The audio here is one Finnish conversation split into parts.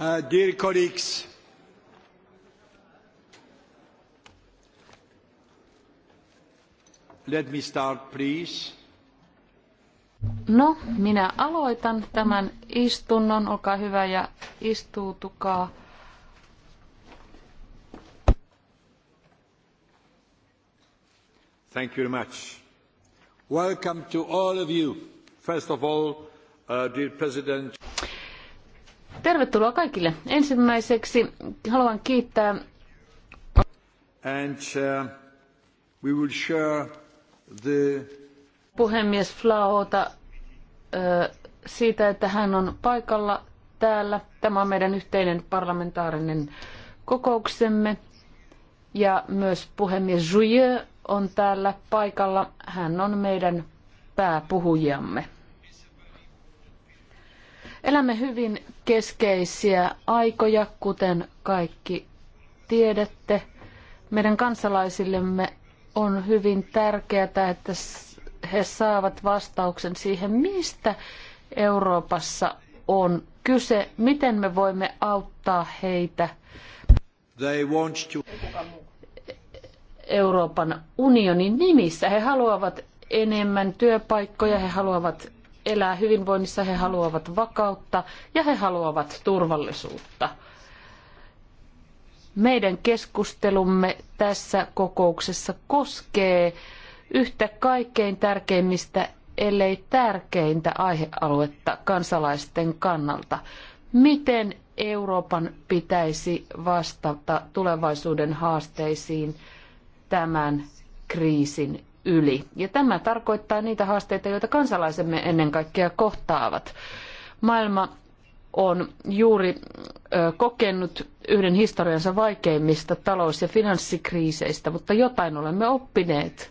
Uh, dear colleagues, let me start, please. No, minä aloitan tämän istunnon. Olkaa hyvä ja istuutukaa. Thank you very much. Welcome to all of you. First of all, uh, dear President. Tervetuloa kaikille. Ensimmäiseksi haluan kiittää. And, uh, we will share the... Puhemies Flaota siitä, että hän on paikalla täällä. Tämä on meidän yhteinen parlamentaarinen kokouksemme. Ja myös puhemies Jouye on täällä paikalla. Hän on meidän pääpuhujamme. Elämme hyvin keskeisiä aikoja, kuten kaikki tiedätte. Meidän kansalaisillemme on hyvin tärkeää, että he saavat vastauksen siihen, mistä Euroopassa on kyse, miten me voimme auttaa heitä Euroopan unionin nimissä. He haluavat enemmän työpaikkoja, he haluavat elää hyvinvoinnissa, he haluavat vakautta ja he haluavat turvallisuutta. Meidän keskustelumme tässä kokouksessa koskee yhtä kaikkein tärkeimmistä, ellei tärkeintä aihealuetta kansalaisten kannalta. Miten Euroopan pitäisi vastata tulevaisuuden haasteisiin tämän kriisin yli. Ja tämä tarkoittaa niitä haasteita, joita kansalaisemme ennen kaikkea kohtaavat. Maailma on juuri kokenut yhden historiansa vaikeimmista talous- ja finanssikriiseistä, mutta jotain olemme oppineet.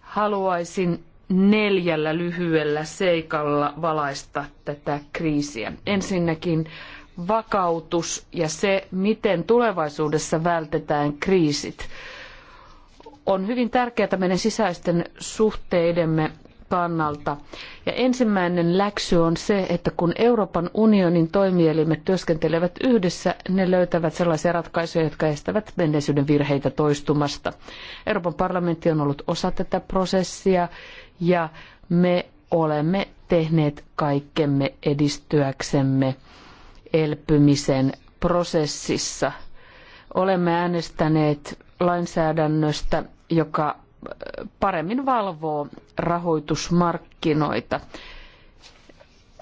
Haluaisin neljällä lyhyellä seikalla valaista tätä kriisiä. Ensinnäkin vakautus ja se, miten tulevaisuudessa vältetään kriisit on hyvin tärkeää meidän sisäisten suhteidemme kannalta. Ja ensimmäinen läksy on se, että kun Euroopan unionin toimielimet työskentelevät yhdessä, ne löytävät sellaisia ratkaisuja, jotka estävät menneisyyden virheitä toistumasta. Euroopan parlamentti on ollut osa tätä prosessia ja me olemme tehneet kaikkemme edistyäksemme elpymisen prosessissa. Olemme äänestäneet lainsäädännöstä, joka äh, paremmin valvoo rahoitusmarkkinoita.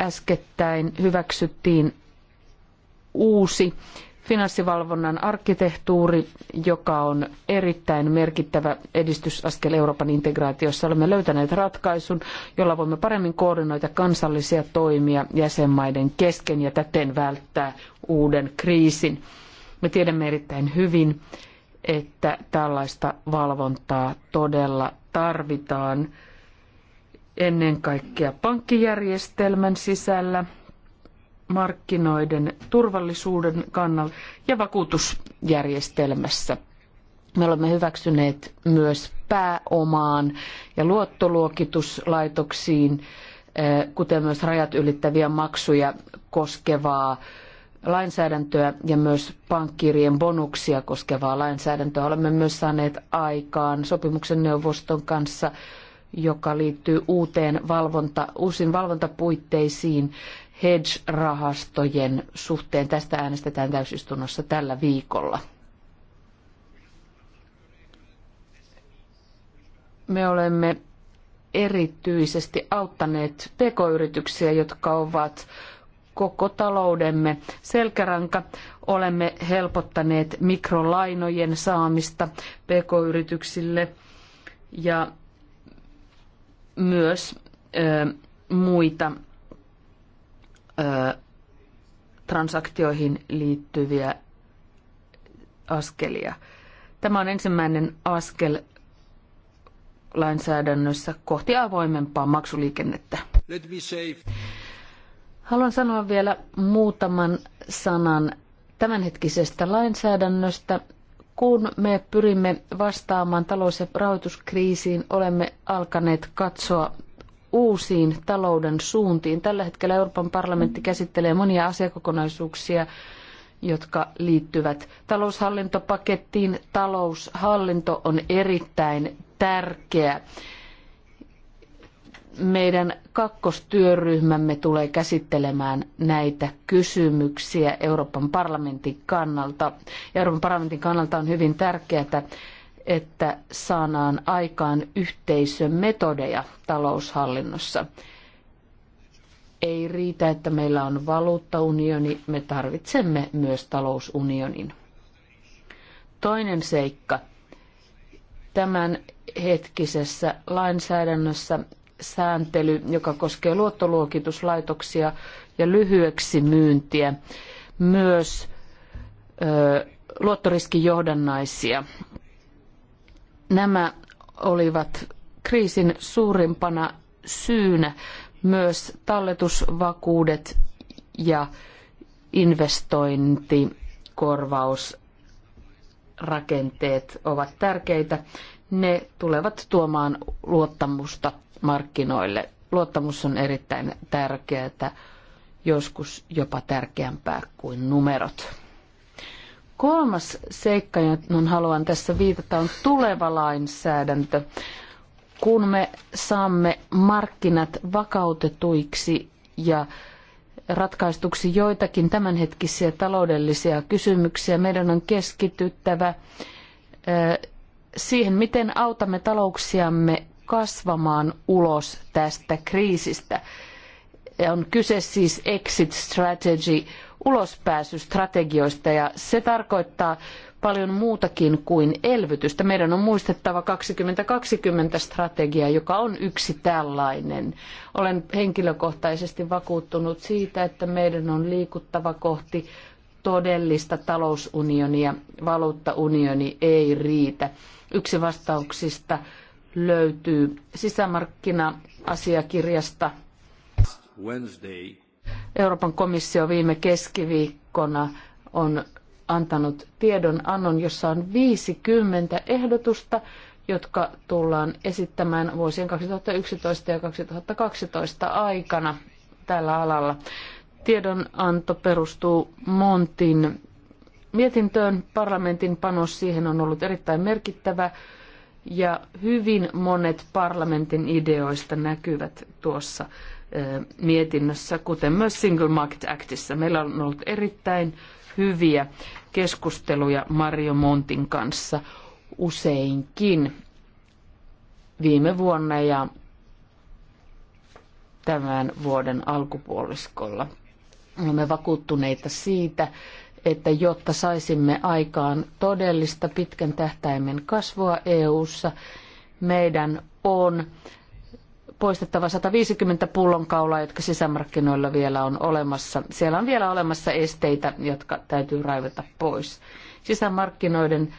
Äskettäin hyväksyttiin uusi finanssivalvonnan arkkitehtuuri, joka on erittäin merkittävä edistysaskel Euroopan integraatiossa. Olemme löytäneet ratkaisun, jolla voimme paremmin koordinoida kansallisia toimia jäsenmaiden kesken ja täten välttää uuden kriisin. Me tiedämme erittäin hyvin, että tällaista valvontaa todella tarvitaan ennen kaikkea pankkijärjestelmän sisällä, markkinoiden turvallisuuden kannalta ja vakuutusjärjestelmässä. Me olemme hyväksyneet myös pääomaan ja luottoluokituslaitoksiin, eh, kuten myös rajat ylittäviä maksuja koskevaa lainsäädäntöä ja myös pankkiirien bonuksia koskevaa lainsäädäntöä. Olemme myös saaneet aikaan sopimuksen neuvoston kanssa, joka liittyy uuteen valvonta, uusiin valvontapuitteisiin hedge-rahastojen suhteen. Tästä äänestetään täysistunnossa tällä viikolla. Me olemme erityisesti auttaneet pk-yrityksiä, jotka ovat koko taloudemme selkäranka. Olemme helpottaneet mikrolainojen saamista pk-yrityksille ja myös ö, muita ö, transaktioihin liittyviä askelia. Tämä on ensimmäinen askel lainsäädännössä kohti avoimempaa maksuliikennettä. Haluan sanoa vielä muutaman sanan tämänhetkisestä lainsäädännöstä. Kun me pyrimme vastaamaan talous- ja rahoituskriisiin, olemme alkaneet katsoa uusiin talouden suuntiin. Tällä hetkellä Euroopan parlamentti käsittelee monia asiakokonaisuuksia, jotka liittyvät taloushallintopakettiin. Taloushallinto on erittäin tärkeä meidän kakkostyöryhmämme tulee käsittelemään näitä kysymyksiä Euroopan parlamentin kannalta. Ja Euroopan parlamentin kannalta on hyvin tärkeää, että saadaan aikaan yhteisön metodeja taloushallinnossa. Ei riitä, että meillä on valuuttaunioni, me tarvitsemme myös talousunionin. Toinen seikka. Tämän hetkisessä lainsäädännössä sääntely, joka koskee luottoluokituslaitoksia ja lyhyeksi myyntiä, myös ö, luottoriskijohdannaisia. Nämä olivat kriisin suurimpana syynä myös talletusvakuudet ja investointikorvausrakenteet ovat tärkeitä. Ne tulevat tuomaan luottamusta markkinoille. Luottamus on erittäin tärkeää, joskus jopa tärkeämpää kuin numerot. Kolmas seikka, johon haluan tässä viitata, on tuleva lainsäädäntö. Kun me saamme markkinat vakautetuiksi ja ratkaistuksi joitakin tämänhetkisiä taloudellisia kysymyksiä, meidän on keskityttävä eh, siihen, miten autamme talouksiamme kasvamaan ulos tästä kriisistä. On kyse siis exit strategy ulospääsystrategioista ja se tarkoittaa paljon muutakin kuin elvytystä. Meidän on muistettava 2020 strategia, joka on yksi tällainen. Olen henkilökohtaisesti vakuuttunut siitä, että meidän on liikuttava kohti todellista talousunionia. Valuuttaunioni ei riitä. Yksi vastauksista löytyy sisämarkkina-asiakirjasta. Euroopan komissio viime keskiviikkona on antanut tiedonannon, jossa on 50 ehdotusta, jotka tullaan esittämään vuosien 2011 ja 2012 aikana tällä alalla. Tiedonanto perustuu Montin mietintöön. Parlamentin panos siihen on ollut erittäin merkittävä ja hyvin monet parlamentin ideoista näkyvät tuossa mietinnössä, kuten myös Single Market Actissa. Meillä on ollut erittäin hyviä keskusteluja Mario Montin kanssa useinkin viime vuonna ja tämän vuoden alkupuoliskolla. Olemme vakuuttuneita siitä, että jotta saisimme aikaan todellista pitkän tähtäimen kasvua EU:ssa, meidän on poistettava 150 pullonkaulaa, jotka sisämarkkinoilla vielä on olemassa. Siellä on vielä olemassa esteitä, jotka täytyy raivata pois. Sisämarkkinoiden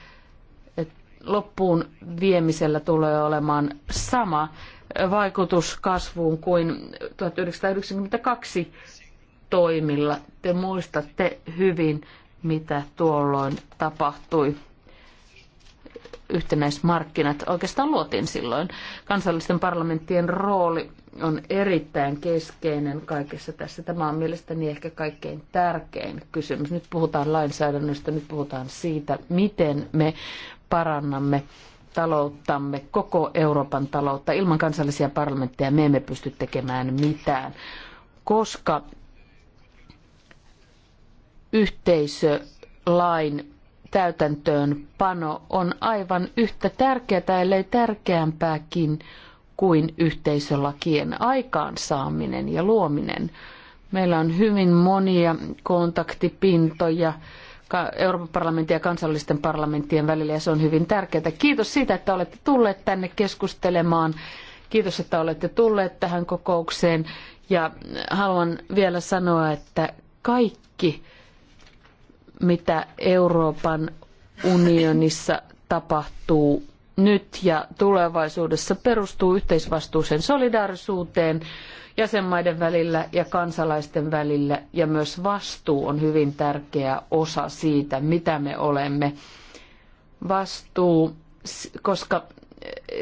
eh, loppuun viemisellä tulee olemaan sama vaikutus kasvuun kuin 1992 toimilla. Te muistatte hyvin, mitä tuolloin tapahtui. Yhtenäismarkkinat oikeastaan luotiin silloin. Kansallisten parlamenttien rooli on erittäin keskeinen kaikessa tässä. Tämä on mielestäni ehkä kaikkein tärkein kysymys. Nyt puhutaan lainsäädännöstä, nyt puhutaan siitä, miten me parannamme talouttamme, koko Euroopan taloutta. Ilman kansallisia parlamentteja me emme pysty tekemään mitään, koska yhteisölain täytäntöönpano on aivan yhtä tärkeää, ellei tärkeämpääkin kuin yhteisölakien aikaansaaminen ja luominen. Meillä on hyvin monia kontaktipintoja Euroopan parlamentin ja kansallisten parlamenttien välillä ja se on hyvin tärkeää. Kiitos siitä, että olette tulleet tänne keskustelemaan. Kiitos, että olette tulleet tähän kokoukseen. Ja haluan vielä sanoa, että kaikki mitä Euroopan unionissa tapahtuu nyt ja tulevaisuudessa perustuu yhteisvastuuseen solidaarisuuteen jäsenmaiden välillä ja kansalaisten välillä ja myös vastuu on hyvin tärkeä osa siitä, mitä me olemme. Vastuu, koska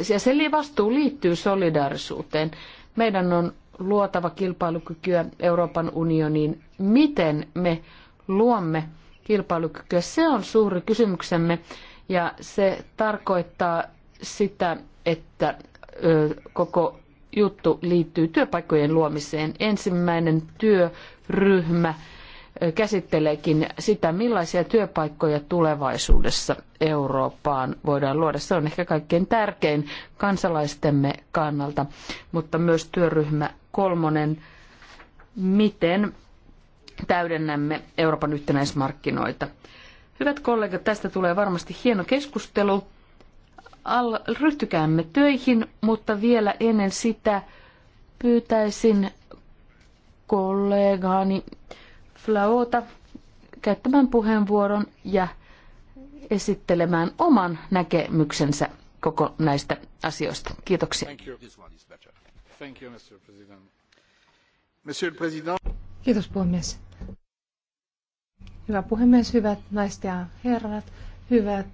ja se vastuu liittyy solidaarisuuteen. Meidän on luotava kilpailukykyä Euroopan unioniin, miten me luomme kilpailukykyä. Se on suuri kysymyksemme ja se tarkoittaa sitä, että koko juttu liittyy työpaikkojen luomiseen. Ensimmäinen työryhmä käsitteleekin sitä, millaisia työpaikkoja tulevaisuudessa Eurooppaan voidaan luoda. Se on ehkä kaikkein tärkein kansalaistemme kannalta, mutta myös työryhmä kolmonen, miten täydennämme Euroopan yhtenäismarkkinoita. Hyvät kollegat, tästä tulee varmasti hieno keskustelu. Al- ryhtykäämme töihin, mutta vielä ennen sitä pyytäisin kollegaani Flaota käyttämään puheenvuoron ja esittelemään oman näkemyksensä koko näistä asioista. Kiitoksia. Kiitos puhemies. Hyvä puhemies, hyvät naiset ja herrat, hyvät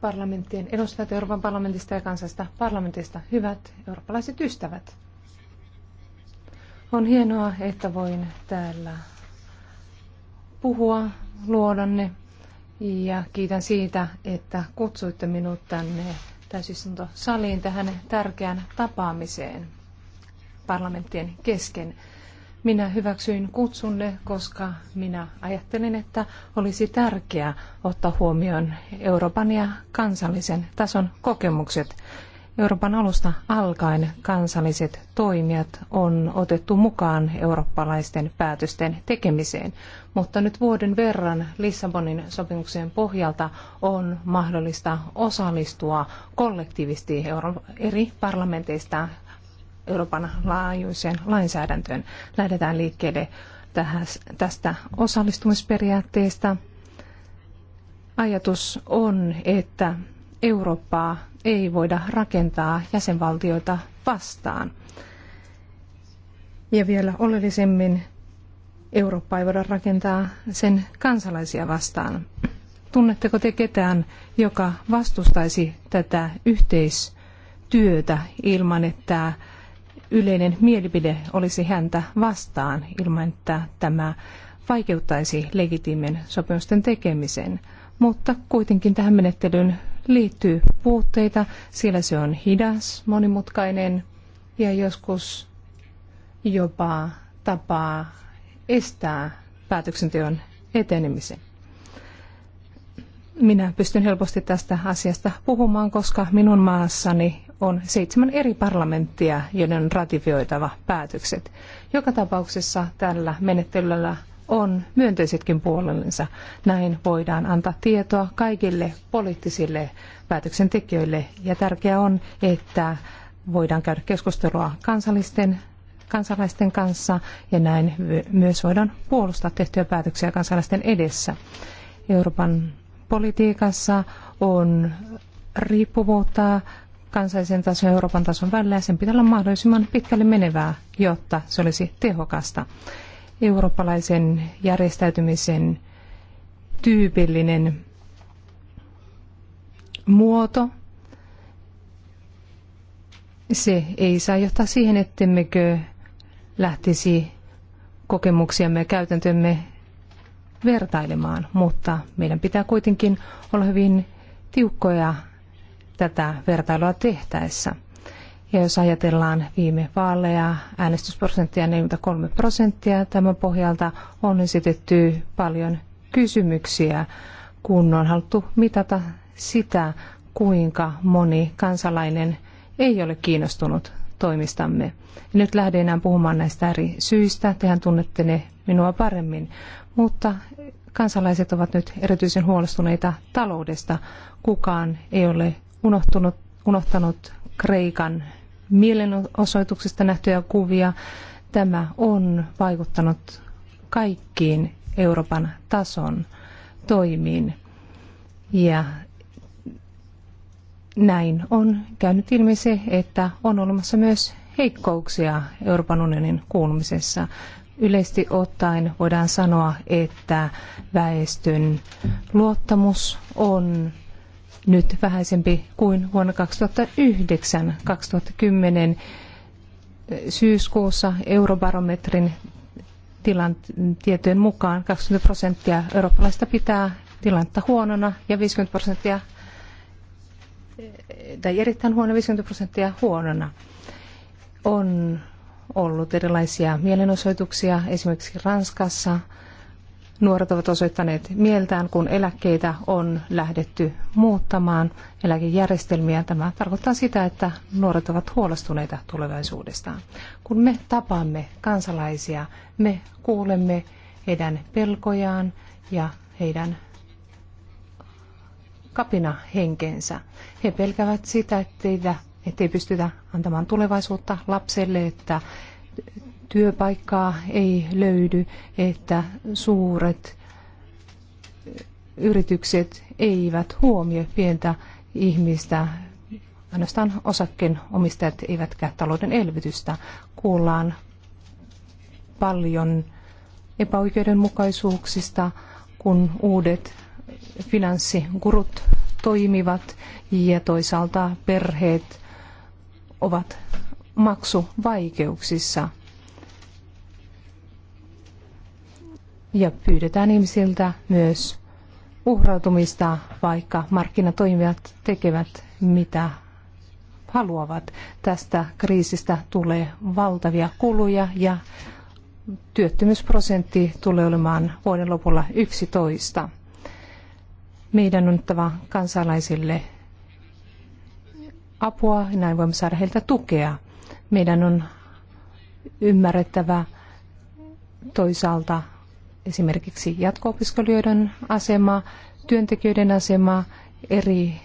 parlamenttien edustajat Euroopan parlamentista ja kansasta parlamentista, hyvät eurooppalaiset ystävät. On hienoa, että voin täällä puhua luodanne ja kiitän siitä, että kutsuitte minut tänne täysistuntosaliin tähän tärkeään tapaamiseen parlamenttien kesken. Minä hyväksyin kutsunne, koska minä ajattelin, että olisi tärkeää ottaa huomioon Euroopan ja kansallisen tason kokemukset. Euroopan alusta alkaen kansalliset toimijat on otettu mukaan eurooppalaisten päätösten tekemiseen, mutta nyt vuoden verran Lissabonin sopimuksen pohjalta on mahdollista osallistua kollektiivisesti eri parlamenteista Euroopan laajuiseen lainsäädäntöön. Lähdetään liikkeelle tästä osallistumisperiaatteesta. Ajatus on, että Eurooppaa ei voida rakentaa jäsenvaltioita vastaan. Ja vielä oleellisemmin Eurooppaa ei voida rakentaa sen kansalaisia vastaan. Tunnetteko te ketään, joka vastustaisi tätä yhteistyötä ilman, että yleinen mielipide olisi häntä vastaan ilman, että tämä vaikeuttaisi legitiimien sopimusten tekemisen. Mutta kuitenkin tähän menettelyyn liittyy puutteita, sillä se on hidas, monimutkainen ja joskus jopa tapaa estää päätöksenteon etenemisen. Minä pystyn helposti tästä asiasta puhumaan, koska minun maassani on seitsemän eri parlamenttia, joiden on ratifioitava päätökset. Joka tapauksessa tällä menettelyllä on myönteisetkin puolensa. Näin voidaan antaa tietoa kaikille poliittisille päätöksentekijöille ja tärkeää on, että voidaan käydä keskustelua kansallisten kansalaisten kanssa ja näin myös voidaan puolustaa tehtyjä päätöksiä kansalaisten edessä. Euroopan politiikassa on riippuvuutta kansallisen tason ja Euroopan tason välillä ja sen pitää olla mahdollisimman pitkälle menevää, jotta se olisi tehokasta. Eurooppalaisen järjestäytymisen tyypillinen muoto, se ei saa johtaa siihen, ettemmekö lähtisi kokemuksiamme ja käytäntömme vertailemaan, mutta meidän pitää kuitenkin olla hyvin tiukkoja tätä vertailua tehtäessä. Ja jos ajatellaan viime vaaleja, äänestysprosenttia 43 prosenttia, tämän pohjalta on esitetty paljon kysymyksiä, kun on haluttu mitata sitä, kuinka moni kansalainen ei ole kiinnostunut toimistamme. Nyt lähden enää puhumaan näistä eri syistä, tehän tunnette ne minua paremmin, mutta kansalaiset ovat nyt erityisen huolestuneita taloudesta. Kukaan ei ole unohtunut, unohtanut Kreikan mielenosoituksista nähtyjä kuvia. Tämä on vaikuttanut kaikkiin Euroopan tason toimiin. Ja näin on käynyt ilmi se, että on olemassa myös heikkouksia Euroopan unionin kuulumisessa. Yleisesti ottaen voidaan sanoa, että väestön luottamus on nyt vähäisempi kuin vuonna 2009. 2010 syyskuussa eurobarometrin tilantietojen tietojen mukaan 20 prosenttia eurooppalaista pitää tilannetta huonona ja 50 prosenttia tai erittäin huono 50 prosenttia huonona. On ollut erilaisia mielenosoituksia esimerkiksi Ranskassa, Nuoret ovat osoittaneet mieltään, kun eläkkeitä on lähdetty muuttamaan eläkejärjestelmiä. Tämä tarkoittaa sitä, että nuoret ovat huolestuneita tulevaisuudestaan. Kun me tapaamme kansalaisia, me kuulemme heidän pelkojaan ja heidän kapina henkensä. He pelkävät sitä, että ettei pystytä antamaan tulevaisuutta lapselle, että työpaikkaa ei löydy, että suuret yritykset eivät huomioi pientä ihmistä. Ainoastaan osakkeen omistajat eivätkä talouden elvytystä. Kuullaan paljon epäoikeudenmukaisuuksista, kun uudet finanssikurut toimivat ja toisaalta perheet ovat maksuvaikeuksissa – ja pyydetään ihmisiltä myös uhrautumista, vaikka markkinatoimijat tekevät mitä haluavat. Tästä kriisistä tulee valtavia kuluja ja työttömyysprosentti tulee olemaan vuoden lopulla 11. Meidän on ottava kansalaisille apua ja näin voimme saada heiltä tukea. Meidän on ymmärrettävä toisaalta esimerkiksi jatko-opiskelijoiden asema, työntekijöiden asema eri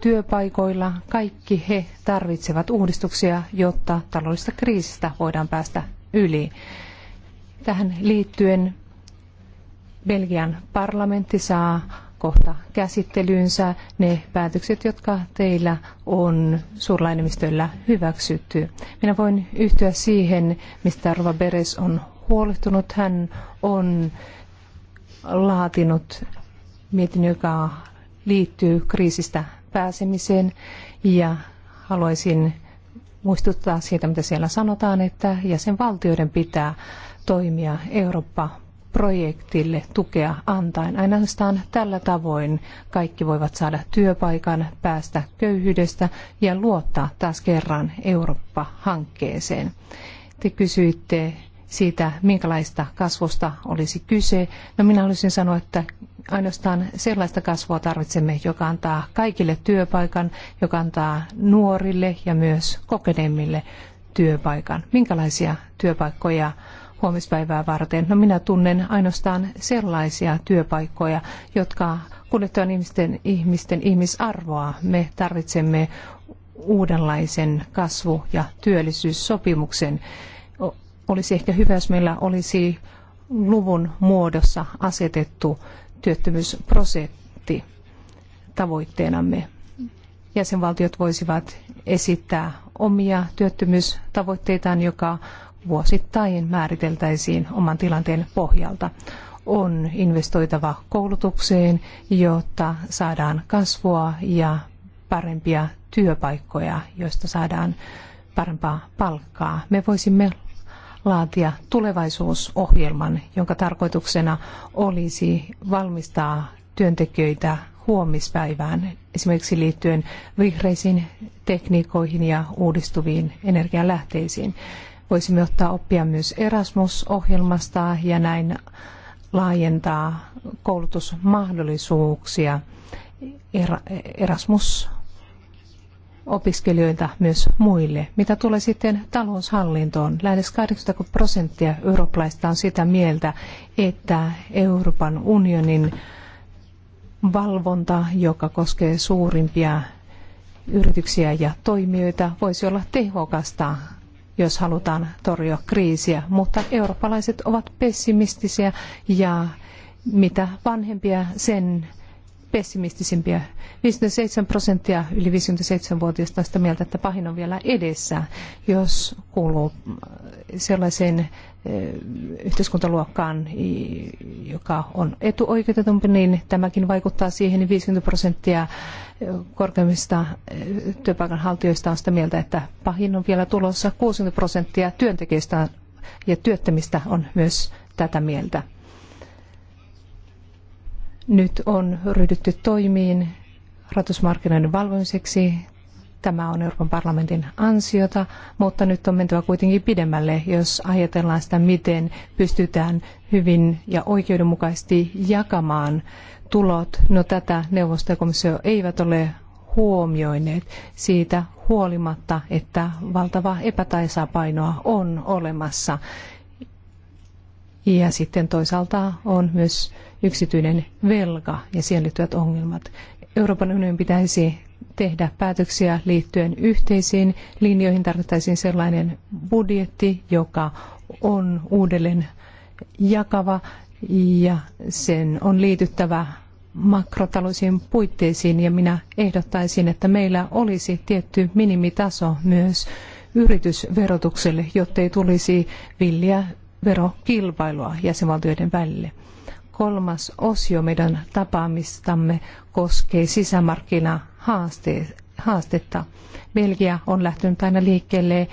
työpaikoilla. Kaikki he tarvitsevat uudistuksia, jotta taloudellisesta kriisistä voidaan päästä yli. Tähän liittyen Belgian parlamentti saa kohta käsittelyynsä ne päätökset, jotka teillä on suurlainemistöllä hyväksytty. Minä voin yhtyä siihen, mistä Rova Beres on huolestunut. Hän on laatinut mietin, joka liittyy kriisistä pääsemiseen ja haluaisin muistuttaa siitä, mitä siellä sanotaan, että jäsenvaltioiden pitää toimia Eurooppa-projektille tukea antaen. Ainoastaan tällä tavoin kaikki voivat saada työpaikan, päästä köyhyydestä ja luottaa taas kerran Eurooppa-hankkeeseen. Te kysyitte siitä, minkälaista kasvusta olisi kyse. No minä haluaisin sanoa, että ainoastaan sellaista kasvua tarvitsemme, joka antaa kaikille työpaikan, joka antaa nuorille ja myös kokeneemmille työpaikan. Minkälaisia työpaikkoja huomispäivää varten? No minä tunnen ainoastaan sellaisia työpaikkoja, jotka kuljettavat ihmisten, ihmisten ihmisarvoa. Me tarvitsemme uudenlaisen kasvu- ja työllisyyssopimuksen olisi ehkä hyvä, jos meillä olisi luvun muodossa asetettu työttömyysprosentti tavoitteenamme. Jäsenvaltiot voisivat esittää omia työttömyystavoitteitaan, joka vuosittain määriteltäisiin oman tilanteen pohjalta. On investoitava koulutukseen, jotta saadaan kasvua ja parempia työpaikkoja, joista saadaan parempaa palkkaa. Me voisimme laatia tulevaisuusohjelman, jonka tarkoituksena olisi valmistaa työntekijöitä huomispäivään, esimerkiksi liittyen vihreisiin tekniikoihin ja uudistuviin energialähteisiin. Voisimme ottaa oppia myös Erasmus-ohjelmasta ja näin laajentaa koulutusmahdollisuuksia Erasmus opiskelijoilta myös muille. Mitä tulee sitten taloushallintoon, lähes 80 prosenttia eurooppalaista on sitä mieltä, että Euroopan unionin valvonta, joka koskee suurimpia yrityksiä ja toimijoita, voisi olla tehokasta, jos halutaan torjua kriisiä, mutta eurooppalaiset ovat pessimistisiä ja mitä vanhempia sen pessimistisimpiä. 57 prosenttia yli 57-vuotiaista on sitä mieltä, että pahin on vielä edessä, jos kuuluu äh, sellaiseen äh, yhteiskuntaluokkaan, joka on etuoikeutetumpi, niin tämäkin vaikuttaa siihen, niin 50 prosenttia äh, korkeimmista työpaikanhaltijoista on sitä mieltä, että pahin on vielä tulossa 60 prosenttia työntekijöistä ja työttömistä on myös tätä mieltä. Nyt on ryhdytty toimiin rahoitusmarkkinoiden valvomiseksi. Tämä on Euroopan parlamentin ansiota, mutta nyt on mentävä kuitenkin pidemmälle, jos ajatellaan sitä, miten pystytään hyvin ja oikeudenmukaisesti jakamaan tulot. No tätä neuvosto ja komissio eivät ole huomioineet siitä huolimatta, että valtava epätaisapainoa on olemassa. Ja sitten toisaalta on myös yksityinen velka ja siihen liittyvät ongelmat. Euroopan unionin pitäisi tehdä päätöksiä liittyen yhteisiin linjoihin. Tarvittaisiin sellainen budjetti, joka on uudelleen jakava ja sen on liityttävä makrotaloudellisiin puitteisiin ja minä ehdottaisin, että meillä olisi tietty minimitaso myös yritysverotukselle, jottei tulisi villiä verokilpailua jäsenvaltioiden välille kolmas osio meidän tapaamistamme koskee sisämarkkinahaastetta. Belgia on lähtenyt aina liikkeelle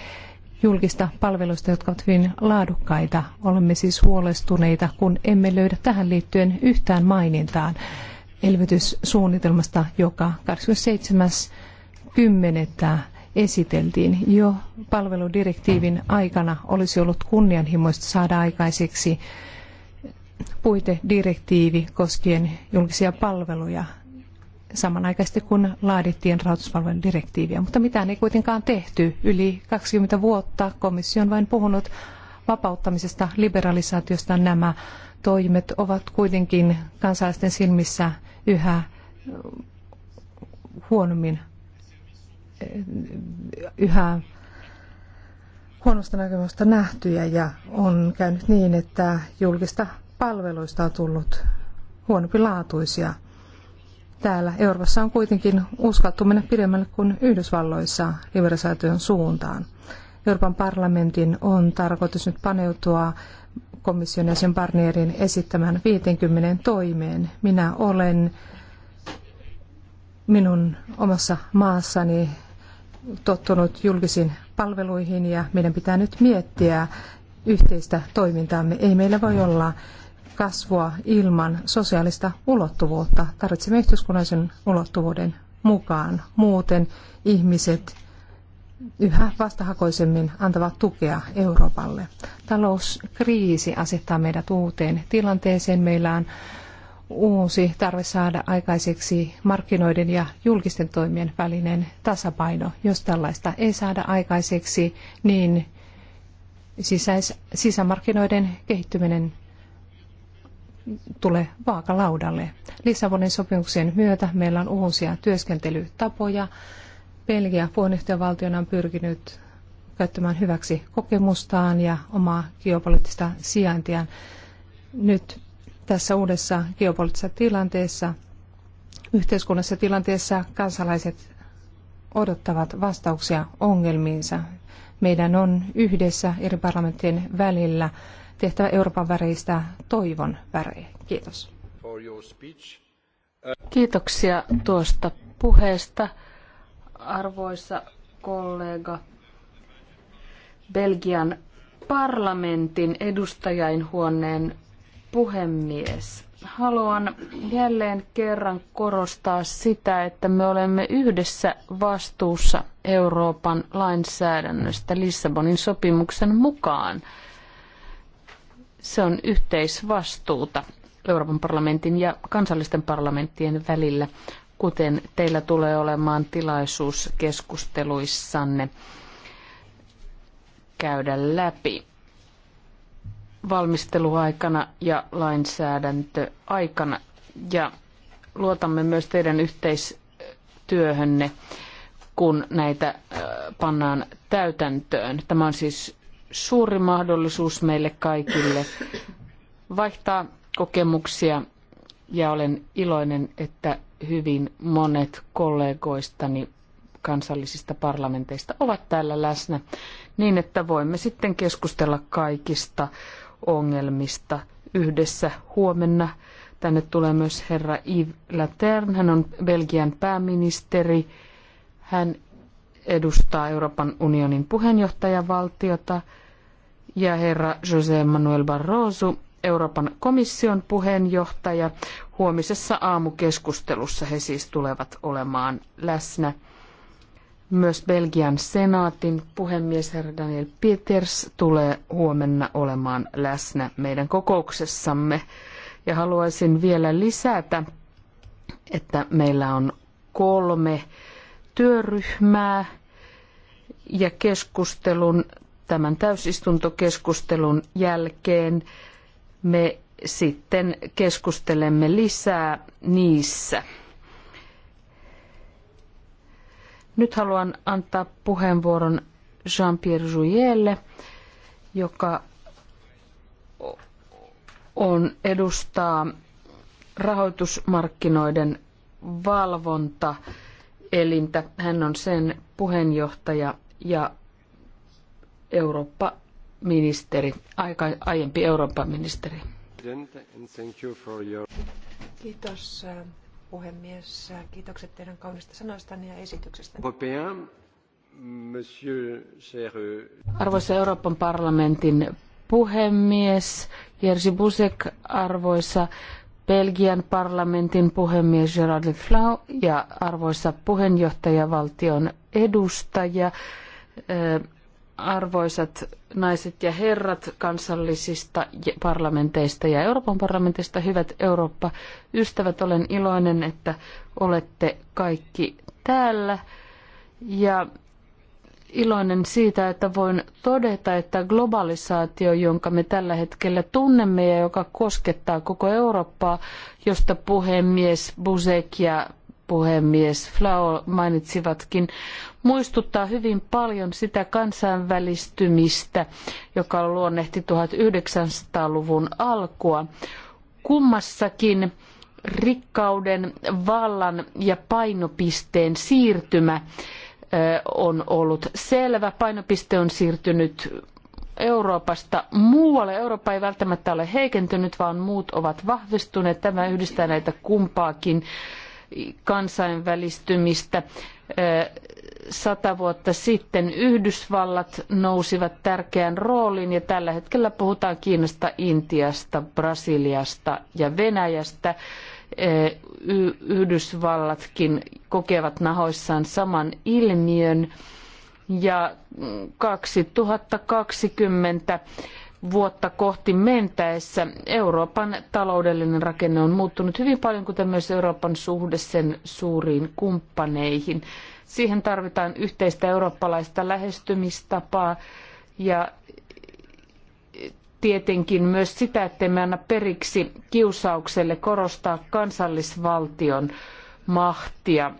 julkista palveluista, jotka ovat hyvin laadukkaita. Olemme siis huolestuneita, kun emme löydä tähän liittyen yhtään mainintaan elvytyssuunnitelmasta, joka 27.10. esiteltiin. Jo palveludirektiivin aikana olisi ollut kunnianhimoista saada aikaiseksi puitedirektiivi koskien julkisia palveluja samanaikaisesti kun laadittiin rahoituspalveludirektiiviä, mutta mitään ei kuitenkaan tehty. Yli 20 vuotta komissio on vain puhunut vapauttamisesta, liberalisaatiosta. Nämä toimet ovat kuitenkin kansalaisten silmissä yhä huonommin, yhä huonosta näkökulmasta nähtyjä ja on käynyt niin, että julkista palveluista on tullut huonompilaatuisia. Täällä Euroopassa on kuitenkin uskaltu mennä pidemmälle kuin Yhdysvalloissa liberalisaation suuntaan. Euroopan parlamentin on tarkoitus nyt paneutua komission ja sen Barnierin esittämään 50 toimeen. Minä olen minun omassa maassani tottunut julkisiin palveluihin ja meidän pitää nyt miettiä yhteistä toimintaamme. Ei meillä voi olla kasvua ilman sosiaalista ulottuvuutta. Tarvitsemme yhteiskunnallisen ulottuvuuden mukaan. Muuten ihmiset yhä vastahakoisemmin antavat tukea Euroopalle. Talouskriisi asettaa meidät uuteen tilanteeseen. Meillä on uusi tarve saada aikaiseksi markkinoiden ja julkisten toimien välinen tasapaino. Jos tällaista ei saada aikaiseksi, niin sisäis- sisämarkkinoiden kehittyminen tule vaakalaudalle. Lissabonin sopimuksen myötä meillä on uusia työskentelytapoja. Belgia puheenjohtajavaltiona on pyrkinyt käyttämään hyväksi kokemustaan ja omaa geopoliittista sijaintiaan. Nyt tässä uudessa geopoliittisessa tilanteessa, yhteiskunnassa tilanteessa kansalaiset odottavat vastauksia ongelmiinsa. Meidän on yhdessä eri parlamenttien välillä tehtävä Euroopan väreistä toivon värejä. Kiitos. Kiitoksia tuosta puheesta, arvoisa kollega. Belgian parlamentin edustajainhuoneen puhemies. Haluan jälleen kerran korostaa sitä, että me olemme yhdessä vastuussa Euroopan lainsäädännöstä Lissabonin sopimuksen mukaan. Se on yhteisvastuuta Euroopan parlamentin ja kansallisten parlamenttien välillä, kuten teillä tulee olemaan tilaisuus keskusteluissanne käydä läpi valmisteluaikana ja lainsäädäntöaikana. Ja luotamme myös teidän yhteistyöhönne, kun näitä pannaan täytäntöön. Tämä on siis suuri mahdollisuus meille kaikille vaihtaa kokemuksia ja olen iloinen, että hyvin monet kollegoistani kansallisista parlamenteista ovat täällä läsnä niin, että voimme sitten keskustella kaikista ongelmista yhdessä huomenna. Tänne tulee myös herra Yves Laterne, hän on Belgian pääministeri. Hän edustaa Euroopan unionin puheenjohtajavaltiota ja herra José Manuel Barroso Euroopan komission puheenjohtaja. Huomisessa aamukeskustelussa he siis tulevat olemaan läsnä. Myös Belgian senaatin puhemies herra Daniel Peters tulee huomenna olemaan läsnä meidän kokouksessamme. Ja haluaisin vielä lisätä, että meillä on kolme työryhmää ja keskustelun, tämän täysistuntokeskustelun jälkeen me sitten keskustelemme lisää niissä. Nyt haluan antaa puheenvuoron Jean-Pierre Jouyelle, joka on, edustaa rahoitusmarkkinoiden valvonta elintä. Hän on sen puheenjohtaja ja Eurooppa-ministeri, aika, aiempi Eurooppa-ministeri. Kiitos äh, puhemies. Kiitokset teidän kaunista sanoistanne ja esityksestä. Arvoisa Euroopan parlamentin puhemies Jerzy Busek, arvoisa Belgian parlamentin puhemies Gerard Leflau ja arvoisa puheenjohtajavaltion edustaja arvoisat naiset ja herrat kansallisista parlamenteista ja Euroopan parlamentista, hyvät Eurooppa-ystävät, olen iloinen, että olette kaikki täällä. Ja iloinen siitä, että voin todeta, että globalisaatio, jonka me tällä hetkellä tunnemme ja joka koskettaa koko Eurooppaa, josta puhemies Buzek ja puhemies Flau mainitsivatkin, muistuttaa hyvin paljon sitä kansainvälistymistä, joka luonnehti 1900-luvun alkua. Kummassakin rikkauden, vallan ja painopisteen siirtymä on ollut selvä. Painopiste on siirtynyt Euroopasta muualle. Eurooppa ei välttämättä ole heikentynyt, vaan muut ovat vahvistuneet. Tämä yhdistää näitä kumpaakin kansainvälistymistä. Sata vuotta sitten Yhdysvallat nousivat tärkeän rooliin ja tällä hetkellä puhutaan Kiinasta, Intiasta, Brasiliasta ja Venäjästä. Yhdysvallatkin kokevat nahoissaan saman ilmiön ja 2020 vuotta kohti mentäessä Euroopan taloudellinen rakenne on muuttunut hyvin paljon, kuten myös Euroopan suhde sen suuriin kumppaneihin. Siihen tarvitaan yhteistä eurooppalaista lähestymistapaa ja tietenkin myös sitä, ettemme anna periksi kiusaukselle korostaa kansallisvaltion mahtia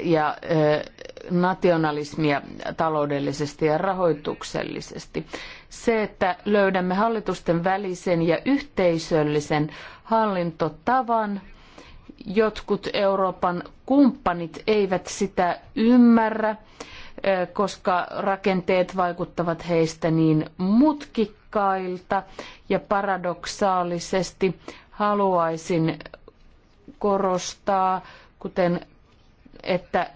ja eh, nationalismia taloudellisesti ja rahoituksellisesti se, että löydämme hallitusten välisen ja yhteisöllisen hallintotavan. Jotkut Euroopan kumppanit eivät sitä ymmärrä, eh, koska rakenteet vaikuttavat heistä niin mutkikkailta ja paradoksaalisesti haluaisin korostaa, kuten että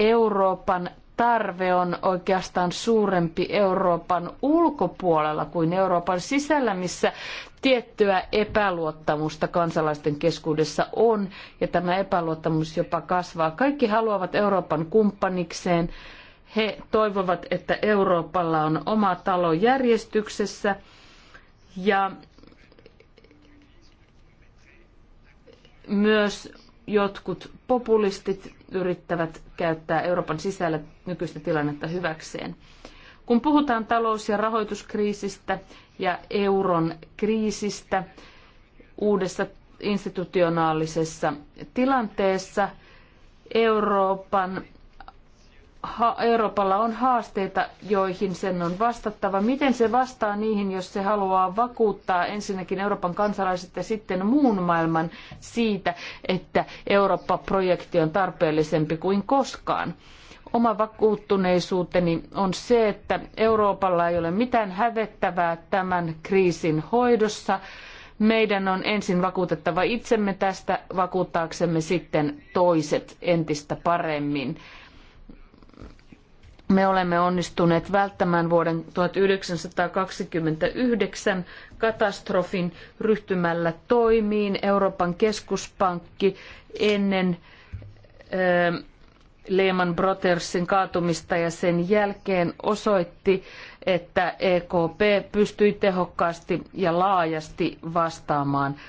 Euroopan tarve on oikeastaan suurempi Euroopan ulkopuolella kuin Euroopan sisällä, missä tiettyä epäluottamusta kansalaisten keskuudessa on, ja tämä epäluottamus jopa kasvaa. Kaikki haluavat Euroopan kumppanikseen. He toivovat, että Euroopalla on oma talo järjestyksessä, ja myös jotkut populistit yrittävät käyttää Euroopan sisällä nykyistä tilannetta hyväkseen. Kun puhutaan talous- ja rahoituskriisistä ja euron kriisistä uudessa institutionaalisessa tilanteessa, Euroopan ha Euroopalla on haasteita, joihin sen on vastattava. Miten se vastaa niihin, jos se haluaa vakuuttaa ensinnäkin Euroopan kansalaiset ja sitten muun maailman siitä, että Eurooppa-projekti on tarpeellisempi kuin koskaan? Oma vakuuttuneisuuteni on se, että Euroopalla ei ole mitään hävettävää tämän kriisin hoidossa. Meidän on ensin vakuutettava itsemme tästä, vakuuttaaksemme sitten toiset entistä paremmin me olemme onnistuneet välttämään vuoden 1929 katastrofin ryhtymällä toimiin. Euroopan keskuspankki ennen ähm, Lehman Brothersin kaatumista ja sen jälkeen osoitti, että EKP pystyi tehokkaasti ja laajasti vastaamaan äh,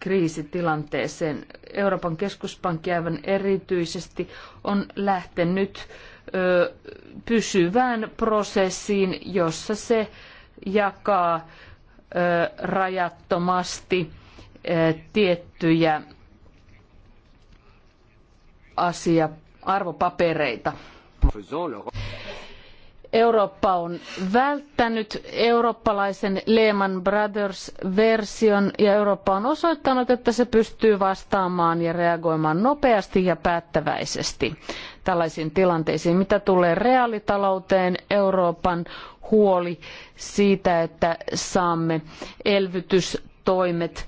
kriisitilanteeseen. Euroopan keskuspankki aivan erityisesti on lähtenyt pysyvään prosessiin, jossa se jakaa rajattomasti tiettyjä asia, arvopapereita. Eurooppa on välttänyt eurooppalaisen Lehman Brothers-version ja Eurooppa on osoittanut, että se pystyy vastaamaan ja reagoimaan nopeasti ja päättäväisesti tällaisiin tilanteisiin. Mitä tulee reaalitalouteen, Euroopan huoli siitä, että saamme elvytystoimet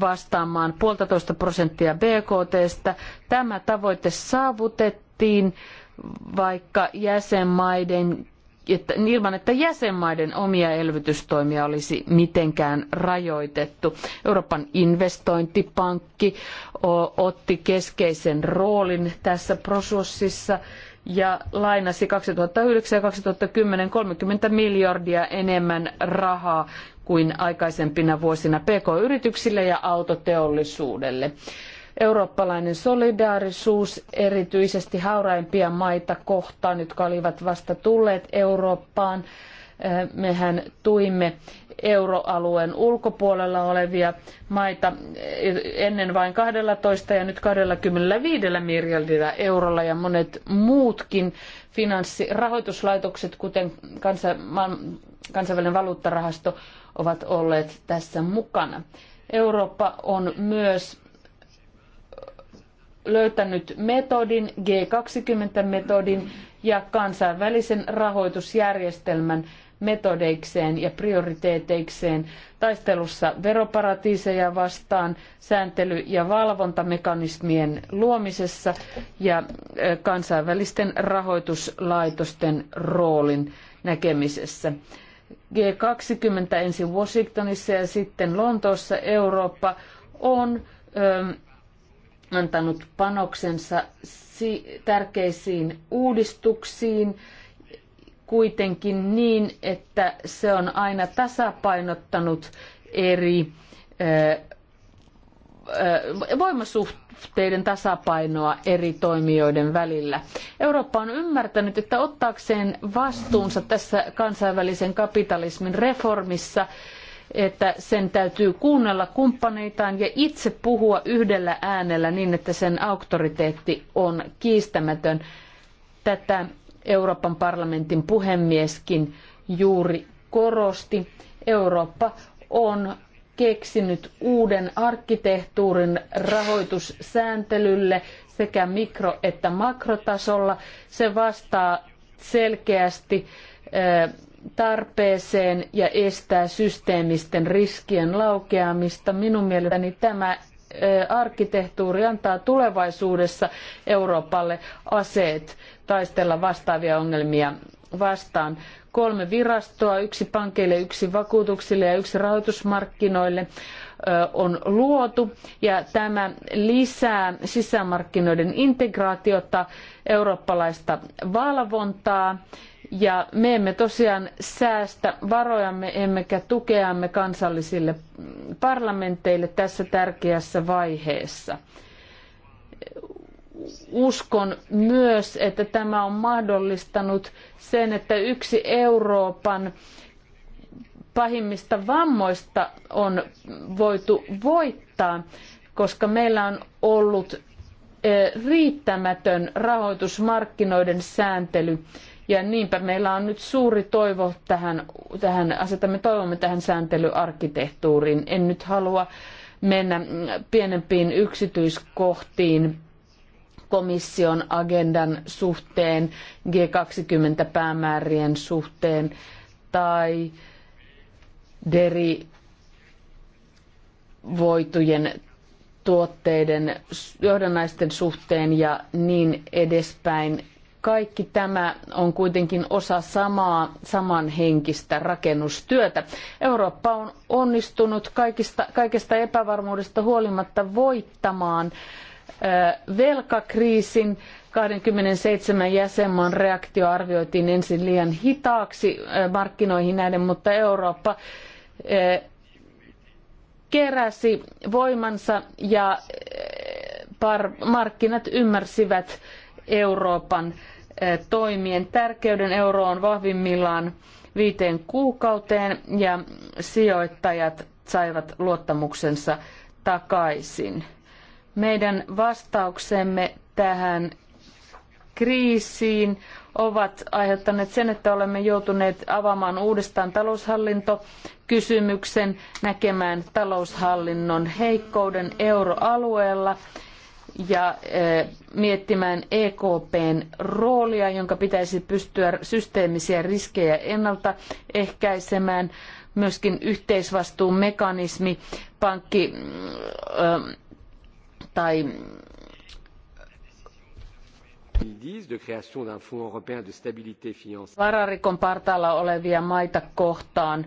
vastaamaan puolitoista prosenttia BKTstä. Tämä tavoite saavutettiin, vaikka jäsenmaiden että, ilman, että jäsenmaiden omia elvytystoimia olisi mitenkään rajoitettu. Euroopan investointipankki otti keskeisen roolin tässä prosessissa ja lainasi 2009 ja 2010 30 miljardia enemmän rahaa kuin aikaisempina vuosina pk-yrityksille ja autoteollisuudelle. Eurooppalainen solidaarisuus erityisesti hauraimpia maita kohtaan, jotka olivat vasta tulleet Eurooppaan. Mehän tuimme euroalueen ulkopuolella olevia maita ennen vain 12 ja nyt 25 miljardilla eurolla ja monet muutkin finanssirahoituslaitokset, kuten kansainvälinen valuuttarahasto, ovat olleet tässä mukana. Eurooppa on myös löytänyt metodin, G20-metodin ja kansainvälisen rahoitusjärjestelmän metodeikseen ja prioriteeteikseen taistelussa veroparatiiseja vastaan, sääntely- ja valvontamekanismien luomisessa ja kansainvälisten rahoituslaitosten roolin näkemisessä. G20 ensin Washingtonissa ja sitten Lontoossa Eurooppa on antanut panoksensa tärkeisiin uudistuksiin kuitenkin niin, että se on aina tasapainottanut eri voimasuhteiden tasapainoa eri toimijoiden välillä. Eurooppa on ymmärtänyt, että ottaakseen vastuunsa tässä kansainvälisen kapitalismin reformissa – että sen täytyy kuunnella kumppaneitaan ja itse puhua yhdellä äänellä niin, että sen auktoriteetti on kiistämätön. Tätä Euroopan parlamentin puhemieskin juuri korosti. Eurooppa on keksinyt uuden arkkitehtuurin rahoitussääntelylle sekä mikro- että makrotasolla. Se vastaa selkeästi eh, tarpeeseen ja estää systeemisten riskien laukeamista. Minun mielestäni tämä arkkitehtuuri antaa tulevaisuudessa Euroopalle aseet taistella vastaavia ongelmia vastaan. Kolme virastoa, yksi pankeille, yksi vakuutuksille ja yksi rahoitusmarkkinoille on luotu ja tämä lisää sisämarkkinoiden integraatiota, eurooppalaista valvontaa ja me emme tosiaan säästä varojamme emmekä tukeamme kansallisille parlamenteille tässä tärkeässä vaiheessa. Uskon myös, että tämä on mahdollistanut sen, että yksi Euroopan pahimmista vammoista on voitu voittaa, koska meillä on ollut eh, riittämätön rahoitusmarkkinoiden sääntely ja niinpä meillä on nyt suuri toivo tähän, tähän asetamme toivomme tähän sääntelyarkkitehtuuriin. En nyt halua mennä pienempiin yksityiskohtiin komission agendan suhteen, G20-päämäärien suhteen tai derivoitujen tuotteiden johdannaisten suhteen ja niin edespäin kaikki tämä on kuitenkin osa samaa samanhenkistä rakennustyötä. Eurooppa on onnistunut kaikista, kaikesta epävarmuudesta huolimatta voittamaan velkakriisin. 27 jäsenmaan reaktio arvioitiin ensin liian hitaaksi markkinoihin näiden, mutta Eurooppa keräsi voimansa ja markkinat ymmärsivät Euroopan toimien tärkeyden. Euro on vahvimmillaan viiteen kuukauteen ja sijoittajat saivat luottamuksensa takaisin. Meidän vastauksemme tähän kriisiin ovat aiheuttaneet sen, että olemme joutuneet avaamaan uudestaan taloushallintokysymyksen, näkemään taloushallinnon heikkouden euroalueella ja e, miettimään EKPn roolia, jonka pitäisi pystyä systeemisiä riskejä ehkäisemään, myöskin yhteisvastuun mekanismi, pankki e, tai vararikon partaalla olevia maita kohtaan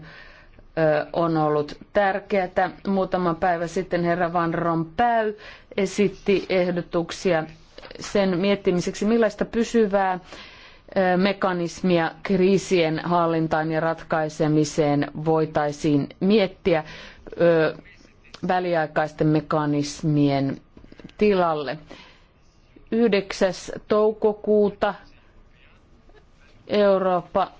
on ollut tärkeää. Muutama päivä sitten herra Van Rompuy esitti ehdotuksia sen miettimiseksi, millaista pysyvää mekanismia kriisien hallintaan ja ratkaisemiseen voitaisiin miettiä väliaikaisten mekanismien tilalle. 9. toukokuuta Eurooppa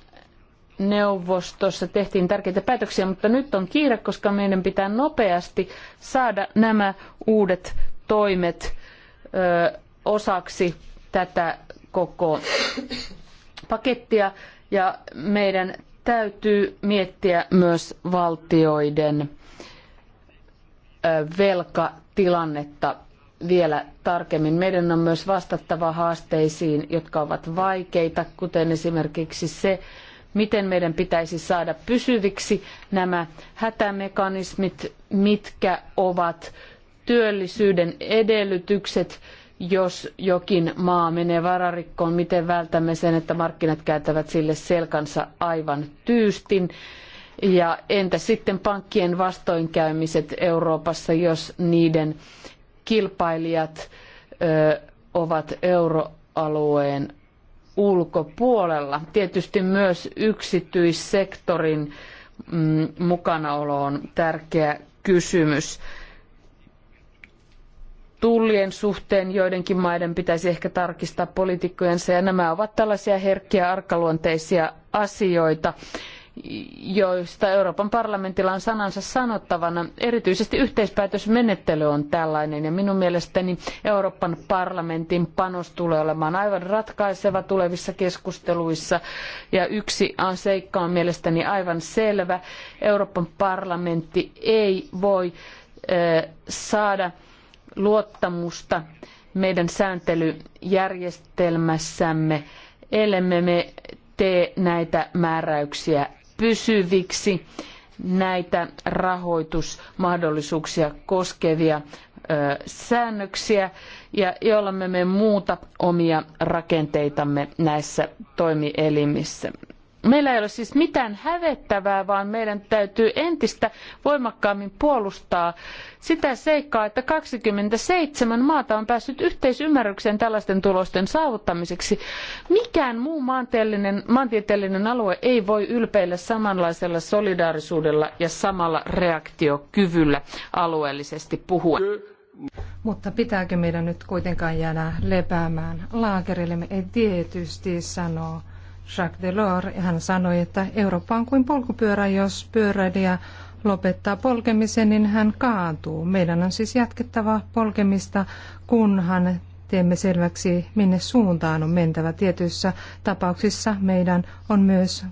neuvostossa tehtiin tärkeitä päätöksiä, mutta nyt on kiire, koska meidän pitää nopeasti saada nämä uudet toimet ö, osaksi tätä koko pakettia. Ja meidän täytyy miettiä myös valtioiden ö, velkatilannetta vielä tarkemmin. Meidän on myös vastattava haasteisiin, jotka ovat vaikeita, kuten esimerkiksi se, miten meidän pitäisi saada pysyviksi nämä hätämekanismit, mitkä ovat työllisyyden edellytykset, jos jokin maa menee vararikkoon, miten vältämme sen, että markkinat kääntävät sille selkansa aivan tyystin. Ja entä sitten pankkien vastoinkäymiset Euroopassa, jos niiden kilpailijat ovat euroalueen ulkopuolella. Tietysti myös yksityissektorin mm, mukanaolo on tärkeä kysymys. Tullien suhteen joidenkin maiden pitäisi ehkä tarkistaa poliitikkojensa ja nämä ovat tällaisia herkkiä arkaluonteisia asioita joista Euroopan parlamentilla on sanansa sanottavana. Erityisesti yhteispäätösmenettely on tällainen ja minun mielestäni Euroopan parlamentin panos tulee olemaan aivan ratkaiseva tulevissa keskusteluissa ja yksi seikka on mielestäni aivan selvä. Euroopan parlamentti ei voi saada luottamusta meidän sääntelyjärjestelmässämme, ellemme me tee näitä määräyksiä pysyviksi näitä rahoitusmahdollisuuksia koskevia säännöksiä ja jolla me muuta omia rakenteitamme näissä toimielimissä. Meillä ei ole siis mitään hävettävää, vaan meidän täytyy entistä voimakkaammin puolustaa sitä seikkaa, että 27 maata on päässyt yhteisymmärrykseen tällaisten tulosten saavuttamiseksi. Mikään muu maantieteellinen alue ei voi ylpeillä samanlaisella solidaarisuudella ja samalla reaktiokyvyllä alueellisesti puhuen. Mutta pitääkö meidän nyt kuitenkaan jäädä lepäämään laakerille? Me ei tietysti sanoa Jacques Delors, hän sanoi, että Eurooppa on kuin polkupyörä, jos pyöräilijä lopettaa polkemisen, niin hän kaatuu. Meidän on siis jatkettava polkemista, kunhan teemme selväksi, minne suuntaan on mentävä. Tietyissä tapauksissa meidän on myös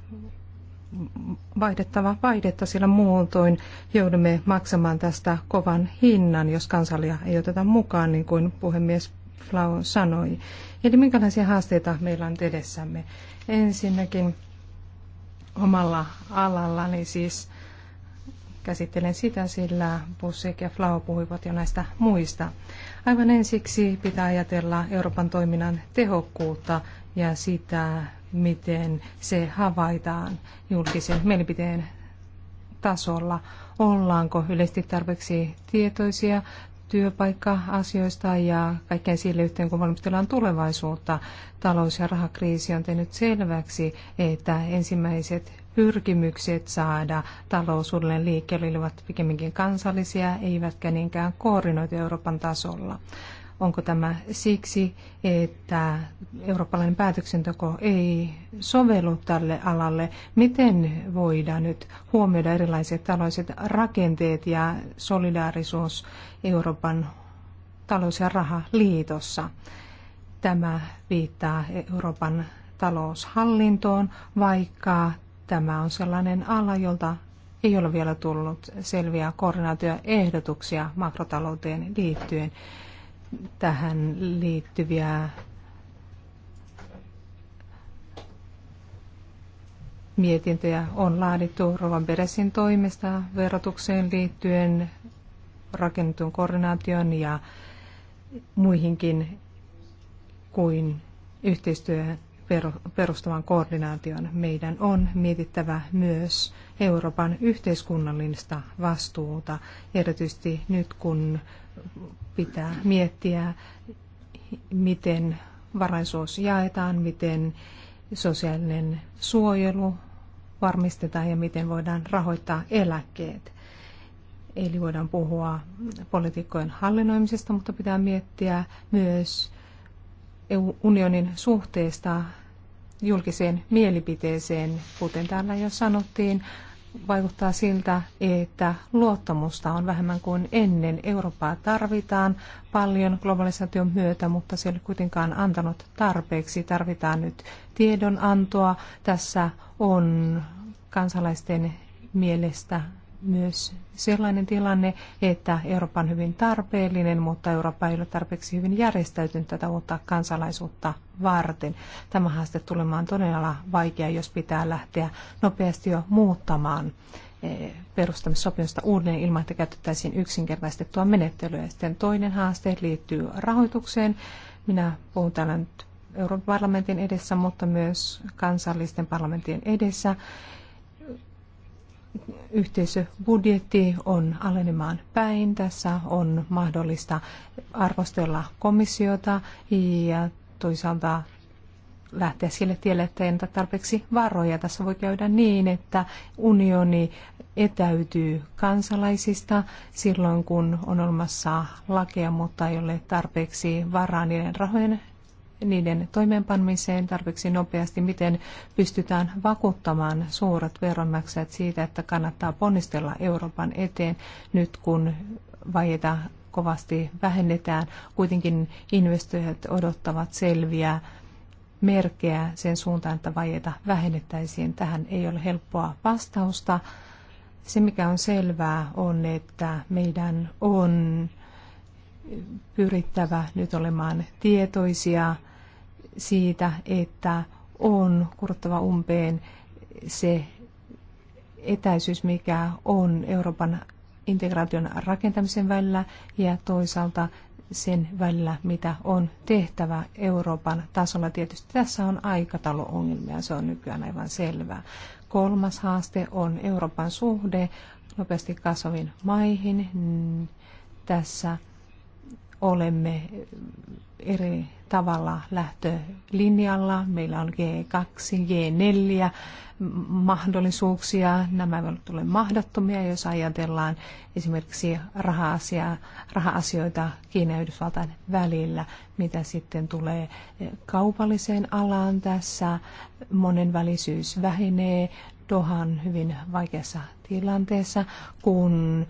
vaihdettava vaihdetta, sillä muutoin joudumme maksamaan tästä kovan hinnan, jos kansalia ei oteta mukaan, niin kuin puhemies Flau sanoi. Eli minkälaisia haasteita meillä on edessämme? Ensinnäkin omalla alallani siis käsittelen sitä, sillä Bussek ja Flau puhuivat jo näistä muista. Aivan ensiksi pitää ajatella Euroopan toiminnan tehokkuutta ja sitä, miten se havaitaan julkisen mielipiteen tasolla. Ollaanko yleisesti tarpeeksi tietoisia työpaikka-asioista ja kaikkeen siihen liittyen, kun valmistellaan tulevaisuutta. Talous- ja rahakriisi on tehnyt selväksi, että ensimmäiset pyrkimykset saada talous uudelleen liikkeelle olivat pikemminkin kansallisia, eivätkä niinkään koordinoitu Euroopan tasolla. Onko tämä siksi, että eurooppalainen päätöksenteko ei sovellu tälle alalle? Miten voidaan nyt huomioida erilaiset taloudelliset rakenteet ja solidaarisuus Euroopan talous- ja rahaliitossa? Tämä viittaa Euroopan taloushallintoon, vaikka tämä on sellainen ala, jolta ei ole vielä tullut selviä koordinaatioehdotuksia makrotalouteen liittyen tähän liittyviä mietintöjä on laadittu Rovan Beresin toimesta verotukseen liittyen rakennetun koordinaation ja muihinkin kuin yhteistyöhön perustavan koordinaation. Meidän on mietittävä myös Euroopan yhteiskunnallista vastuuta, erityisesti nyt kun pitää miettiä, miten varaisuus jaetaan, miten sosiaalinen suojelu varmistetaan ja miten voidaan rahoittaa eläkkeet. Eli voidaan puhua poliitikkojen hallinnoimisesta, mutta pitää miettiä myös unionin suhteesta julkiseen mielipiteeseen, kuten täällä jo sanottiin, vaikuttaa siltä, että luottamusta on vähemmän kuin ennen. Eurooppaa tarvitaan paljon globalisaation myötä, mutta se ei ole kuitenkaan antanut tarpeeksi. Tarvitaan nyt tiedonantoa. Tässä on kansalaisten mielestä myös sellainen tilanne, että Eurooppa on hyvin tarpeellinen, mutta Eurooppa ei ole tarpeeksi hyvin järjestäytynyt tätä uutta kansalaisuutta varten. Tämä haaste tulemaan todella vaikea, jos pitää lähteä nopeasti jo muuttamaan eh, perustamissopimusta uudelleen ilman, että käytettäisiin yksinkertaistettua menettelyä. sitten toinen haaste liittyy rahoitukseen. Minä puhun täällä nyt Euroopan parlamentin edessä, mutta myös kansallisten parlamenttien edessä yhteisöbudjetti on alenemaan päin. Tässä on mahdollista arvostella komissiota ja toisaalta lähteä sille tielle, että ei tarpeeksi varoja. Tässä voi käydä niin, että unioni etäytyy kansalaisista silloin, kun on olemassa lakeja, mutta ei ole tarpeeksi varaa niiden rahojen niiden toimeenpanemiseen tarpeeksi nopeasti, miten pystytään vakuuttamaan suuret veronmaksajat siitä, että kannattaa ponnistella Euroopan eteen nyt kun vajeta kovasti vähennetään. Kuitenkin investoijat odottavat selviä merkkejä sen suuntaan, että vajeta vähennettäisiin. Tähän ei ole helppoa vastausta. Se, mikä on selvää, on, että meidän on pyrittävä nyt olemaan tietoisia siitä, että on kurottava umpeen se etäisyys, mikä on Euroopan integraation rakentamisen välillä ja toisaalta sen välillä, mitä on tehtävä Euroopan tasolla. Tietysti tässä on aikatauluongelmia, se on nykyään aivan selvää. Kolmas haaste on Euroopan suhde nopeasti kasvaviin maihin. Tässä olemme eri tavalla lähtölinjalla. Meillä on G2, G4 mahdollisuuksia. Nämä eivät tule mahdottomia, jos ajatellaan esimerkiksi raha-asioita, Kiina ja Yhdysvaltain välillä, mitä sitten tulee kaupalliseen alaan tässä. Monenvälisyys vähenee, Dohan hyvin vaikeassa tilanteessa, kun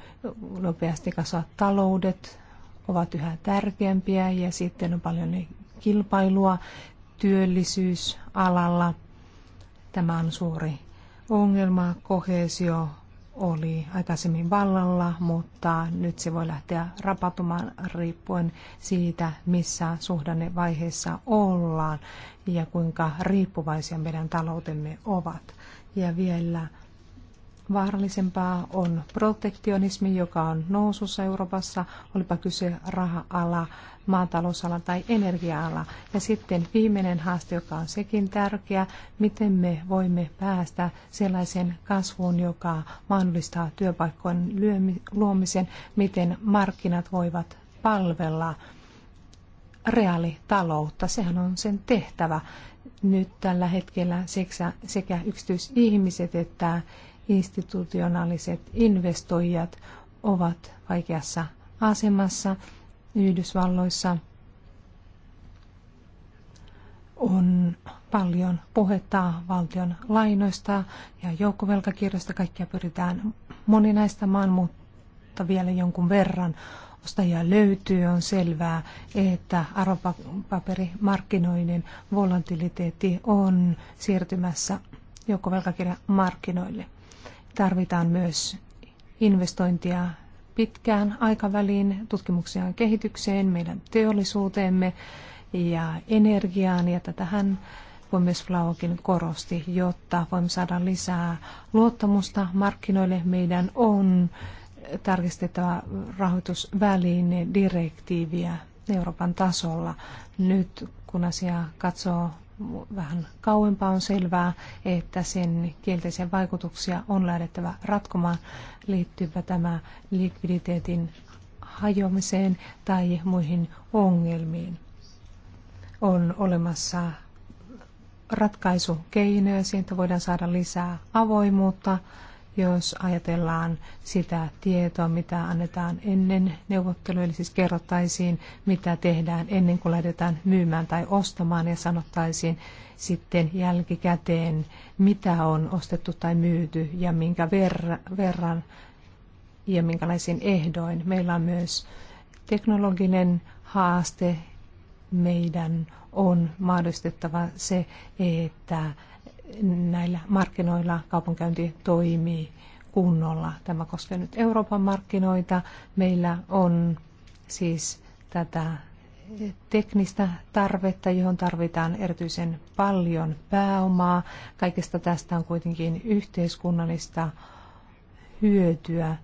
nopeasti kasvavat taloudet ovat yhä tärkeämpiä ja sitten on paljon kilpailua työllisyysalalla. Tämä on suuri ongelma. Kohesio oli aikaisemmin vallalla, mutta nyt se voi lähteä rapautumaan riippuen siitä, missä suhdannevaiheessa ollaan ja kuinka riippuvaisia meidän taloutemme ovat. Ja vielä vaarallisempaa on protektionismi, joka on nousussa Euroopassa, olipa kyse raha-ala, maatalousala tai energia-ala. Ja sitten viimeinen haaste, joka on sekin tärkeä, miten me voimme päästä sellaiseen kasvuun, joka mahdollistaa työpaikkojen luomisen, miten markkinat voivat palvella reaalitaloutta. Sehän on sen tehtävä nyt tällä hetkellä sekä, sekä yksityisihmiset että institutionaaliset investoijat ovat vaikeassa asemassa Yhdysvalloissa. On paljon puhetta valtion lainoista ja joukkovelkakirjoista. Kaikkia pyritään moninaistamaan, mutta vielä jonkun verran ostajia löytyy. On selvää, että arvopaperimarkkinoiden volatiliteetti on siirtymässä joukkovelkakirjamarkkinoille. Tarvitaan myös investointia pitkään aikaväliin tutkimukseen ja kehitykseen, meidän teollisuuteemme ja energiaan. Ja tätähän puhemies Flaukin korosti, jotta voimme saada lisää luottamusta markkinoille. Meidän on tarkistettava rahoitusväline direktiiviä Euroopan tasolla. Nyt kun asiaa katsoo vähän kauempaa on selvää, että sen kielteisiä vaikutuksia on lähdettävä ratkomaan liittyvä tämä likviditeetin hajoamiseen tai muihin ongelmiin. On olemassa ratkaisukeinoja, siitä voidaan saada lisää avoimuutta jos ajatellaan sitä tietoa, mitä annetaan ennen neuvottelua, eli siis kerrottaisiin, mitä tehdään ennen kuin lähdetään myymään tai ostamaan ja sanottaisiin sitten jälkikäteen, mitä on ostettu tai myyty ja minkä verran ja minkälaisiin ehdoin. Meillä on myös teknologinen haaste. Meidän on mahdollistettava se, että näillä markkinoilla kaupankäynti toimii kunnolla. Tämä koskee nyt Euroopan markkinoita. Meillä on siis tätä teknistä tarvetta, johon tarvitaan erityisen paljon pääomaa. Kaikesta tästä on kuitenkin yhteiskunnallista hyötyä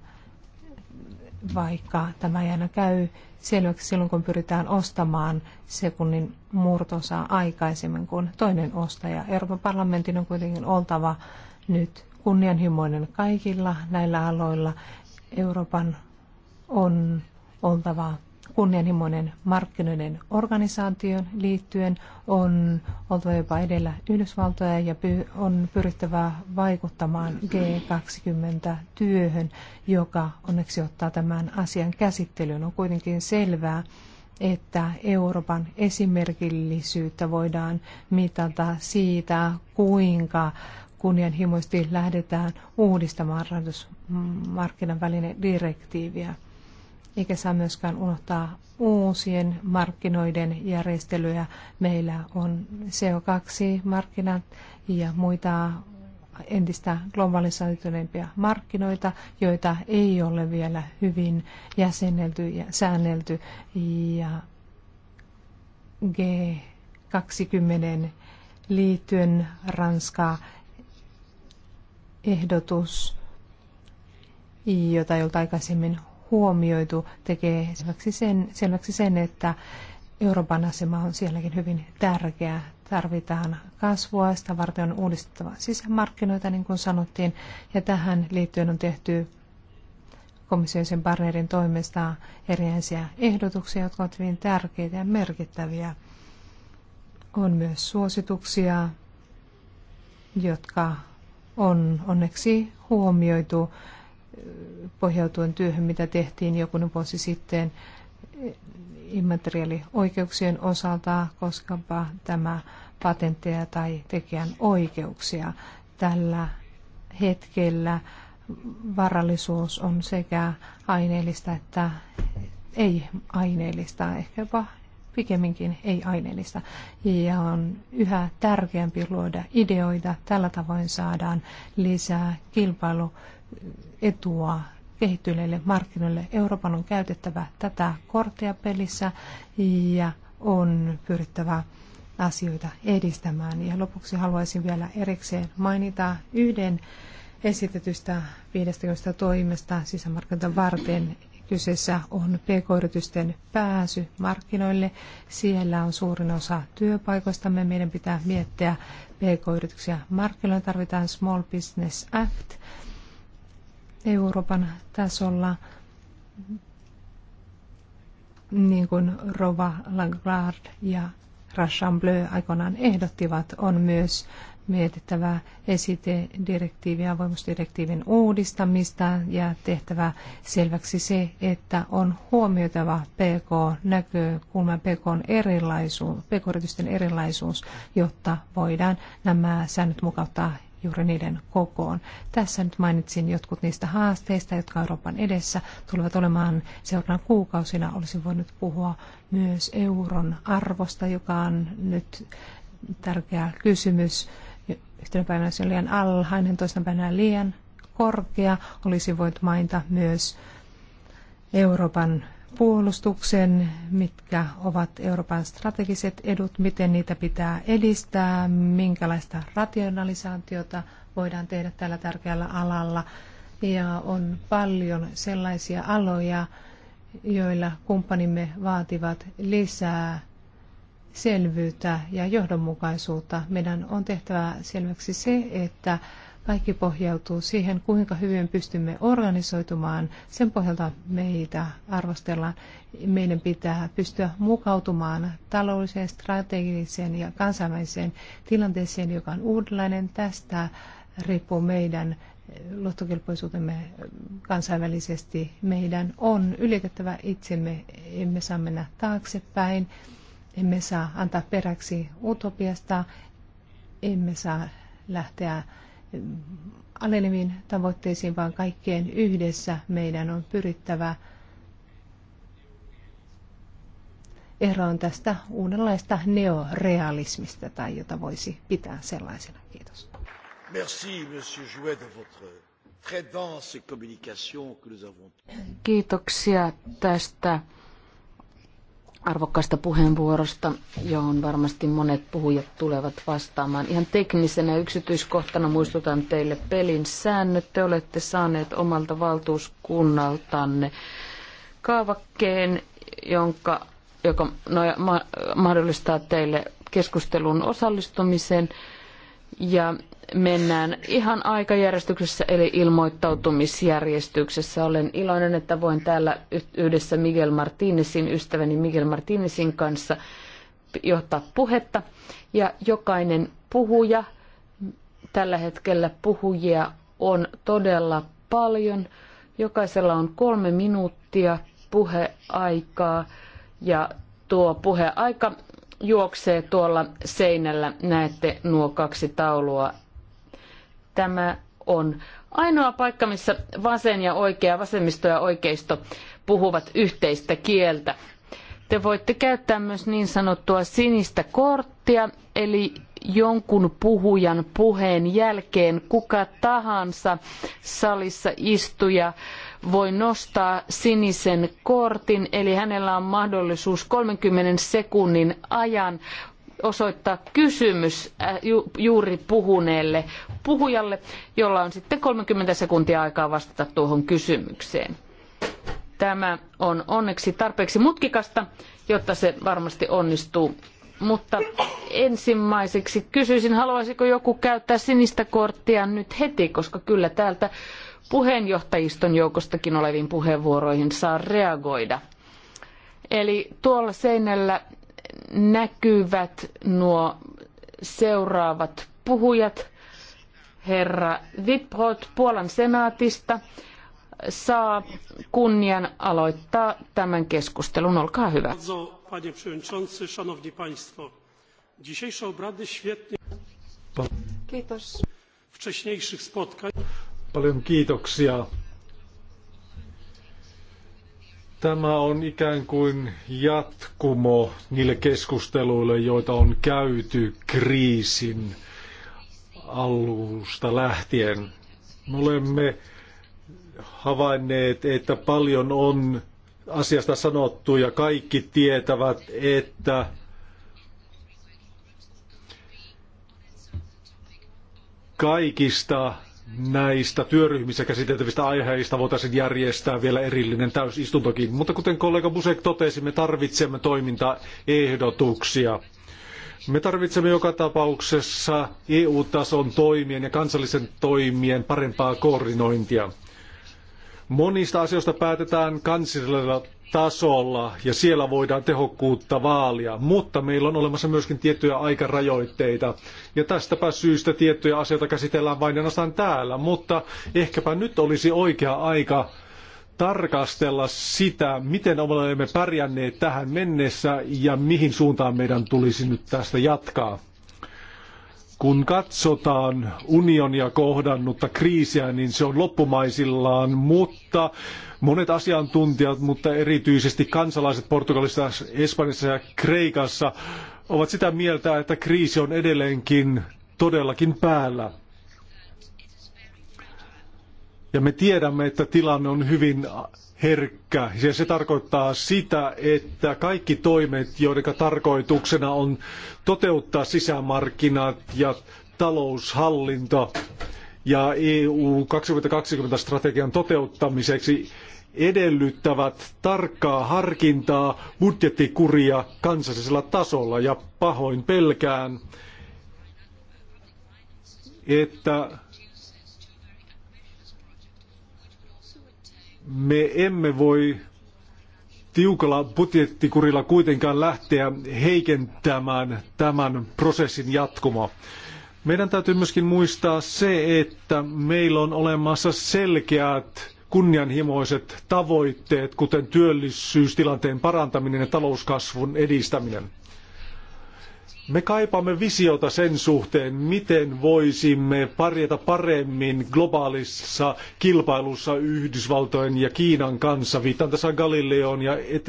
vaikka tämä ei aina käy selväksi silloin, kun pyritään ostamaan sekunnin murtosaa aikaisemmin kuin toinen ostaja. Euroopan parlamentin on kuitenkin oltava nyt kunnianhimoinen kaikilla näillä aloilla. Euroopan on oltava kunnianhimoinen markkinoiden organisaation liittyen on oltava jopa edellä Yhdysvaltoja ja on pyrittävä vaikuttamaan G20-työhön, joka onneksi ottaa tämän asian käsittelyyn. On kuitenkin selvää, että Euroopan esimerkillisyyttä voidaan mitata siitä, kuinka kunnianhimoisesti lähdetään uudistamaan rahoitusmarkkinan väline direktiiviä eikä saa myöskään unohtaa uusien markkinoiden järjestelyjä. Meillä on CO2-markkinat ja muita entistä globalisoituneempia markkinoita, joita ei ole vielä hyvin jäsennelty ja säännelty. Ja G20 liittyen Ranska ehdotus, jota ei ollut aikaisemmin huomioitu, tekee selväksi sen, selväksi sen että Euroopan asema on sielläkin hyvin tärkeä. Tarvitaan kasvua, sitä varten on uudistettava sisämarkkinoita, niin kuin sanottiin, ja tähän liittyen on tehty komissioisen partnerin toimesta erilaisia ehdotuksia, jotka ovat hyvin tärkeitä ja merkittäviä. On myös suosituksia, jotka on onneksi huomioitu pohjautuen työhön, mitä tehtiin jokunen vuosi sitten immateriaalioikeuksien osalta, koskapa tämä patentteja tai tekijän oikeuksia. Tällä hetkellä varallisuus on sekä aineellista että ei-aineellista, ehkä jopa pikemminkin ei-aineellista. Ja on yhä tärkeämpi luoda ideoita. Tällä tavoin saadaan lisää kilpailu etua kehittyneille markkinoille. Euroopan on käytettävä tätä korttia pelissä ja on pyrittävä asioita edistämään. Ja lopuksi haluaisin vielä erikseen mainita yhden esitetystä 50 toimesta sisämarkkinoita varten. Kyseessä on pk-yritysten pääsy markkinoille. Siellä on suurin osa työpaikoistamme. Meidän pitää miettiä pk-yrityksiä. Markkinoilla tarvitaan Small Business Act, Euroopan tasolla, niin kuin Rova Lagarde ja Rassemble aikoinaan ehdottivat, on myös mietittävä esitedirektiivin ja voimusdirektiivin uudistamista ja tehtävä selväksi se, että on huomioitava pk näkökulma PK-yritysten erilaisuus, PK erilaisuus, jotta voidaan nämä säännöt mukauttaa juuri niiden kokoon. Tässä nyt mainitsin jotkut niistä haasteista, jotka Euroopan edessä tulevat olemaan seuraavan kuukausina. Olisin voinut puhua myös euron arvosta, joka on nyt tärkeä kysymys. Yhtenä päivänä se on liian alhainen, toisena päivänä liian korkea. Olisin voinut mainita myös Euroopan puolustuksen, mitkä ovat Euroopan strategiset edut, miten niitä pitää edistää, minkälaista rationalisaatiota voidaan tehdä tällä tärkeällä alalla. Ja on paljon sellaisia aloja, joilla kumppanimme vaativat lisää selvyyttä ja johdonmukaisuutta. Meidän on tehtävä selväksi se, että kaikki pohjautuu siihen, kuinka hyvin pystymme organisoitumaan. Sen pohjalta meitä arvostellaan. Meidän pitää pystyä mukautumaan taloudelliseen, strategiseen ja kansainväliseen tilanteeseen, joka on uudenlainen. Tästä riippuu meidän luottokelpoisuutemme kansainvälisesti. Meidän on ylitettävä itsemme, emme saa mennä taaksepäin, emme saa antaa peräksi utopiasta, emme saa lähteä aleneviin tavoitteisiin, vaan kaikkeen yhdessä meidän on pyrittävä eroon tästä uudenlaista neorealismista tai jota voisi pitää sellaisena. Kiitos. Merci, monsieur Jouet, de votre très dense communication que nous avons. Kiitoksia tästä arvokkaasta puheenvuorosta, johon varmasti monet puhujat tulevat vastaamaan. Ihan teknisenä yksityiskohtana muistutan teille pelin säännöt. Te olette saaneet omalta valtuuskunnaltanne kaavakkeen, jonka, joka no, ma, mahdollistaa teille keskustelun osallistumisen ja mennään ihan aikajärjestyksessä eli ilmoittautumisjärjestyksessä. Olen iloinen, että voin täällä yhdessä Miguel Martinezin ystäväni Miguel Martinezin kanssa johtaa puhetta. Ja jokainen puhuja, tällä hetkellä puhujia on todella paljon. Jokaisella on kolme minuuttia puheaikaa ja tuo puheaika juoksee tuolla seinällä, näette nuo kaksi taulua. Tämä on ainoa paikka, missä vasen ja oikea, vasemmisto ja oikeisto puhuvat yhteistä kieltä. Te voitte käyttää myös niin sanottua sinistä korttia, eli jonkun puhujan puheen jälkeen kuka tahansa salissa istuja voi nostaa sinisen kortin, eli hänellä on mahdollisuus 30 sekunnin ajan osoittaa kysymys äh, juuri puhuneelle puhujalle, jolla on sitten 30 sekuntia aikaa vastata tuohon kysymykseen. Tämä on onneksi tarpeeksi mutkikasta, jotta se varmasti onnistuu. Mutta ensimmäiseksi kysyisin, haluaisiko joku käyttää sinistä korttia nyt heti, koska kyllä täältä puheenjohtajiston joukostakin oleviin puheenvuoroihin saa reagoida. Eli tuolla seinällä näkyvät nuo seuraavat puhujat. Herra Witbrot Puolan senaatista saa kunnian aloittaa tämän keskustelun. Olkaa hyvä. Kiitos. Paljon kiitoksia. Tämä on ikään kuin jatkumo niille keskusteluille, joita on käyty kriisin alusta lähtien. Me olemme havainneet, että paljon on asiasta sanottu ja kaikki tietävät, että kaikista näistä työryhmissä käsiteltävistä aiheista voitaisiin järjestää vielä erillinen täysistuntokin. Mutta kuten kollega Busek totesi, me tarvitsemme toimintaehdotuksia. Me tarvitsemme joka tapauksessa EU-tason toimien ja kansallisen toimien parempaa koordinointia. Monista asioista päätetään kansallisella tasolla ja siellä voidaan tehokkuutta vaalia, mutta meillä on olemassa myöskin tiettyjä aikarajoitteita. Ja tästäpä syystä tiettyjä asioita käsitellään vain ainoastaan täällä, mutta ehkäpä nyt olisi oikea aika tarkastella sitä, miten olemme pärjänneet tähän mennessä ja mihin suuntaan meidän tulisi nyt tästä jatkaa. Kun katsotaan unionia kohdannutta kriisiä, niin se on loppumaisillaan, mutta monet asiantuntijat, mutta erityisesti kansalaiset Portugalissa, Espanjassa ja Kreikassa ovat sitä mieltä, että kriisi on edelleenkin todellakin päällä. Ja me tiedämme, että tilanne on hyvin herkkä. Ja se tarkoittaa sitä, että kaikki toimet, joiden tarkoituksena on toteuttaa sisämarkkinat ja taloushallinto ja EU 2020-strategian toteuttamiseksi edellyttävät tarkkaa harkintaa budjettikuria kansallisella tasolla ja pahoin pelkään, että me emme voi tiukalla budjettikurilla kuitenkaan lähteä heikentämään tämän prosessin jatkumoa. Meidän täytyy myöskin muistaa se, että meillä on olemassa selkeät kunnianhimoiset tavoitteet, kuten työllisyystilanteen parantaminen ja talouskasvun edistäminen. Me kaipaamme visiota sen suhteen, miten voisimme pärjätä paremmin globaalissa kilpailussa Yhdysvaltojen ja Kiinan kanssa. Viittaan tässä Galileon ja et-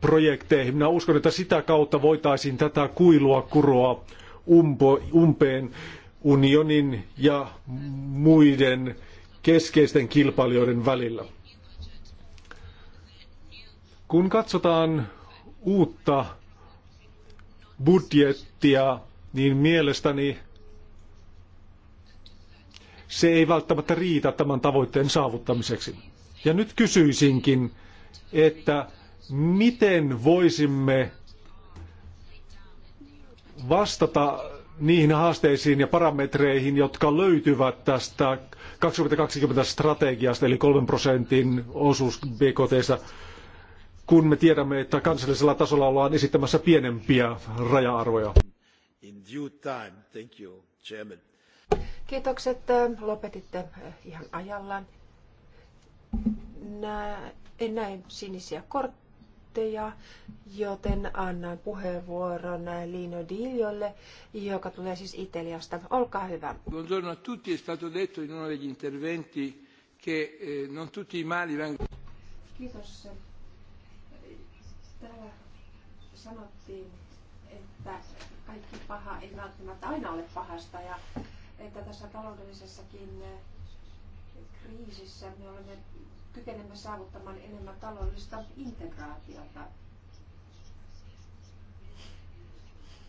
projekteihin. Minä uskon, että sitä kautta voitaisiin tätä kuilua kuroa umpo, umpeen unionin ja muiden keskeisten kilpailijoiden välillä. Kun katsotaan uutta budjettia, niin mielestäni se ei välttämättä riitä tämän tavoitteen saavuttamiseksi. Ja nyt kysyisinkin, että miten voisimme vastata niihin haasteisiin ja parametreihin, jotka löytyvät tästä 2020 strategiasta, eli 3 prosentin osuus BKTstä kun me tiedämme, että kansallisella tasolla ollaan esittämässä pienempiä raja-arvoja. Kiitokset. Lopetitte eh, ihan ajallaan. Nää, en näe sinisiä kortteja, joten annan puheenvuoron Lino Diljolle, joka tulee siis Italiasta. Olkaa hyvä. Buongiorno a tutti. È stato detto in uno degli interventi che eh, non tutti i mali vengono... Kiitos. Täällä sanottiin, että kaikki paha ei välttämättä aina ole pahasta ja että tässä taloudellisessakin eh, kriisissä me olemme kykenemme saavuttamaan enemmän taloudellista integraatiota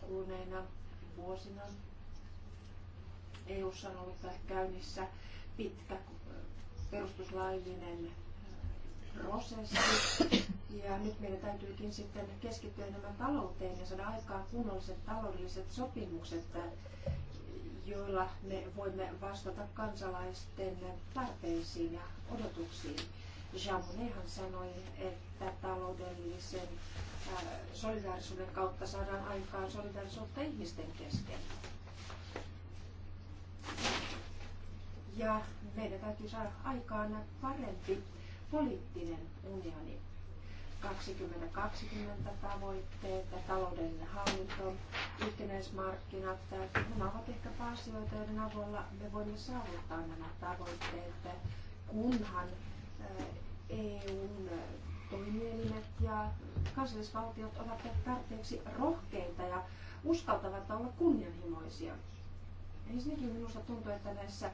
kuluneena vuosina. EU on ollut käynnissä pitkä eh, perustuslaillinen prosessi. Ja nyt meidän täytyykin sitten keskittyä enemmän talouteen ja saada aikaan kunnolliset taloudelliset sopimukset, joilla me voimme vastata kansalaisten tarpeisiin ja odotuksiin. Jean Monnethan sanoi, että taloudellisen äh, solidaarisuuden kautta saadaan aikaan solidaarisuutta ihmisten kesken. Ja meidän täytyy saada aikaan parempi poliittinen unioni. 2020 tavoitteet, taloudellinen hallinto, yhtenäismarkkinat, nämä ovat ehkä asioita, joiden avulla me voimme saavuttaa nämä tavoitteet, kunhan eh, EUn eh, toimielimet ja kansallisvaltiot ovat tarpeeksi rohkeita ja uskaltavat olla kunnianhimoisia. Ensinnäkin minusta tuntuu, että näissä,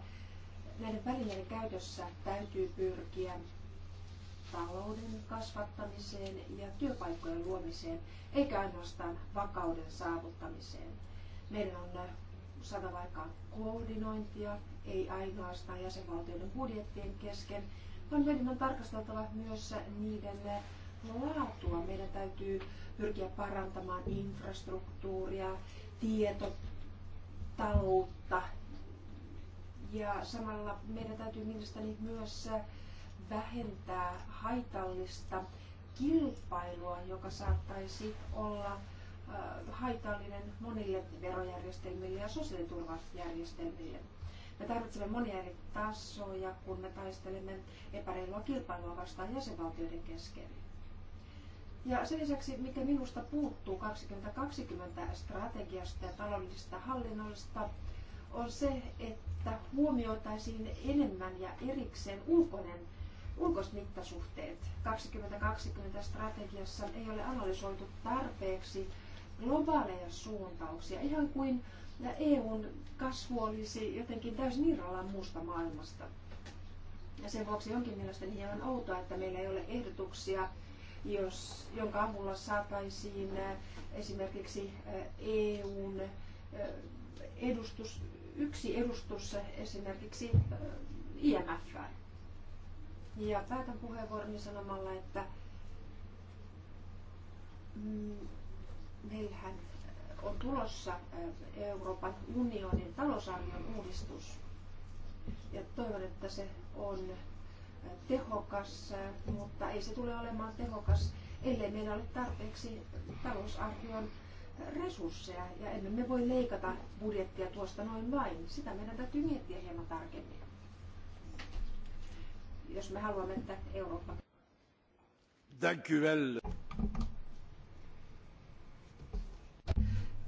näiden välineiden käytössä täytyy pyrkiä talouden kasvattamiseen ja työpaikkojen luomiseen, eikä ainoastaan vakauden saavuttamiseen. Meidän on äh, saada vaikka koordinointia, ei ainoastaan jäsenvaltioiden budjettien kesken, vaan meidän on tarkasteltava myös niiden äh, laatua. Meidän täytyy pyrkiä parantamaan infrastruktuuria, tietotaloutta ja samalla meidän täytyy mielestäni myös äh, vähentää haitallista kilpailua, joka saattaisi olla haitallinen monille verojärjestelmille ja sosiaaliturvajärjestelmille. Me tarvitsemme monia eri tasoja, kun me taistelemme epäreilua kilpailua vastaan jäsenvaltioiden kesken. Ja sen lisäksi, mikä minusta puuttuu 2020-strategiasta ja taloudellisesta hallinnollista, on se, että huomioitaisiin enemmän ja erikseen ulkoinen ulkoismittasuhteet. 2020 strategiassa ei ole analysoitu tarpeeksi globaaleja suuntauksia, ihan kuin EUn kasvu olisi jotenkin täysin irrallaan muusta maailmasta. Ja sen vuoksi onkin mielestäni hieman outoa, että meillä ei ole ehdotuksia, jos, jonka avulla saataisiin äh, esimerkiksi äh, EUn äh, edustus, yksi edustus esimerkiksi IMFään ja päätän puheenvuoroni sanomalla, että mm, meillähän äh, on tulossa äh, Euroopan unionin talousarvion uudistus. Ja toivon, että se on äh, tehokas, mutta ei se tule olemaan tehokas, ellei meillä ole tarpeeksi talousarvion resursseja. Ja emme me voi leikata budjettia tuosta noin vain. Sitä meidän täytyy miettiä hieman tarkemmin jos me haluamme, että Eurooppa...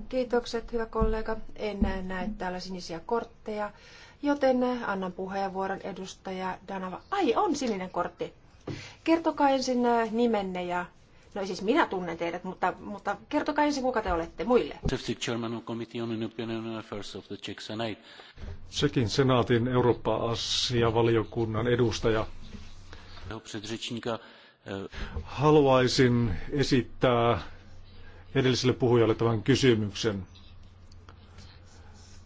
Kiitokset, hyvä kollega. En näe, näe täällä sinisiä kortteja, joten annan puheenvuoron edustaja Danava. Ai, on sininen kortti. Kertokaa ensin nimenne ja No siis minä tunnen teidät, mutta, mutta kertokaa ensin, kuka te olette muille. Sekin senaatin Eurooppa-asiavaliokunnan edustaja. Eh, Haluaisin esittää edelliselle puhujalle tämän kysymyksen.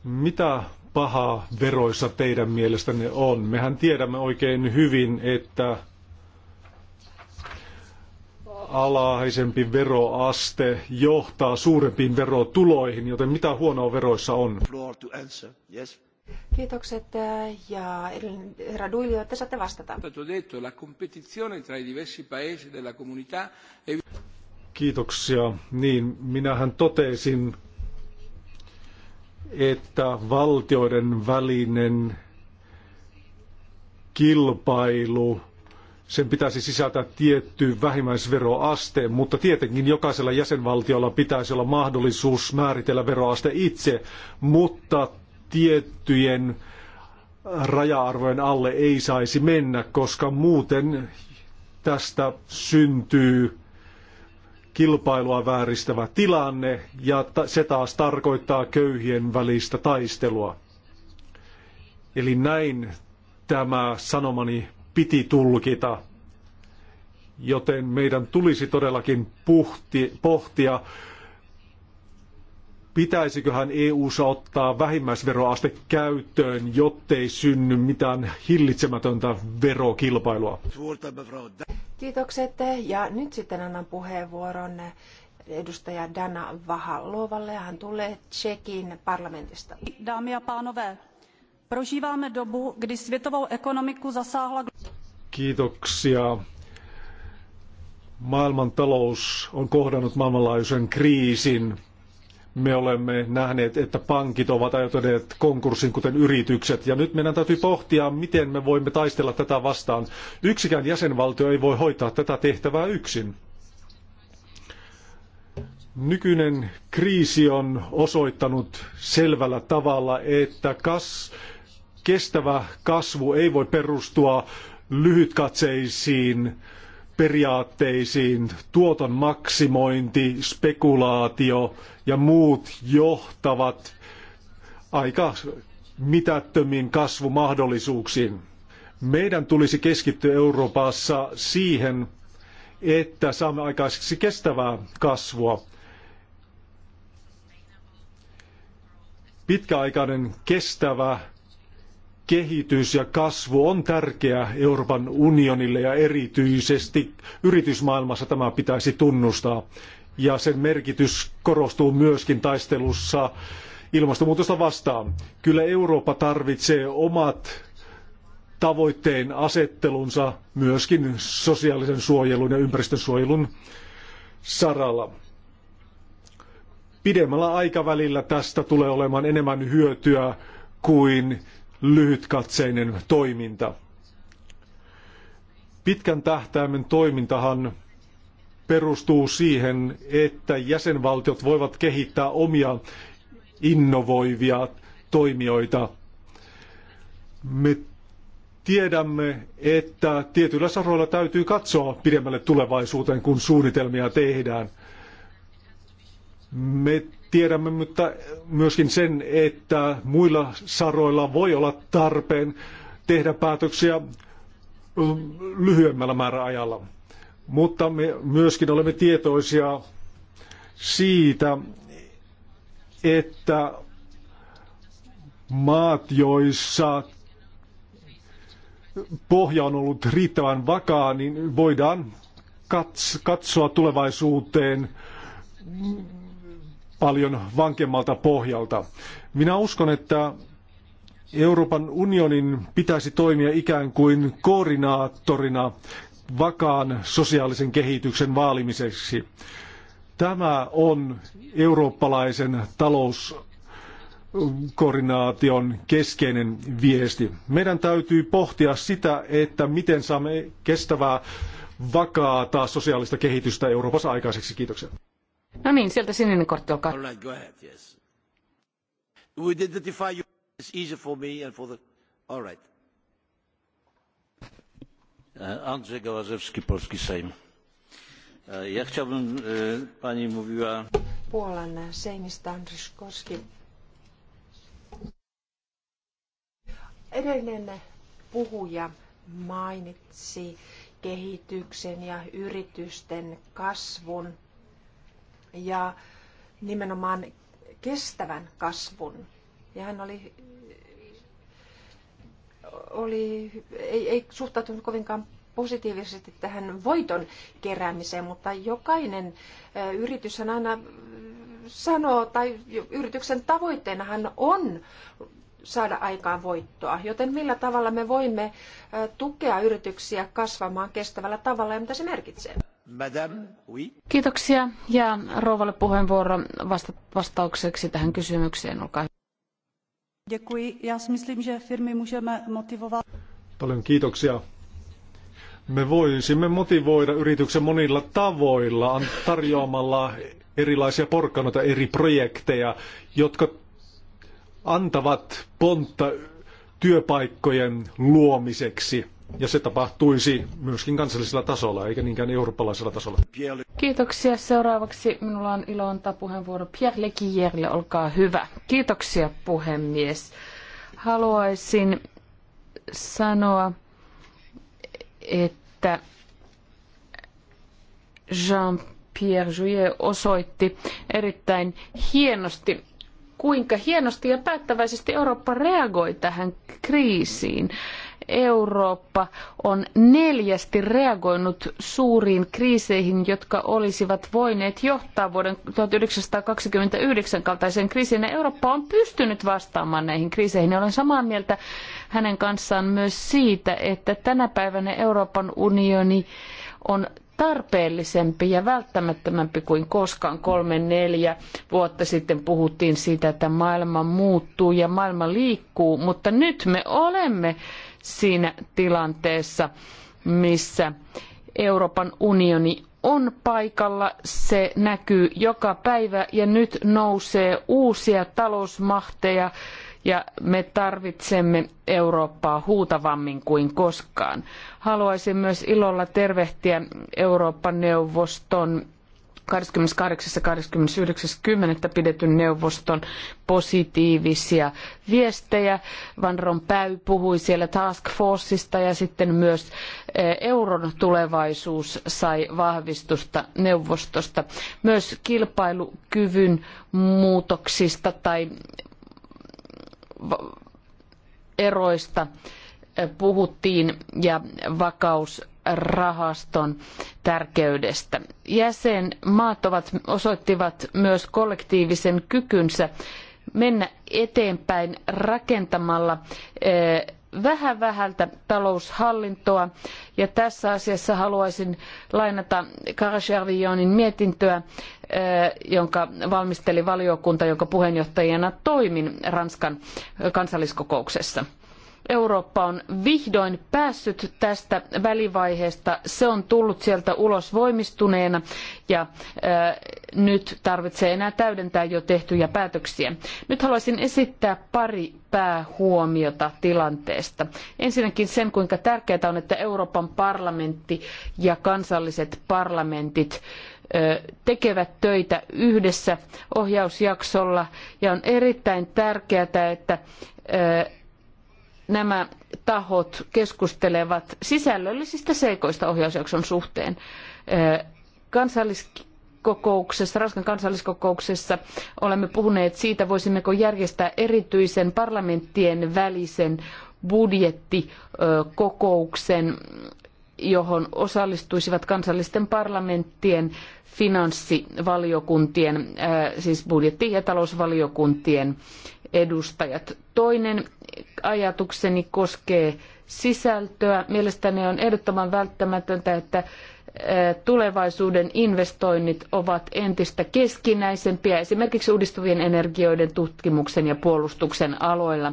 Mitä pahaa veroissa teidän mielestänne on? Mehän tiedämme oikein hyvin, että alhaisempi veroaste johtaa suurempiin verotuloihin, joten mitä huonoa veroissa on? Kiitokset äh, ja herra Duilio, että saatte vastata. Kiitoksia. Niin, minähän totesin, että valtioiden välinen kilpailu sen pitäisi sisältää tietty vähimmäisveroaste, mutta tietenkin jokaisella jäsenvaltiolla pitäisi olla mahdollisuus määritellä veroaste itse, mutta tiettyjen raja-arvojen alle ei saisi mennä, koska muuten tästä syntyy kilpailua vääristävä tilanne ja se taas tarkoittaa köyhien välistä taistelua. Eli näin tämä sanomani piti tulkita. Joten meidän tulisi todellakin puhti, pohtia, pitäisiköhän eu ottaa vähimmäisveroaste käyttöön, jottei synny mitään hillitsemätöntä verokilpailua. Kiitokset. Ja nyt sitten annan puheenvuoron edustaja Dana Vahalovalle. Hän tulee Tsekin parlamentista. Damia a Prožíváme dobu, kdy světovou ekonomiku zasáhla... Kiitoksia. Maailman talous on kohdannut maailmanlaajuisen kriisin. Me olemme nähneet, että pankit ovat ajautuneet konkurssin, kuten yritykset. Ja nyt meidän täytyy pohtia, miten me voimme taistella tätä vastaan. Yksikään jäsenvaltio ei voi hoitaa tätä tehtävää yksin. Nykyinen kriisi on osoittanut selvällä tavalla, että kas, kestävä kasvu ei voi perustua lyhytkatseisiin periaatteisiin, tuoton maksimointi, spekulaatio ja muut johtavat aika mitättömiin kasvumahdollisuuksiin. Meidän tulisi keskittyä Euroopassa siihen, että saamme aikaiseksi kestävää kasvua. Pitkäaikainen kestävä kehitys ja kasvu on tärkeää Euroopan unionille ja erityisesti yritysmaailmassa tämä pitäisi tunnustaa. Ja sen merkitys korostuu myöskin taistelussa ilmastonmuutosta vastaan. Kyllä Eurooppa tarvitsee omat tavoitteen asettelunsa myöskin sosiaalisen suojelun ja ympäristönsuojelun saralla. Pidemmällä aikavälillä tästä tulee olemaan enemmän hyötyä kuin lyhytkatseinen toiminta. Pitkän tähtäimen toimintahan perustuu siihen, että jäsenvaltiot voivat kehittää omia innovoivia toimijoita. Me tiedämme, että tietyillä saroilla täytyy katsoa pidemmälle tulevaisuuteen, kun suunnitelmia tehdään. Me Tiedämme mutta myöskin sen, että muilla saroilla voi olla tarpeen tehdä päätöksiä lyhyemmällä määräajalla. Mutta me myöskin olemme tietoisia siitä, että maat, joissa pohja on ollut riittävän vakaa, niin voidaan katsoa tulevaisuuteen paljon vankemmalta pohjalta. Minä uskon, että Euroopan unionin pitäisi toimia ikään kuin koordinaattorina vakaan sosiaalisen kehityksen vaalimiseksi. Tämä on eurooppalaisen talouskoordinaation keskeinen viesti. Meidän täytyy pohtia sitä, että miten saamme kestävää, vakaata sosiaalista kehitystä Euroopassa aikaiseksi. Kiitoksia. No niin, sieltä sininen kortti, olkaa. All right, go ahead, yes. We identify you. It's easier for me and for the... All right. E, Andrzej Gołazewski, Polski Sejm. E, ja chciałbym, e, pani mówiła... Puolan Seimistä Andris Koski. Edellinen puhuja mainitsi kehityksen ja yritysten kasvun ja nimenomaan kestävän kasvun. Ja hän oli, oli ei, ei suhtautunut kovinkaan positiivisesti tähän voiton keräämiseen, mutta jokainen yritys aina sanoo, tai yrityksen tavoitteenahan on saada aikaan voittoa. Joten millä tavalla me voimme tukea yrityksiä kasvamaan kestävällä tavalla ja mitä se merkitsee? Kiitoksia ja rouvalle puheenvuoro vasta- vastaukseksi tähän kysymykseen. Olkaa hyvä. Děkuji. Já si myslím, že firmy můžeme motivovat. Paljon kiitoksia. Me voisimme motivoida yrityksen monilla tavoilla tarjoamalla erilaisia porkkanoita, eri projekteja, jotka antavat pontta työpaikkojen luomiseksi ja se tapahtuisi myöskin kansallisella tasolla, eikä niinkään eurooppalaisella tasolla. Kiitoksia. Seuraavaksi minulla on ilo antaa puheenvuoro Pierre Lekijärille. Olkaa hyvä. Kiitoksia puhemies. Haluaisin sanoa, että Jean-Pierre Jouyet osoitti erittäin hienosti kuinka hienosti ja päättäväisesti Eurooppa reagoi tähän kriisiin. Eurooppa on neljästi reagoinut suuriin kriiseihin, jotka olisivat voineet johtaa vuoden 1929 kaltaiseen kriisiin. Ja Eurooppa on pystynyt vastaamaan näihin kriiseihin. Ja olen samaa mieltä hänen kanssaan myös siitä, että tänä päivänä Euroopan unioni on tarpeellisempi ja välttämättömämpi kuin koskaan. Kolme, neljä vuotta sitten puhuttiin siitä, että maailma muuttuu ja maailma liikkuu, mutta nyt me olemme siinä tilanteessa, missä Euroopan unioni on paikalla, se näkyy joka päivä ja nyt nousee uusia talousmahteja ja me tarvitsemme Eurooppaa huutavammin kuin koskaan. Haluaisin myös ilolla tervehtiä Euroopan neuvoston 28 kymmenettä pidetyn neuvoston positiivisia viestejä. Van Rompuy puhui siellä Task Forceista ja sitten myös eh, euron tulevaisuus sai vahvistusta neuvostosta. Myös kilpailukyvyn muutoksista tai eroista puhuttiin ja vakausrahaston tärkeydestä. Jäsenmaat ovat, osoittivat myös kollektiivisen kykynsä mennä eteenpäin rakentamalla eh, vähän vähältä taloushallintoa. Ja tässä asiassa haluaisin lainata Karasjärvijonin mietintöä, eh, jonka valmisteli valiokunta, jonka puheenjohtajana toimin Ranskan kansalliskokouksessa. Eurooppa on vihdoin päässyt tästä välivaiheesta. Se on tullut sieltä ulos voimistuneena ja äh, nyt tarvitsee enää täydentää jo tehtyjä päätöksiä. Nyt haluaisin esittää pari päähuomiota tilanteesta. Ensinnäkin sen, kuinka tärkeää on, että Euroopan parlamentti ja kansalliset parlamentit äh, tekevät töitä yhdessä ohjausjaksolla ja on erittäin tärkeää, että äh, nämä tahot keskustelevat sisällöllisistä seikoista ohjausjakson suhteen. Äh, kansalliskokouksessa, Ranskan kansalliskokouksessa olemme puhuneet siitä, voisimmeko järjestää erityisen parlamenttien välisen budjettikokouksen, johon osallistuisivat kansallisten parlamenttien, finanssivaliokuntien, äh, siis budjetti- ja talousvaliokuntien edustajat. Toinen ajatukseni koskee sisältöä. Mielestäni on ehdottoman välttämätöntä, että tulevaisuuden investoinnit ovat entistä keskinäisempiä esimerkiksi uudistuvien energioiden tutkimuksen ja puolustuksen aloilla.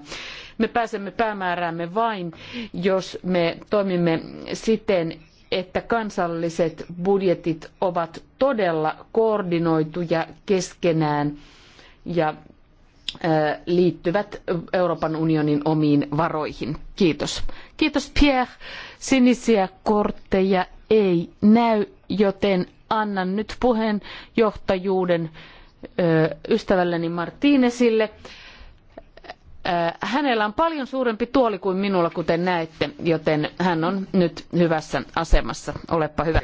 Me pääsemme päämääräämme vain, jos me toimimme siten, että kansalliset budjetit ovat todella koordinoituja keskenään ja liittyvät Euroopan unionin omiin varoihin. Kiitos. Kiitos Pierre. Sinisiä kortteja ei näy, joten annan nyt puheenjohtajuuden ystävälleni Martinesille. Hänellä on paljon suurempi tuoli kuin minulla, kuten näette, joten hän on nyt hyvässä asemassa. Olepa hyvä.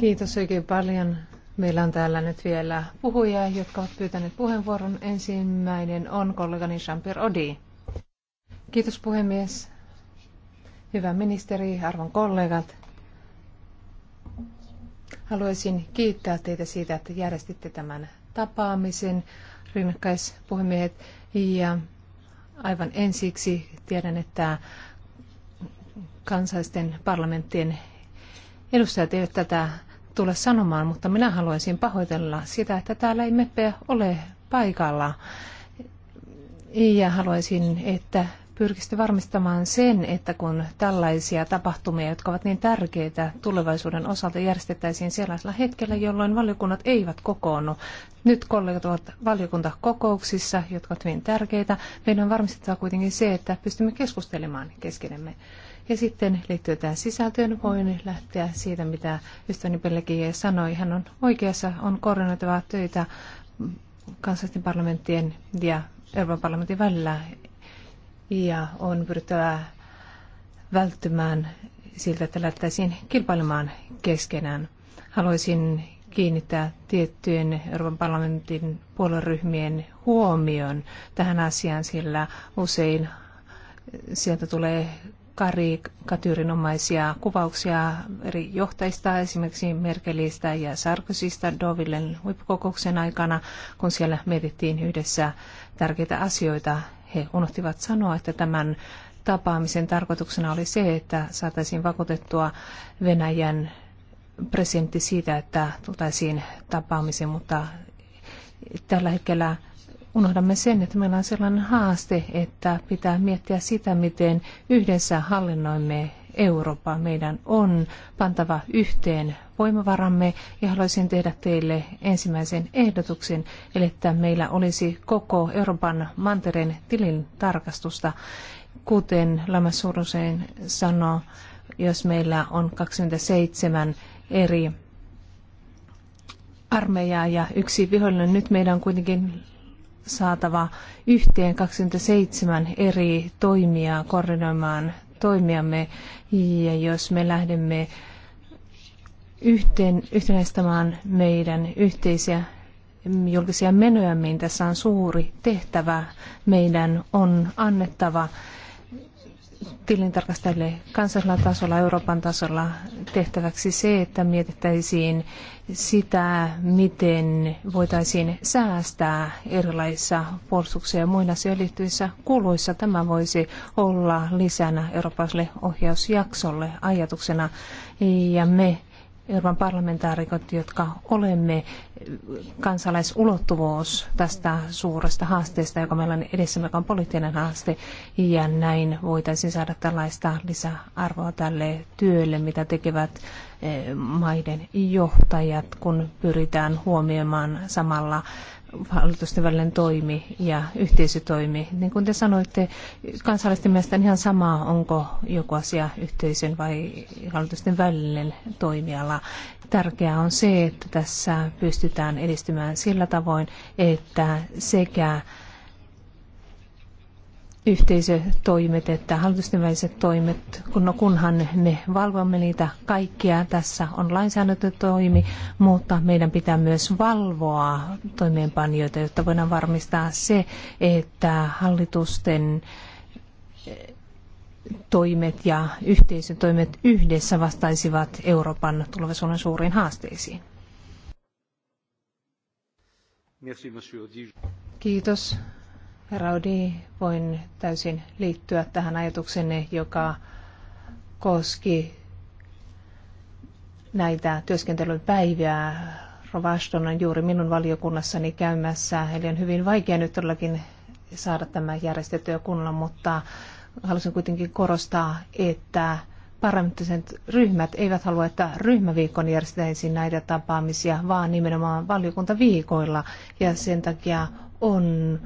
Kiitos oikein paljon Meillä on täällä nyt vielä puhujia, jotka ovat pyytäneet puheenvuoron. Ensimmäinen on kollegani Jean-Pierre Odi. Kiitos puhemies. Hyvä ministeri, arvon kollegat. Haluaisin kiittää teitä siitä, että järjestitte tämän tapaamisen, rinnakkaispuhemiehet. Ja aivan ensiksi tiedän, että kansallisten parlamenttien edustajat eivät tätä tule sanomaan, mutta minä haluaisin pahoitella sitä, että täällä ei meppejä ole paikalla. Ja haluaisin, että pyrkisitte varmistamaan sen, että kun tällaisia tapahtumia, jotka ovat niin tärkeitä tulevaisuuden osalta, järjestettäisiin sellaisella hetkellä, jolloin valiokunnat eivät kokoonnu. Nyt kollegat ovat valiokuntakokouksissa, jotka ovat hyvin tärkeitä. Meidän on varmistettava kuitenkin se, että pystymme keskustelemaan keskenemme. Ja sitten liittyen tähän sisältöön voin lähteä siitä, mitä ystäväni Pellekin sanoi. Hän on oikeassa, on koordinoitava töitä kansallisten parlamenttien ja Euroopan parlamentin välillä ja on pyrittävä välttymään siltä, että lähtäisiin kilpailemaan keskenään. Haluaisin kiinnittää tiettyjen Euroopan parlamentin puolueryhmien huomion tähän asiaan, sillä usein sieltä tulee karikatyyrinomaisia kuvauksia eri johtajista, esimerkiksi Merkelistä ja Sarkozysta Dovillen huippukokouksen aikana, kun siellä mietittiin yhdessä tärkeitä asioita. He unohtivat sanoa, että tämän tapaamisen tarkoituksena oli se, että saataisiin vakuutettua Venäjän presidentti siitä, että tultaisiin tapaamiseen, mutta tällä hetkellä unohdamme sen, että meillä on sellainen haaste, että pitää miettiä sitä, miten yhdessä hallinnoimme Eurooppaa. Meidän on pantava yhteen voimavaramme ja haluaisin tehdä teille ensimmäisen ehdotuksen, eli että meillä olisi koko Euroopan mantereen tilin tarkastusta, kuten Lamassurusen sanoo, jos meillä on 27 eri armeijaa ja yksi vihollinen. Nyt meidän on kuitenkin saatava yhteen 27 eri toimia koordinoimaan toimiamme. Ja jos me lähdemme yhteen, yhtenäistämään meidän yhteisiä julkisia menoja, niin tässä on suuri tehtävä. Meidän on annettava tilintarkastajille kansallisella tasolla, Euroopan tasolla tehtäväksi se, että mietittäisiin sitä, miten voitaisiin säästää erilaisissa puolustuksia ja muina asioihin liittyvissä kuluissa. Tämä voisi olla lisänä eurooppalaiselle ohjausjaksolle ajatuksena ja me Euroopan parlamentaarikot, jotka olemme, kansalaisulottuvuus tästä suuresta haasteesta, joka meillä on edessämme, joka on poliittinen haaste, ja näin voitaisiin saada tällaista lisäarvoa tälle työlle, mitä tekevät eh, maiden johtajat, kun pyritään huomioimaan samalla hallitusten välinen toimi ja yhteisötoimi. Niin kuin te sanoitte, kansalaisten mielestä on ihan sama, onko joku asia yhteisön vai hallitusten välinen toimiala. Tärkeää on se, että tässä pystytään edistymään sillä tavoin, että sekä yhteisötoimet että hallitusten väliset toimet, kun, no kunhan me valvomme niitä kaikkia. Tässä on lainsäädäntötoimi, mutta meidän pitää myös valvoa toimeenpanijoita, jotta voidaan varmistaa se, että hallitusten eh, toimet ja yhteisötoimet yhdessä vastaisivat Euroopan tulevaisuuden suuriin haasteisiin. Kiitos Raudi, voin täysin liittyä tähän ajatuksenne, joka koski näitä työskentelyn päiviä. Rovaston on juuri minun valiokunnassani käymässä, eli on hyvin vaikea nyt todellakin saada tämä järjestettyä kunnolla, mutta halusin kuitenkin korostaa, että parlamenttiset ryhmät eivät halua, että ryhmäviikon järjestäisi näitä tapaamisia, vaan nimenomaan valiokuntaviikoilla. Ja sen takia on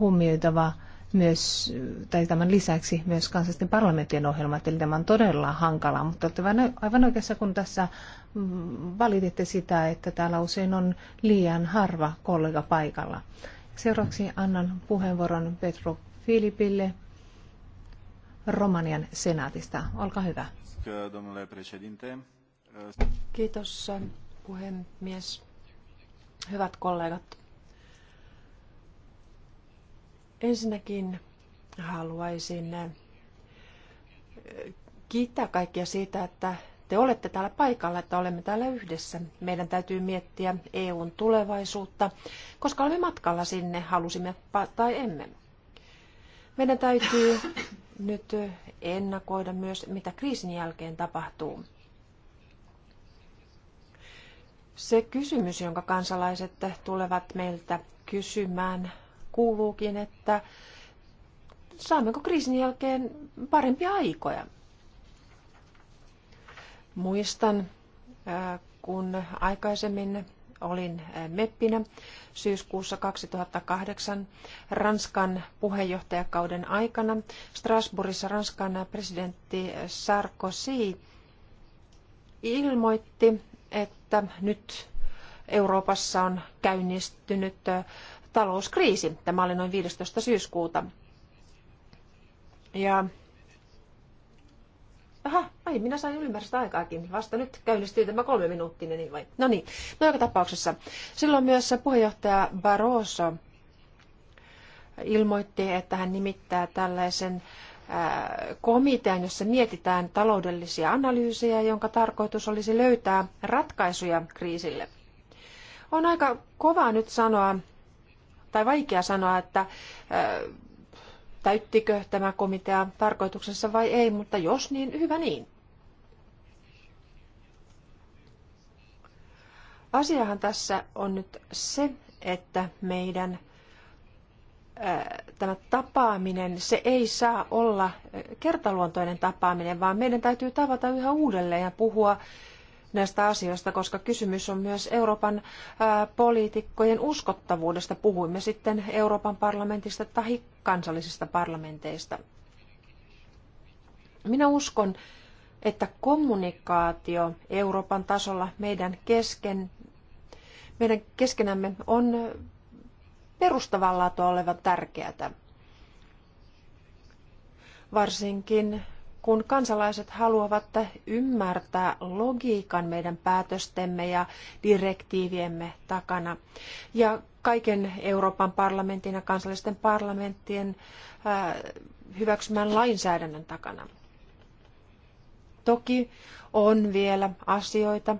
huomioitava myös, tai tämän lisäksi myös kansallisten parlamenttien ohjelmat, eli tämä on todella hankalaa, mutta olette aivan oikeassa, kun tässä mm, valititte sitä, että täällä usein on liian harva kollega paikalla. Seuraavaksi annan puheenvuoron Petro Filipille Romanian senaatista. Olkaa hyvä. Kiitos puhemies. Hyvät kollegat, Ensinnäkin haluaisin äh, kiittää kaikkia siitä, että te olette täällä paikalla, että olemme täällä yhdessä. Meidän täytyy miettiä EUn tulevaisuutta, koska olemme matkalla sinne, halusimme tai emme. Meidän täytyy nyt ennakoida myös, mitä kriisin jälkeen tapahtuu. Se kysymys, jonka kansalaiset tulevat meiltä kysymään, kuuluukin, että saammeko kriisin jälkeen parempia aikoja. Muistan, äh, kun aikaisemmin olin äh, meppinä syyskuussa 2008 Ranskan puheenjohtajakauden aikana. Strasbourgissa Ranskan presidentti Sarkozy ilmoitti, että nyt Euroopassa on käynnistynyt äh, talouskriisi. Tämä oli noin 15. syyskuuta. Ja... Aha, ai minä sain ylimääräistä aikaakin. Vasta nyt käynnistyy tämä kolme minuuttinen, niin vai? No niin, no joka tapauksessa. Silloin myös puheenjohtaja Barroso ilmoitti, että hän nimittää tällaisen komitean, jossa mietitään taloudellisia analyysejä, jonka tarkoitus olisi löytää ratkaisuja kriisille. On aika kovaa nyt sanoa tai vaikea sanoa, että täyttikö tämä komitea tarkoituksessa vai ei, mutta jos niin, hyvä niin. Asiahan tässä on nyt se, että meidän tämä tapaaminen, se ei saa olla kertaluontoinen tapaaminen, vaan meidän täytyy tavata yhä uudelleen ja puhua näistä asioista, koska kysymys on myös Euroopan poliitikkojen uskottavuudesta. Puhuimme sitten Euroopan parlamentista tai kansallisista parlamenteista. Minä uskon, että kommunikaatio Euroopan tasolla meidän, kesken, meidän keskenämme on perustavalla olevan tärkeää. Varsinkin kun kansalaiset haluavat ymmärtää logiikan meidän päätöstemme ja direktiiviemme takana. Ja kaiken Euroopan parlamentin ja kansallisten parlamenttien äh, hyväksymän lainsäädännön takana. Toki on vielä asioita,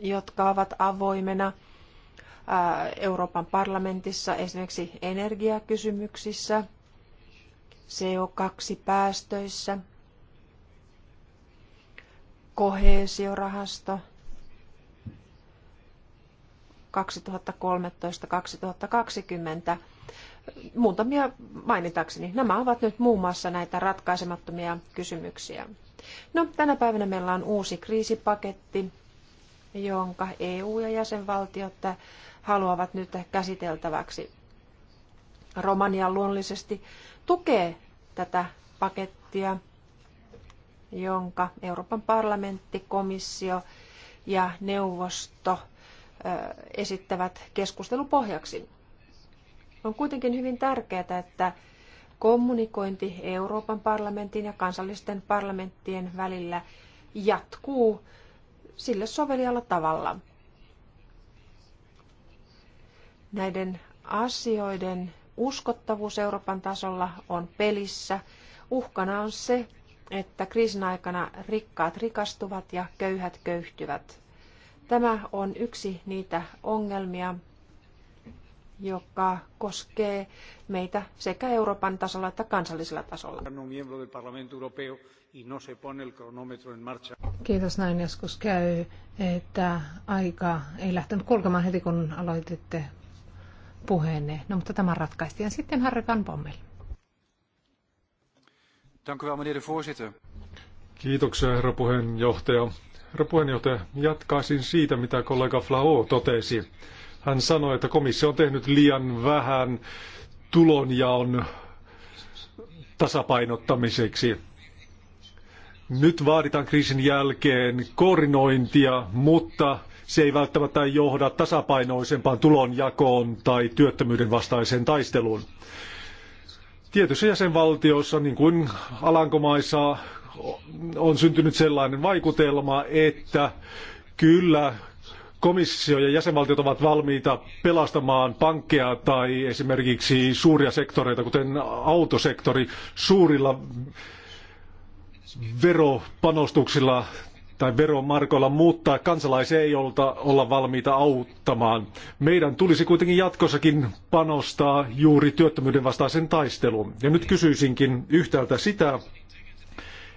jotka ovat avoimena äh, Euroopan parlamentissa, esimerkiksi energiakysymyksissä – CO2-päästöissä, koheesiorahasto 2013-2020. Muutamia mainitakseni. Nämä ovat nyt muun muassa näitä ratkaisemattomia kysymyksiä. No, tänä päivänä meillä on uusi kriisipaketti, jonka EU ja jäsenvaltiot haluavat nyt käsiteltäväksi. Romania luonnollisesti tukee tätä pakettia, jonka Euroopan parlamentti, komissio ja neuvosto esittävät keskustelupohjaksi. On kuitenkin hyvin tärkeää, että kommunikointi Euroopan parlamentin ja kansallisten parlamenttien välillä jatkuu sille sovelijalla tavalla. Näiden asioiden uskottavuus Euroopan tasolla on pelissä. Uhkana on se, että kriisin aikana rikkaat rikastuvat ja köyhät köyhtyvät. Tämä on yksi niitä ongelmia, joka koskee meitä sekä Euroopan tasolla että kansallisella tasolla. Kiitos, näin joskus käy, että aika ei lähtenyt kulkemaan heti kun aloititte puheenne. No mutta tämä ratkaistiin sitten Harry Van Bommel. Kiitoksia, herra puheenjohtaja. Herra puheenjohtaja, jatkaisin siitä, mitä kollega Flao totesi. Hän sanoi, että komissio on tehnyt liian vähän tulonjaon tasapainottamiseksi. Nyt vaaditaan kriisin jälkeen koordinointia, mutta se ei välttämättä johda tasapainoisempaan tulonjakoon tai työttömyyden vastaiseen taisteluun. Tietyissä jäsenvaltioissa, niin kuin Alankomaissa, on syntynyt sellainen vaikutelma, että kyllä komissio ja jäsenvaltiot ovat valmiita pelastamaan pankkeja tai esimerkiksi suuria sektoreita, kuten autosektori, suurilla veropanostuksilla tai veromarkoilla, muuttaa kansalaisia ei olta, olla valmiita auttamaan. Meidän tulisi kuitenkin jatkossakin panostaa juuri työttömyyden vastaisen taisteluun. Ja nyt kysyisinkin yhtäältä sitä,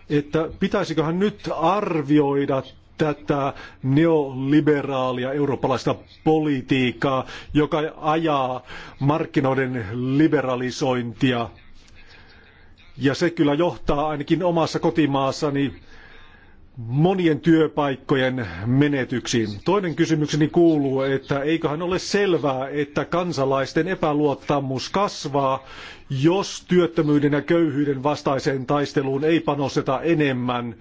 että pitäisiköhän nyt arvioida tätä neoliberaalia eurooppalaista politiikkaa, joka ajaa markkinoiden liberalisointia. Ja se kyllä johtaa ainakin omassa kotimaassani monien työpaikkojen menetyksiin. Toinen kysymykseni kuuluu, että eiköhän ole selvää, että kansalaisten epäluottamus kasvaa, jos työttömyyden ja köyhyyden vastaiseen taisteluun ei panosteta enemmän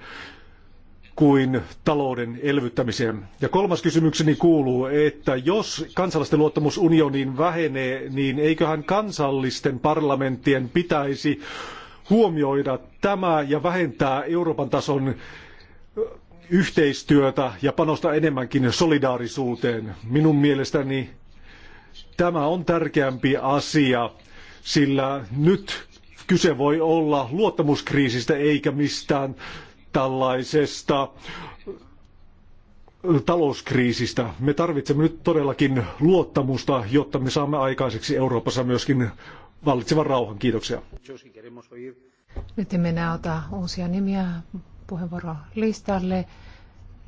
kuin talouden elvyttämiseen. Ja kolmas kysymykseni kuuluu, että jos kansalaisten luottamus unioniin vähenee, niin eiköhän kansallisten parlamenttien pitäisi huomioida tämä ja vähentää Euroopan tason yhteistyötä ja panostaa enemmänkin solidaarisuuteen. Minun mielestäni tämä on tärkeämpi asia, sillä nyt kyse voi olla luottamuskriisistä eikä mistään tällaisesta talouskriisistä. Me tarvitsemme nyt todellakin luottamusta, jotta me saamme aikaiseksi Euroopassa myöskin vallitsevan rauhan. Kiitoksia. Nyt emme enää uusia nimiä puheenvuoro listalle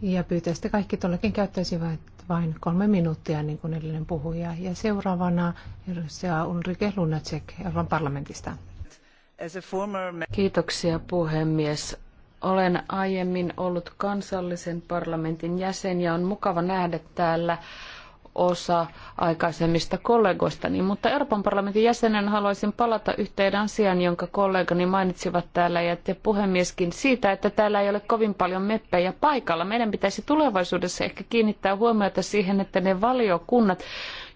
ja pyytäisitte kaikki tuollekin käyttäisivät vain kolme minuuttia, niin kuin edellinen puhuja. Ja seuraavana edustaja Ulrike Lunacek Euroopan parlamentista. Kiitoksia puhemies. Olen aiemmin ollut kansallisen parlamentin jäsen ja on mukava nähdä täällä osa aikaisemmista kollegoistani, mutta Euroopan parlamentin jäsenen haluaisin palata yhteen asiaan, jonka kollegani mainitsivat täällä ja te puhemieskin siitä, että täällä ei ole kovin paljon meppejä paikalla. Meidän pitäisi tulevaisuudessa ehkä kiinnittää huomiota siihen, että ne valiokunnat,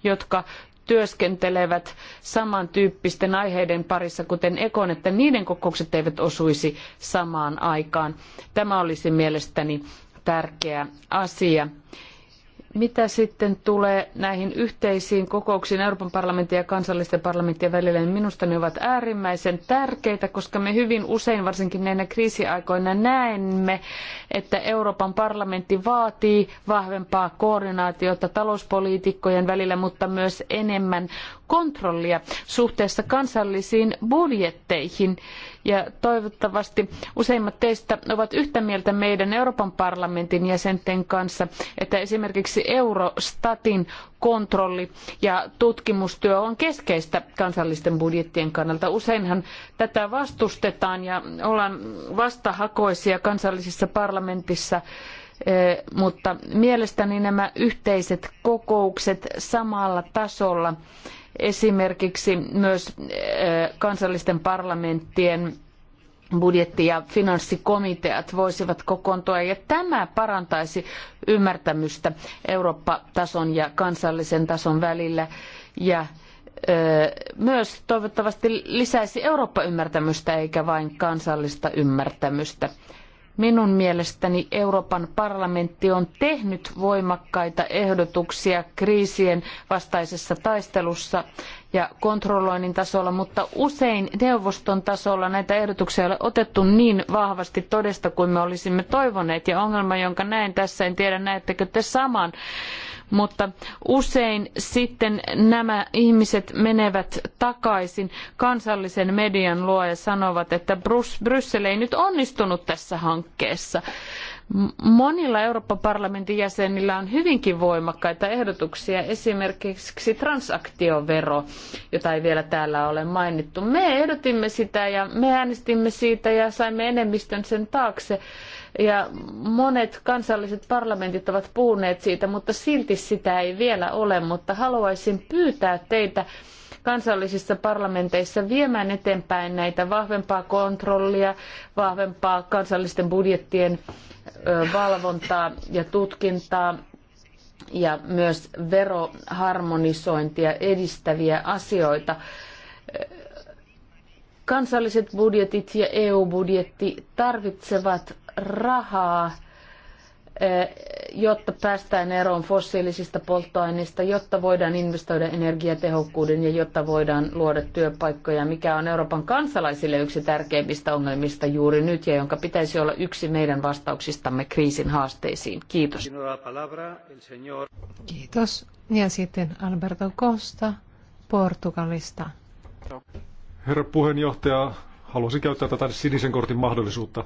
jotka työskentelevät samantyyppisten aiheiden parissa, kuten Ekon, että niiden kokoukset eivät osuisi samaan aikaan. Tämä olisi mielestäni tärkeä asia. Mitä sitten tulee näihin yhteisiin kokouksiin Euroopan parlamentin ja kansallisten parlamenttien välillä, niin minusta ne ovat äärimmäisen tärkeitä, koska me hyvin usein, varsinkin näinä kriisiaikoina, näemme, että Euroopan parlamentti vaatii vahvempaa koordinaatiota talouspoliitikkojen välillä, mutta myös enemmän kontrollia suhteessa kansallisiin budjetteihin. Ja toivottavasti useimmat teistä ovat yhtä mieltä meidän Euroopan parlamentin jäsenten kanssa, että esimerkiksi Eurostatin kontrolli ja tutkimustyö on keskeistä kansallisten budjettien kannalta. Useinhan tätä vastustetaan ja ollaan vastahakoisia kansallisissa parlamentissa eh, mutta mielestäni nämä yhteiset kokoukset samalla tasolla Esimerkiksi myös eh, kansallisten parlamenttien budjetti- ja finanssikomiteat voisivat kokoontua ja tämä parantaisi ymmärtämystä Eurooppa-tason ja kansallisen tason välillä ja eh, myös toivottavasti lisäisi Eurooppa-ymmärtämystä eikä vain kansallista ymmärtämystä. Minun mielestäni Euroopan parlamentti on tehnyt voimakkaita ehdotuksia kriisien vastaisessa taistelussa ja kontrolloinnin tasolla, mutta usein neuvoston tasolla näitä ehdotuksia ei ole otettu niin vahvasti todesta kuin me olisimme toivoneet. Ja ongelma, jonka näen tässä, en tiedä näettekö te saman, mutta usein sitten nämä ihmiset menevät takaisin kansallisen median luo ja sanovat, että Bryssel ei nyt onnistunut tässä hankkeessa. Monilla Euroopan parlamentin jäsenillä on hyvinkin voimakkaita ehdotuksia, esimerkiksi transaktiovero, jota ei vielä täällä ole mainittu. Me ehdotimme sitä ja me äänestimme siitä ja saimme enemmistön sen taakse ja monet kansalliset parlamentit ovat puhuneet siitä, mutta silti sitä ei vielä ole, mutta haluaisin pyytää teitä kansallisissa parlamenteissa viemään eteenpäin näitä vahvempaa kontrollia, vahvempaa kansallisten budjettien valvontaa ja tutkintaa ja myös veroharmonisointia edistäviä asioita. Kansalliset budjetit ja EU-budjetti tarvitsevat rahaa, eh, jotta päästään eroon fossiilisista polttoaineista, jotta voidaan investoida energiatehokkuuden ja jotta voidaan luoda työpaikkoja, mikä on Euroopan kansalaisille yksi tärkeimmistä ongelmista juuri nyt ja jonka pitäisi olla yksi meidän vastauksistamme kriisin haasteisiin. Kiitos. Kiitos. Ja sitten Alberto Costa Portugalista. Herra puheenjohtaja, haluaisin käyttää tätä sinisen kortin mahdollisuutta.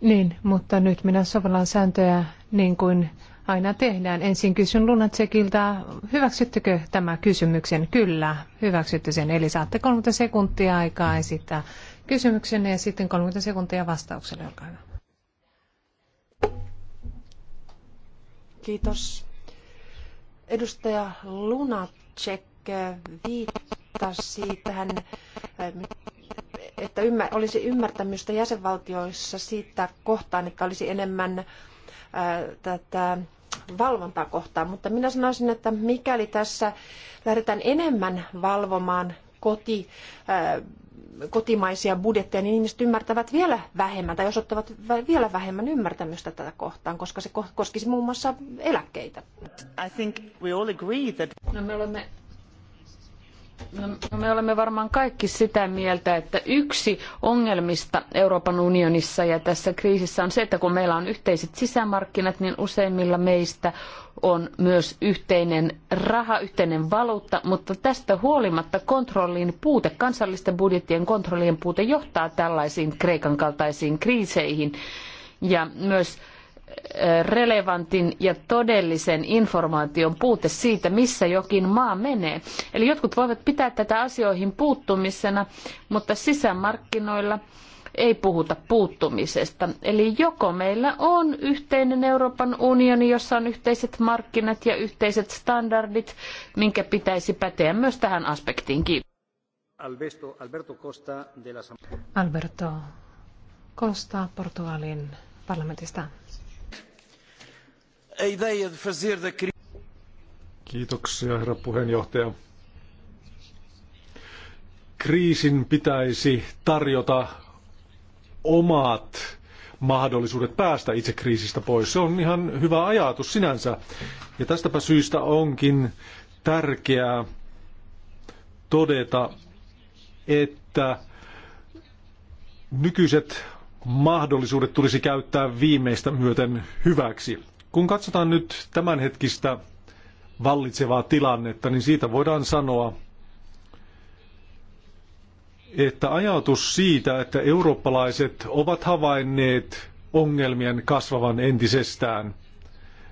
Niin, mutta nyt minä sovellan sääntöjä niin kuin aina tehdään. Ensin kysyn Lunatsekilta, hyväksyttekö tämä kysymyksen? Kyllä, hyväksytte sen. Eli saatte 30 sekuntia aikaa esittää kysymyksen ja sitten 30 sekuntia vastaukselle. Olkaa hyvä. Kiitos. Edustaja Lunacek viittasi tähän että ymmär, olisi ymmärtämystä jäsenvaltioissa siitä kohtaan, että olisi enemmän ää, tätä valvontaa kohtaan. Mutta minä sanoisin, että mikäli tässä lähdetään enemmän valvomaan koti, ää, kotimaisia budjetteja, niin ihmiset ymmärtävät vielä vähemmän tai osoittavat vielä vähemmän ymmärtämystä tätä kohtaan, koska se koskisi muun muassa eläkkeitä. I think we all agree that... No, me olemme No, no, me olemme varmaan kaikki sitä mieltä, että yksi ongelmista Euroopan unionissa ja tässä kriisissä on se, että kun meillä on yhteiset sisämarkkinat, niin useimmilla meistä on myös yhteinen raha, yhteinen valuutta, mutta tästä huolimatta kontrollin puute, kansallisten budjettien kontrollien puute johtaa tällaisiin Kreikan kaltaisiin kriiseihin. Ja myös relevantin ja todellisen informaation puute siitä, missä jokin maa menee. Eli jotkut voivat pitää tätä asioihin puuttumisena, mutta sisämarkkinoilla ei puhuta puuttumisesta. Eli joko meillä on yhteinen Euroopan unioni, jossa on yhteiset markkinat ja yhteiset standardit, minkä pitäisi päteä myös tähän aspektiin. Kiitos. Alberto, Alberto Costa Portugalin parlamentista a ideia de fazer da Kiitoksia, herra puheenjohtaja. Kriisin pitäisi tarjota omat mahdollisuudet päästä itse kriisistä pois. Se on ihan hyvä ajatus sinänsä. Ja tästäpä syystä onkin tärkeää todeta, että nykyiset mahdollisuudet tulisi käyttää viimeistä myöten hyväksi. Kun katsotaan nyt tämänhetkistä vallitsevaa tilannetta, niin siitä voidaan sanoa, että ajatus siitä, että eurooppalaiset ovat havainneet ongelmien kasvavan entisestään.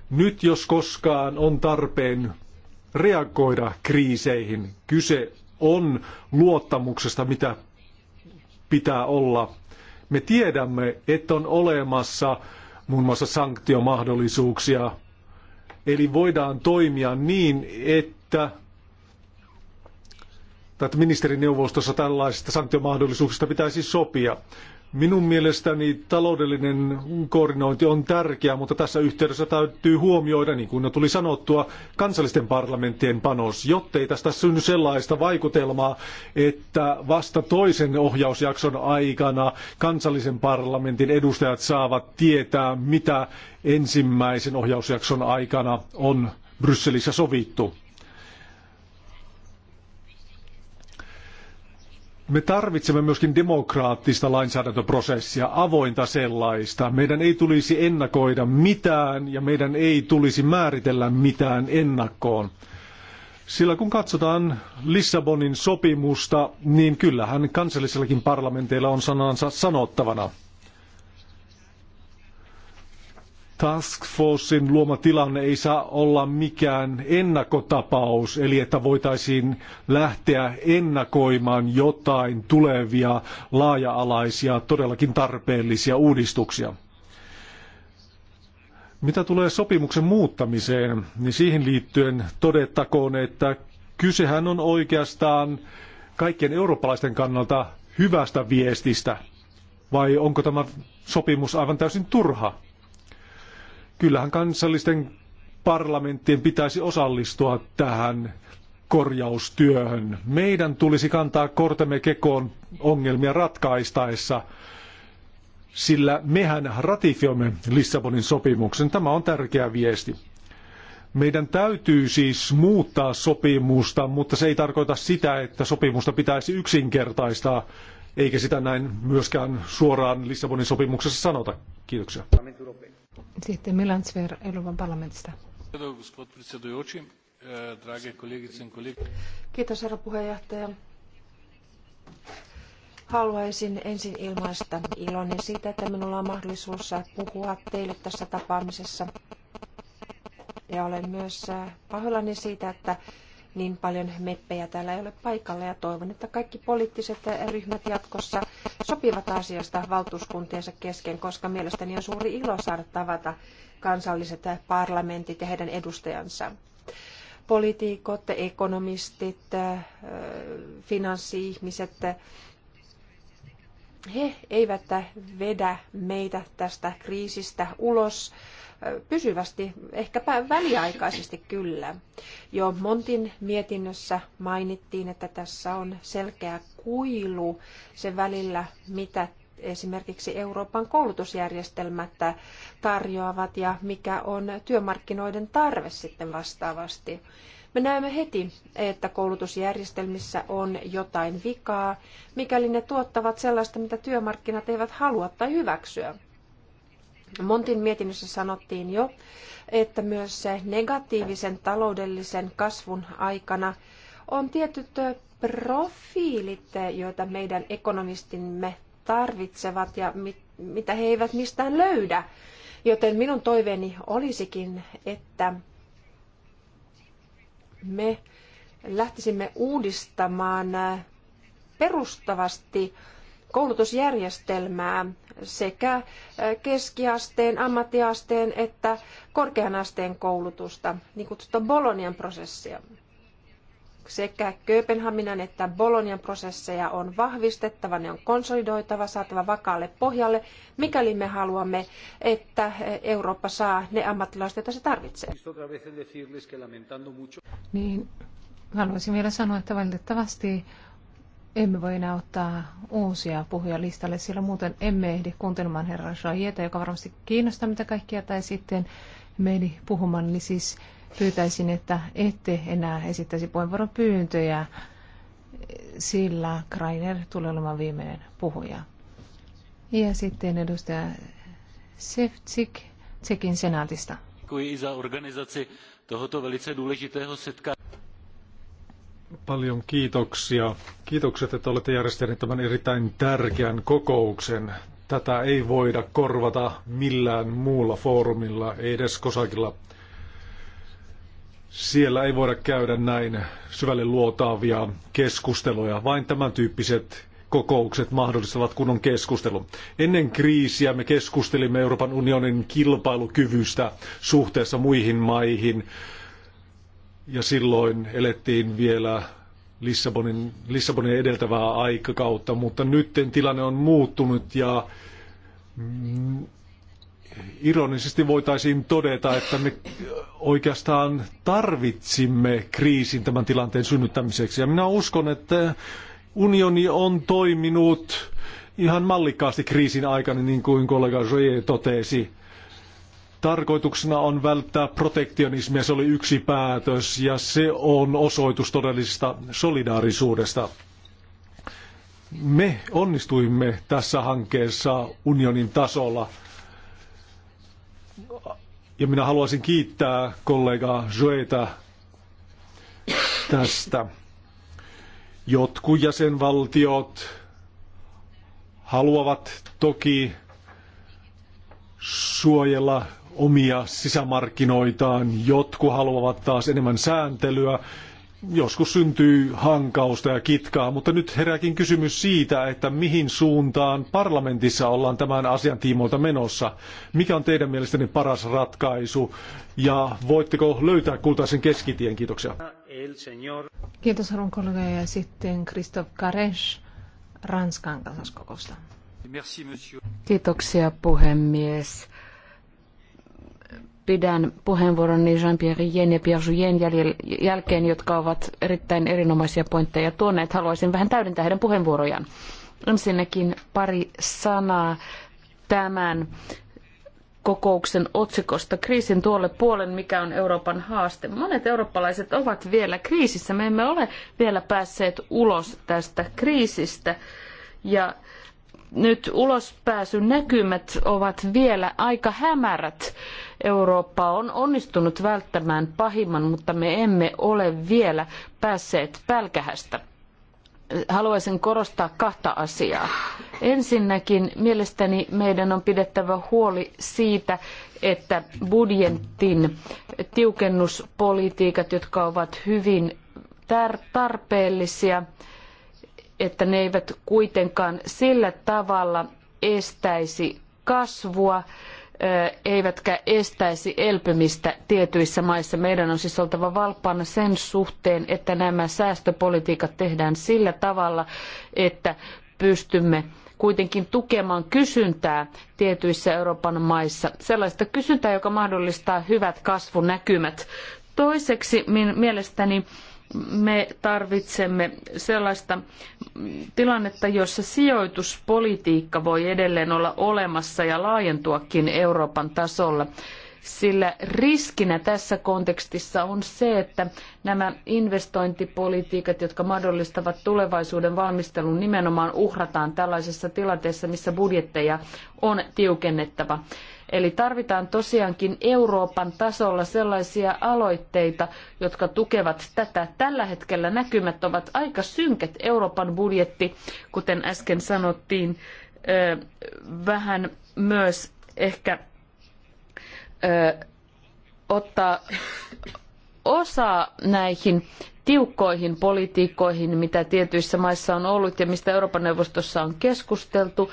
Nyt jos koskaan on tarpeen reagoida kriiseihin. Kyse on luottamuksesta, mitä pitää olla. Me tiedämme, että on olemassa muun muassa sanktiomahdollisuuksia. Eli voidaan toimia niin, että että ministerineuvostossa tällaisista sanktiomahdollisuuksista pitäisi sopia. Minun mielestäni taloudellinen koordinointi on tärkeää, mutta tässä yhteydessä täytyy huomioida, niin kuin tuli sanottua, kansallisten parlamenttien panos, jottei tästä synny sellaista vaikutelmaa, että vasta toisen ohjausjakson aikana kansallisen parlamentin edustajat saavat tietää, mitä ensimmäisen ohjausjakson aikana on Brysselissä sovittu. Me tarvitsemme myöskin demokraattista lainsäädäntöprosessia, avointa sellaista. Meidän ei tulisi ennakoida mitään ja meidän ei tulisi määritellä mitään ennakkoon. Sillä kun katsotaan Lissabonin sopimusta, niin kyllähän kansallisillakin parlamenteilla on sanansa sanottavana. Task Forcein luoma tilanne ei saa olla mikään ennakkotapaus, eli että voitaisiin lähteä ennakoimaan jotain tulevia laaja-alaisia, todellakin tarpeellisia uudistuksia. Mitä tulee sopimuksen muuttamiseen, niin siihen liittyen todettakoon, että kysehän on oikeastaan kaikkien eurooppalaisten kannalta hyvästä viestistä, vai onko tämä sopimus aivan täysin turha? kyllähän kansallisten parlamenttien pitäisi osallistua tähän korjaustyöhön. Meidän tulisi kantaa kortemme kekoon ongelmia ratkaistaessa, sillä mehän ratifioimme Lissabonin sopimuksen. Tämä on tärkeä viesti. Meidän täytyy siis muuttaa sopimusta, mutta se ei tarkoita sitä, että sopimusta pitäisi yksinkertaistaa, eikä sitä näin myöskään suoraan Lissabonin sopimuksessa sanota. Kiitoksia. Sitten Milan Zver, Elovan parlamentista. E, Kiitos, herra puheenjohtaja. Haluaisin ensin ilmaista iloni siitä, että minulla on mahdollisuus puhua teille tässä tapaamisessa. Ja olen myös pahoillani siitä, että niin paljon meppejä täällä ei ole paikalla ja toivon, että kaikki poliittiset ryhmät jatkossa sopivat asiasta valtuuskuntiensa kesken, koska mielestäni on suuri ilo saada tavata kansalliset parlamentit ja heidän edustajansa. Poliitikot, ekonomistit, finanssi-ihmiset, he eivät vedä meitä tästä kriisistä ulos pysyvästi, ehkäpä väliaikaisesti kyllä. Jo Montin mietinnössä mainittiin, että tässä on selkeä kuilu sen välillä, mitä esimerkiksi Euroopan koulutusjärjestelmät tarjoavat ja mikä on työmarkkinoiden tarve sitten vastaavasti. Me näemme heti, että koulutusjärjestelmissä on jotain vikaa, mikäli ne tuottavat sellaista, mitä työmarkkinat eivät halua tai hyväksyä. Montin mietinnössä sanottiin jo, että myös se negatiivisen taloudellisen kasvun aikana on tietyt profiilit, joita meidän ekonomistimme tarvitsevat ja mit, mitä he eivät mistään löydä. Joten minun toiveeni olisikin, että me lähtisimme uudistamaan äh, perustavasti koulutusjärjestelmää sekä äh, keskiasteen, ammattiasteen että korkean asteen koulutusta, niin kutsuttua Bolonian prosessia sekä Kööpenhaminan että Bolonian prosesseja on vahvistettava, ne on konsolidoitava, saatava vakaalle pohjalle, mikäli me haluamme, että Eurooppa saa ne ammattilaiset, joita se tarvitsee. Niin, haluaisin vielä sanoa, että valitettavasti emme voi enää ottaa uusia puhuja listalle, sillä muuten emme ehdi kuuntelemaan herra Shaieta, joka varmasti kiinnostaa mitä kaikkia, tai sitten me ehdi puhumaan, eli niin siis pyytäisin, että ette enää esittäisi puheenvuoropyyntöjä, sillä Kreiner tulee olemaan viimeinen puhuja. Ja sitten edustaja Sevcik Tsekin senaatista. Paljon kiitoksia. Kiitokset, että olette järjestäneet tämän erittäin tärkeän kokouksen. Tätä ei voida korvata millään muulla foorumilla, ei edes kosakilla siellä ei voida käydä näin syvälle luotaavia keskusteluja. Vain tämän tyyppiset kokoukset mahdollistavat kunnon keskustelun. Ennen kriisiä me keskustelimme Euroopan unionin kilpailukyvystä suhteessa muihin maihin. Ja silloin elettiin vielä Lissabonin, Lissabonin edeltävää aikakautta, mutta nyt tilanne on muuttunut ja ironisesti voitaisiin todeta, että me oikeastaan tarvitsimme kriisin tämän tilanteen synnyttämiseksi. Ja minä uskon, että unioni on toiminut ihan mallikkaasti kriisin aikana, niin kuin kollega Joye totesi. Tarkoituksena on välttää protektionismia, se oli yksi päätös ja se on osoitus todellisesta solidaarisuudesta. Me onnistuimme tässä hankkeessa unionin tasolla – ja minä haluaisin kiittää kollega Joeta tästä. Jotkut jäsenvaltiot haluavat toki suojella omia sisämarkkinoitaan, jotkut haluavat taas enemmän sääntelyä, joskus syntyy hankausta ja kitkaa, mutta nyt herääkin kysymys siitä, että mihin suuntaan parlamentissa ollaan tämän asian tiimoilta menossa. Mikä on teidän mielestänne paras ratkaisu ja voitteko löytää kultaisen keskitien? Kiitoksia. Kiitos arvon kollega ja sitten Christophe Karesh Ranskan kansaskokosta. Kiitoksia puhemies pidän niin Jean-Pierre Jen ja Pierre Jujen jälkeen, jotka ovat erittäin erinomaisia pointteja tuoneet. Haluaisin vähän täydentää heidän puheenvuorojaan. Ensinnäkin pari sanaa tämän kokouksen otsikosta kriisin tuolle puolen, mikä on Euroopan haaste. Monet eurooppalaiset ovat vielä kriisissä. Me emme ole vielä päässeet ulos tästä kriisistä. Ja nyt ulospääsyn näkymät ovat vielä aika hämärät Eurooppa on onnistunut välttämään pahimman, mutta me emme ole vielä päässeet pälkähästä haluaisin korostaa kahta asiaa. Ensinnäkin mielestäni meidän on pidettävä huoli siitä, että budjetin tiukennuspolitiikat, jotka ovat hyvin tarpeellisia, että ne eivät kuitenkaan sillä tavalla estäisi kasvua, eivätkä estäisi elpymistä tietyissä maissa. Meidän on siis oltava valppaana sen suhteen, että nämä säästöpolitiikat tehdään sillä tavalla, että pystymme kuitenkin tukemaan kysyntää tietyissä Euroopan maissa. Sellaista kysyntää, joka mahdollistaa hyvät kasvunäkymät. Toiseksi mielestäni me tarvitsemme sellaista tilannetta, jossa sijoituspolitiikka voi edelleen olla olemassa ja laajentuakin Euroopan tasolla. Sillä riskinä tässä kontekstissa on se, että nämä investointipolitiikat, jotka mahdollistavat tulevaisuuden valmistelun, nimenomaan uhrataan tällaisessa tilanteessa, missä budjetteja on tiukennettava. Eli tarvitaan tosiaankin Euroopan tasolla sellaisia aloitteita, jotka tukevat tätä. Tällä hetkellä näkymät ovat aika synkät. Euroopan budjetti, kuten äsken sanottiin, vähän myös ehkä ottaa osaa näihin tiukkoihin politiikkoihin, mitä tietyissä maissa on ollut ja mistä Euroopan neuvostossa on keskusteltu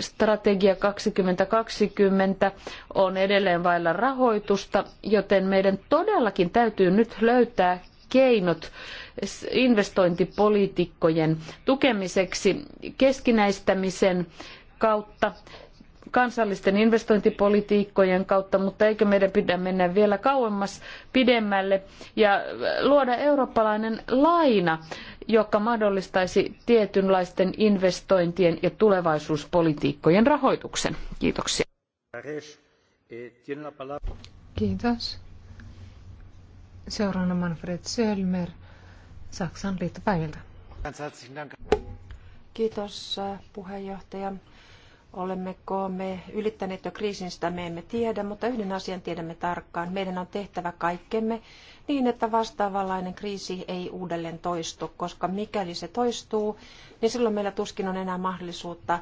strategia 2020 on edelleen vailla rahoitusta, joten meidän todellakin täytyy nyt löytää keinot investointipoliitikkojen tukemiseksi keskinäistämisen kautta kansallisten investointipolitiikkojen kautta, mutta eikö meidän pidä mennä vielä kauemmas pidemmälle ja luoda eurooppalainen laina, joka mahdollistaisi tietynlaisten investointien ja tulevaisuuspolitiikkojen rahoituksen. Kiitoksia. Kiitos. Seuraavana Manfred Sölmer Saksan liittopäiviltä. Kiitos äh, puheenjohtaja. Olemmeko me ylittäneet jo kriisin, sitä me emme tiedä, mutta yhden asian tiedämme tarkkaan. Meidän on tehtävä kaikkemme niin, että vastaavanlainen kriisi ei uudelleen toistu, koska mikäli se toistuu, niin silloin meillä tuskin on enää mahdollisuutta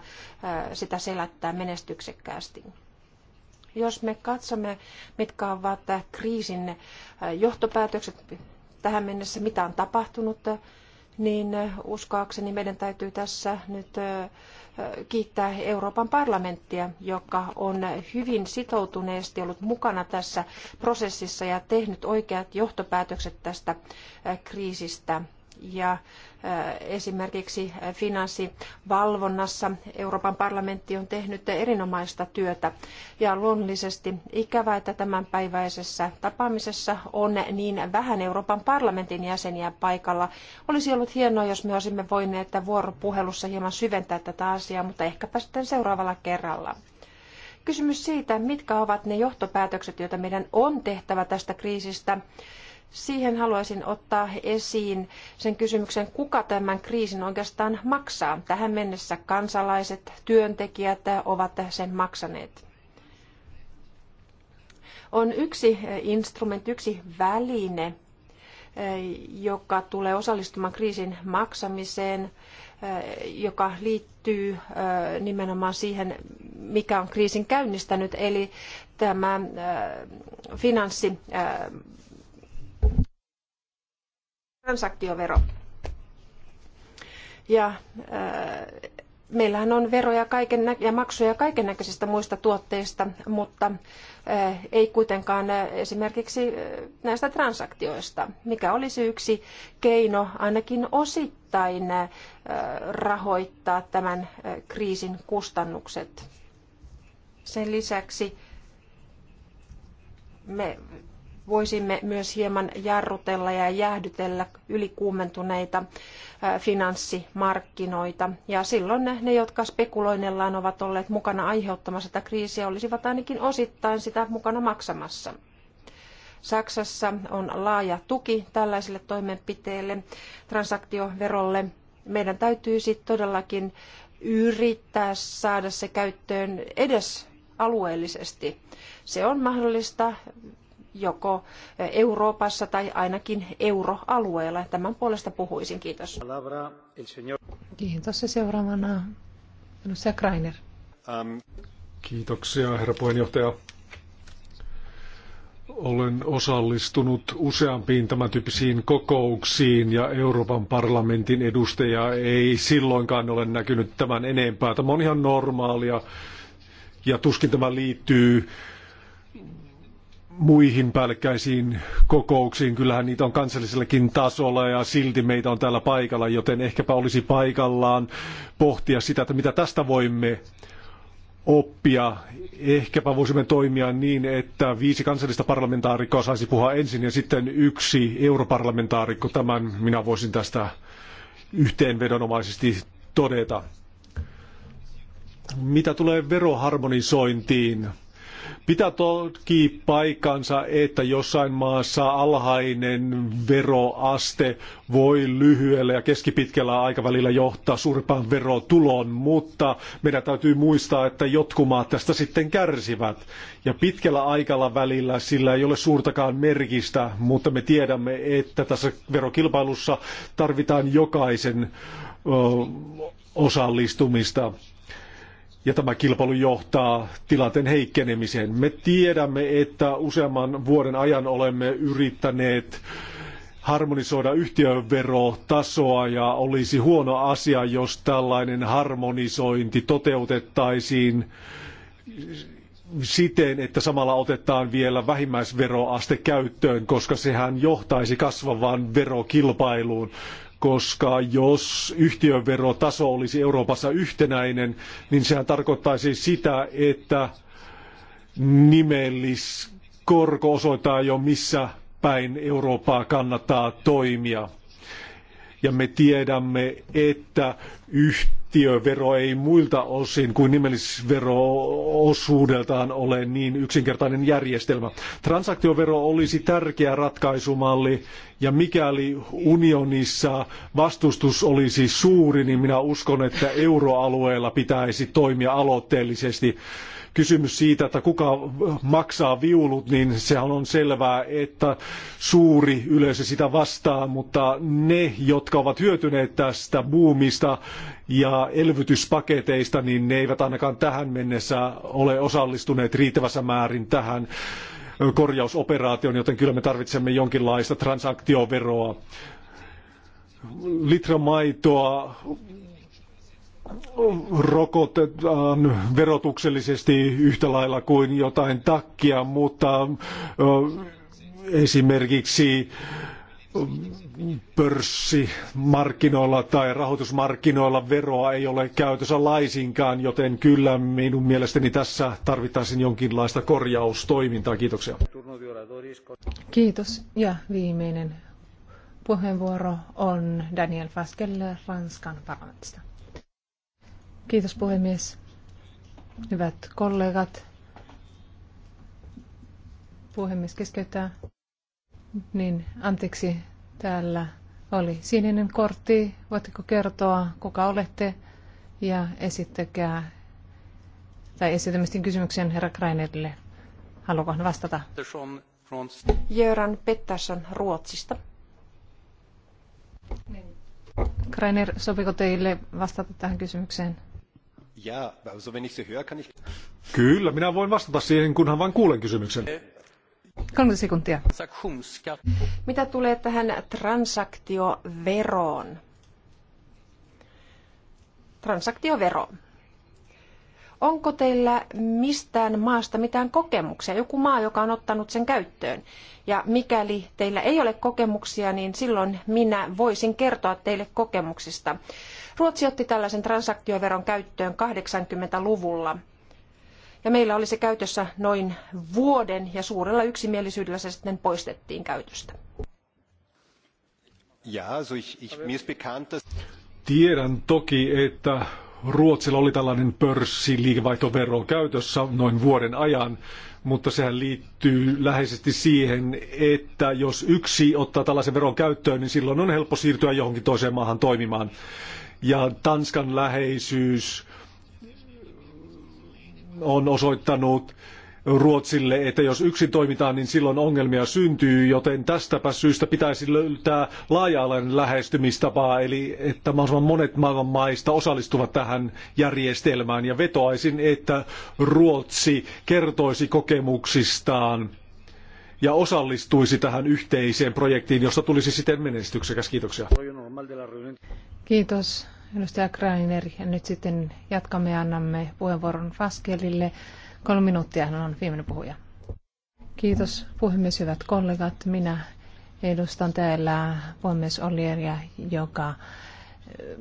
sitä selättää menestyksekkäästi. Jos me katsomme, mitkä ovat kriisin johtopäätökset tähän mennessä, mitä on tapahtunut, niin uskoakseni meidän täytyy tässä nyt kiittää Euroopan parlamenttia, joka on hyvin sitoutuneesti ollut mukana tässä prosessissa ja tehnyt oikeat johtopäätökset tästä kriisistä. Ja Äh, esimerkiksi finanssivalvonnassa Euroopan parlamentti on tehnyt erinomaista työtä ja luonnollisesti ikävää, että tämänpäiväisessä tapaamisessa on niin vähän Euroopan parlamentin jäseniä paikalla. Olisi ollut hienoa, jos me olisimme voineet vuoropuhelussa hieman syventää tätä asiaa, mutta ehkäpä sitten seuraavalla kerralla kysymys siitä, mitkä ovat ne johtopäätökset, joita meidän on tehtävä tästä kriisistä siihen haluaisin ottaa esiin sen kysymyksen, kuka tämän kriisin oikeastaan maksaa. Tähän mennessä kansalaiset, työntekijät ovat sen maksaneet. On yksi eh, instrumentti, yksi väline, eh, joka tulee osallistumaan kriisin maksamiseen, eh, joka liittyy nimenomaan siihen, mikä on kriisin käynnistänyt, eli tämä finanssi transaktiovero. Ja äh, meillähän on veroja kaiken ja maksuja kaiken näköisistä muista tuotteista, mutta äh, ei kuitenkaan äh, esimerkiksi näistä transaktioista, mikä olisi yksi keino ainakin osittain rahoittaa tämän kriisin kustannukset. Sen lisäksi me voisimme myös hieman jarrutella ja jäähdytellä ylikuumentuneita äh, finanssimarkkinoita. Ja silloin ne, jotka spekuloinnillaan ovat olleet mukana aiheuttamassa tätä kriisiä, olisivat ainakin osittain sitä mukana maksamassa. Saksassa on laaja tuki tällaiselle toimenpiteelle, transaktioverolle. Meidän täytyisi todellakin yrittää saada se käyttöön edes alueellisesti. Se on mahdollista joko Euroopassa tai ainakin euroalueella. Tämän puolesta puhuisin. Kiitos. Kiitos. Ja seuraavana edustaja Kreiner. Ähm. Kiitoksia, herra puheenjohtaja. Olen osallistunut useampiin tämän tyyppisiin kokouksiin ja Euroopan parlamentin edustajia ei silloinkaan ole näkynyt tämän enempää. Tämä on ihan normaalia ja tuskin tämä liittyy muihin päällekkäisiin kokouksiin. Kyllähän niitä on kansallisellakin tasolla ja silti meitä on täällä paikalla, joten ehkäpä olisi paikallaan pohtia sitä, että mitä tästä voimme oppia. Ehkäpä voisimme toimia niin, että viisi kansallista parlamentaarikkoa saisi puhua ensin ja sitten yksi europarlamentaarikko. Tämän minä voisin tästä yhteenvedonomaisesti todeta. Mitä tulee veroharmonisointiin, Pitää toki paikkansa, että jossain maassa alhainen veroaste voi lyhyellä ja keskipitkällä aikavälillä johtaa suurempaan verotuloon, mutta meidän täytyy muistaa, että jotkut maat tästä sitten kärsivät. Ja pitkällä aikavälillä sillä ei ole suurtakaan merkistä, mutta me tiedämme, että tässä verokilpailussa tarvitaan jokaisen osallistumista. Ja tämä kilpailu johtaa tilanteen heikkenemiseen. Me tiedämme, että useamman vuoden ajan olemme yrittäneet harmonisoida yhtiöverotasoa ja olisi huono asia, jos tällainen harmonisointi toteutettaisiin siten, että samalla otetaan vielä vähimmäisveroaste käyttöön, koska sehän johtaisi kasvavaan verokilpailuun koska jos yhtiöverotaso olisi Euroopassa yhtenäinen, niin sehän tarkoittaisi sitä, että nimelliskorko osoittaa jo missä päin Eurooppaa kannattaa toimia. Ja me tiedämme, että yhtiövero ei muilta osin kuin osuudeltaan ole niin yksinkertainen järjestelmä. Transaktiovero olisi tärkeä ratkaisumalli ja mikäli unionissa vastustus olisi suuri, niin minä uskon, että euroalueella pitäisi toimia aloitteellisesti. Kysymys siitä, että kuka maksaa viulut, niin sehän on selvää, että suuri yleisö sitä vastaa, mutta ne, jotka ovat hyötyneet tästä buumista ja elvytyspaketeista, niin ne eivät ainakaan tähän mennessä ole osallistuneet riittävässä määrin tähän korjausoperaation, joten kyllä me tarvitsemme jonkinlaista transaktioveroa. Litra maitoa rokotetaan verotuksellisesti yhtä lailla kuin jotain takkia, mutta esimerkiksi pörssimarkkinoilla tai rahoitusmarkkinoilla veroa ei ole käytössä laisinkaan, joten kyllä minun mielestäni tässä tarvittaisiin jonkinlaista korjaustoimintaa. Kiitoksia. Kiitos. Ja viimeinen puheenvuoro on Daniel Faskelle Ranskan parlamentista. Kiitos puhemies. Hyvät kollegat. Puhemies keskeyttää. Niin, anteeksi, täällä oli sininen kortti. Voitteko kertoa, kuka olette ja esittäkää tai esitämistin kysymyksen herra Kreinerille. Haluanko hän vastata? Jöran Pettersson Ruotsista. Kreiner, sopiko teille vastata tähän kysymykseen? Kyllä, minä voin vastata siihen, kunhan vain kuulen kysymyksen. Eh, 30 sekuntia. Mitä tulee tähän transaktioveroon? Transaktiovero. Onko teillä mistään maasta mitään kokemuksia? Joku maa, joka on ottanut sen käyttöön. Ja mikäli teillä ei ole kokemuksia, niin silloin minä voisin kertoa teille kokemuksista. Ruotsi otti tällaisen transaktioveron käyttöön 80-luvulla – ja meillä oli se käytössä noin vuoden ja suurella yksimielisyydellä se sitten poistettiin käytöstä. Tiedän toki, että Ruotsilla oli tällainen pörssiliikevaihtovero käytössä noin vuoden ajan, mutta sehän liittyy läheisesti siihen, että jos yksi ottaa tällaisen veron käyttöön, niin silloin on helppo siirtyä johonkin toiseen maahan toimimaan. Ja Tanskan läheisyys on osoittanut Ruotsille, että jos yksin toimitaan, niin silloin ongelmia syntyy, joten tästäpä syystä pitäisi löytää laaja-alainen lähestymistapa, eli että mahdollisimman monet maailman maista osallistuvat tähän järjestelmään, ja vetoaisin, että Ruotsi kertoisi kokemuksistaan ja osallistuisi tähän yhteiseen projektiin, josta tulisi siten menestyksekäs. Kiitoksia. Kiitos edustaja Krainer. Ja nyt sitten jatkamme ja annamme puheenvuoron Faskelille. Kolme minuuttia hän on viimeinen puhuja. Kiitos puhemies, hyvät kollegat. Minä edustan täällä puhemies Olieria, joka eh,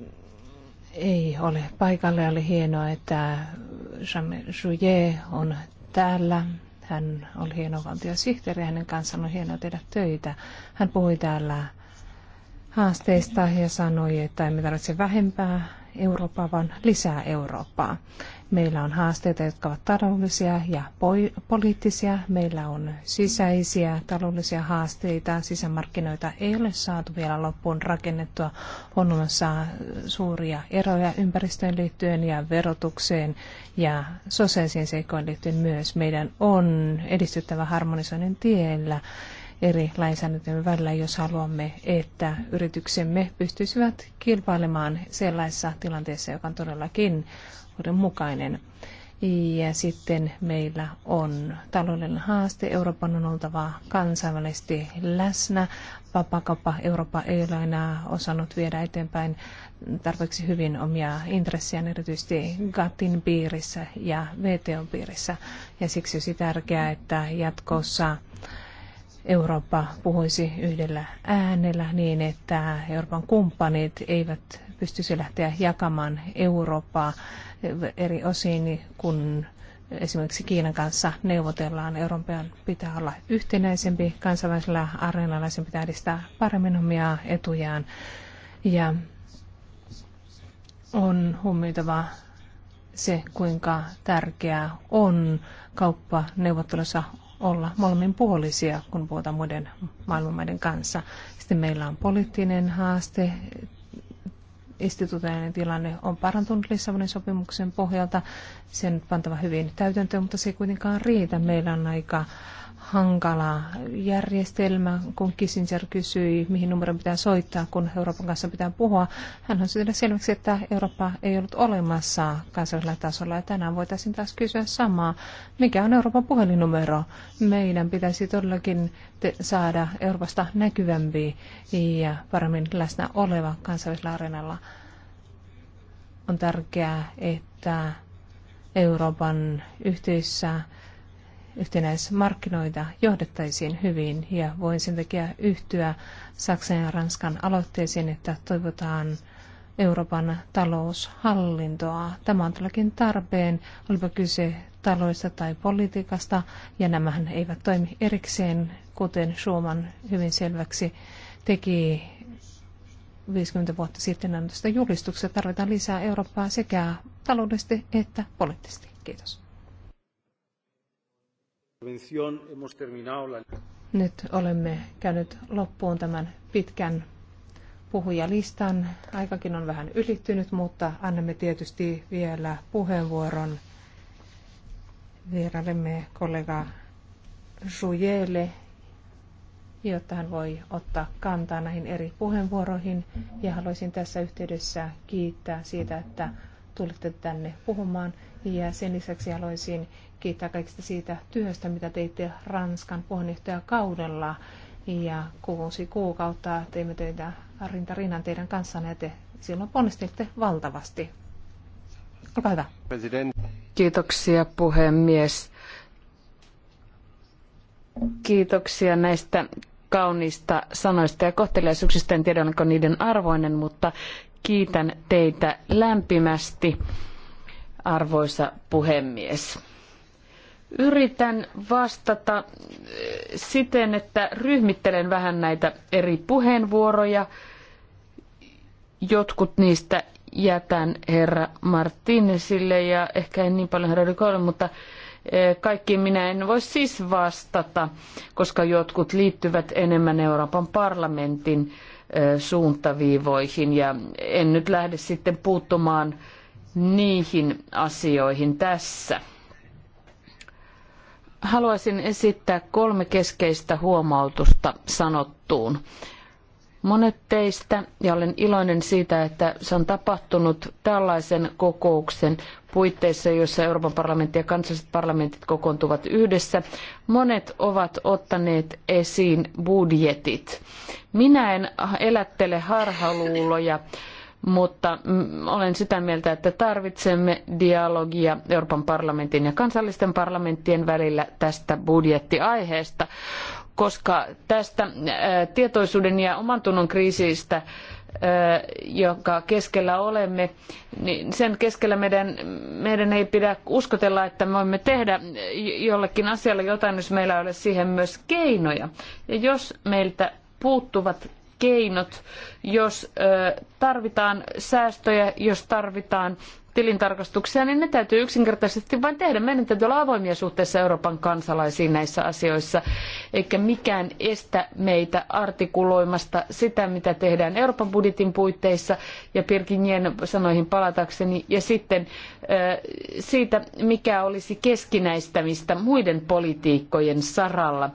ei ole paikalla. Oli hienoa, että Jean Jouye on täällä. Hän oli hieno valtiosihteeri hänen kanssaan on hienoa tehdä töitä. Hän puhui täällä haasteista ja sanoi, että emme tarvitse vähempää Eurooppaa, vaan lisää Eurooppaa. Meillä on haasteita, jotka ovat taloudellisia ja poliittisia. Meillä on sisäisiä taloudellisia haasteita. Sisämarkkinoita ei ole saatu vielä loppuun rakennettua. On olemassa suuria eroja ympäristöön liittyen ja verotukseen ja sosiaalisiin seikkoihin liittyen myös. Meidän on edistyttävä harmonisoinnin tiellä eri lainsäädäntöjen välillä, jos haluamme, että yrityksemme pystyisivät kilpailemaan sellaisessa tilanteessa, joka on todellakin mukainen. Ja sitten meillä on taloudellinen haaste. Euroopan on oltava kansainvälisesti läsnä. Vapakauppa Eurooppa ei ole enää osannut viedä eteenpäin tarpeeksi hyvin omia intressejään, erityisesti GATTin piirissä ja VTOn piirissä. Ja siksi olisi tärkeää, että jatkossa Eurooppa puhuisi yhdellä äänellä niin, että Euroopan kumppanit eivät pystyisi lähteä jakamaan Eurooppaa eri osiin, kun esimerkiksi Kiinan kanssa neuvotellaan. Euroopan pitää olla yhtenäisempi, kansainvälisellä areenalla sen pitää edistää paremmin omia etujaan. Ja on huomioitava se, kuinka tärkeää on kauppaneuvottelussa olla molemminpuolisia, kun puhutaan muiden maailmanmaiden kanssa. Sitten meillä on poliittinen haaste, instituutioiden tilanne on parantunut Lissabonin sopimuksen pohjalta. Sen pantava hyvin täytäntöön, mutta se ei kuitenkaan riitä. Meillä on aika hankala järjestelmä, kun Kissinger kysyi, mihin numeroon pitää soittaa, kun Euroopan kanssa pitää puhua. Hän on sitten selväksi, että Eurooppa ei ollut olemassa kansallisella tasolla ja tänään voitaisiin taas kysyä samaa. Mikä on Euroopan puhelinnumero? Meidän pitäisi todellakin saada Euroopasta näkyvämpi ja paremmin läsnä oleva kansallisella areenalla. On tärkeää, että Euroopan yhteisössä yhtenäismarkkinoita johdettaisiin hyvin ja voin sen takia yhtyä Saksan ja Ranskan aloitteeseen, että toivotaan Euroopan taloushallintoa. Tämä on todellakin tarpeen, olipa kyse taloudesta tai politiikasta, ja nämähän eivät toimi erikseen, kuten Schuman hyvin selväksi teki 50 vuotta sitten annetusta julistuksesta. Tarvitaan lisää Eurooppaa sekä taloudellisesti että poliittisesti. Kiitos. Nyt olemme käyneet loppuun tämän pitkän puhujalistan. Aikakin on vähän ylittynyt, mutta annamme tietysti vielä puheenvuoron vierailemme kollega Jujelle, jotta hän voi ottaa kantaa näihin eri puheenvuoroihin. Ja haluaisin tässä yhteydessä kiittää siitä, että tulitte tänne puhumaan. Ja sen lisäksi haluaisin kiittää kaikista siitä työstä, mitä teitte Ranskan Kaudella Ja kuusi kuukautta teimme töitä rinta rinnan teidän kanssanne ja te silloin ponnistitte valtavasti. Olkaa hyvä. President. Kiitoksia puhemies. Kiitoksia näistä kauniista sanoista ja kohteliaisuuksista. En tiedä, onko niiden arvoinen, mutta kiitän teitä lämpimästi, arvoisa puhemies. Yritän vastata eh, siten, että ryhmittelen vähän näitä eri puheenvuoroja. Jotkut niistä jätän herra Martinesille ja ehkä en niin paljon herra Rikolle, mutta eh, kaikki minä en voi siis vastata, koska jotkut liittyvät enemmän Euroopan parlamentin eh, suuntaviivoihin ja en nyt lähde sitten puuttumaan niihin asioihin tässä. Haluaisin esittää kolme keskeistä huomautusta sanottuun. Monet teistä, ja olen iloinen siitä, että se on tapahtunut tällaisen kokouksen puitteissa, jossa Euroopan parlamentti ja kansalliset parlamentit kokoontuvat yhdessä. Monet ovat ottaneet esiin budjetit. Minä en elättele harhaluuloja mutta mm, olen sitä mieltä, että tarvitsemme dialogia Euroopan parlamentin ja kansallisten parlamenttien välillä tästä budjettiaiheesta, koska tästä äh, tietoisuuden ja omantunnon kriisistä äh, jonka keskellä olemme, niin sen keskellä meidän, meidän ei pidä uskotella, että me voimme tehdä jollekin asialle jotain, jos meillä ei ole siihen myös keinoja. Ja jos meiltä puuttuvat keinot, jos tarvitaan säästöjä, jos tarvitaan tilintarkastuksia, niin ne täytyy yksinkertaisesti vain tehdä. Meidän täytyy olla avoimia suhteessa Euroopan kansalaisiin näissä asioissa, eikä mikään estä meitä artikuloimasta sitä, mitä tehdään Euroopan budjetin puitteissa, ja Pirkinien sanoihin palatakseni, ja sitten siitä, mikä olisi keskinäistämistä muiden politiikkojen saralla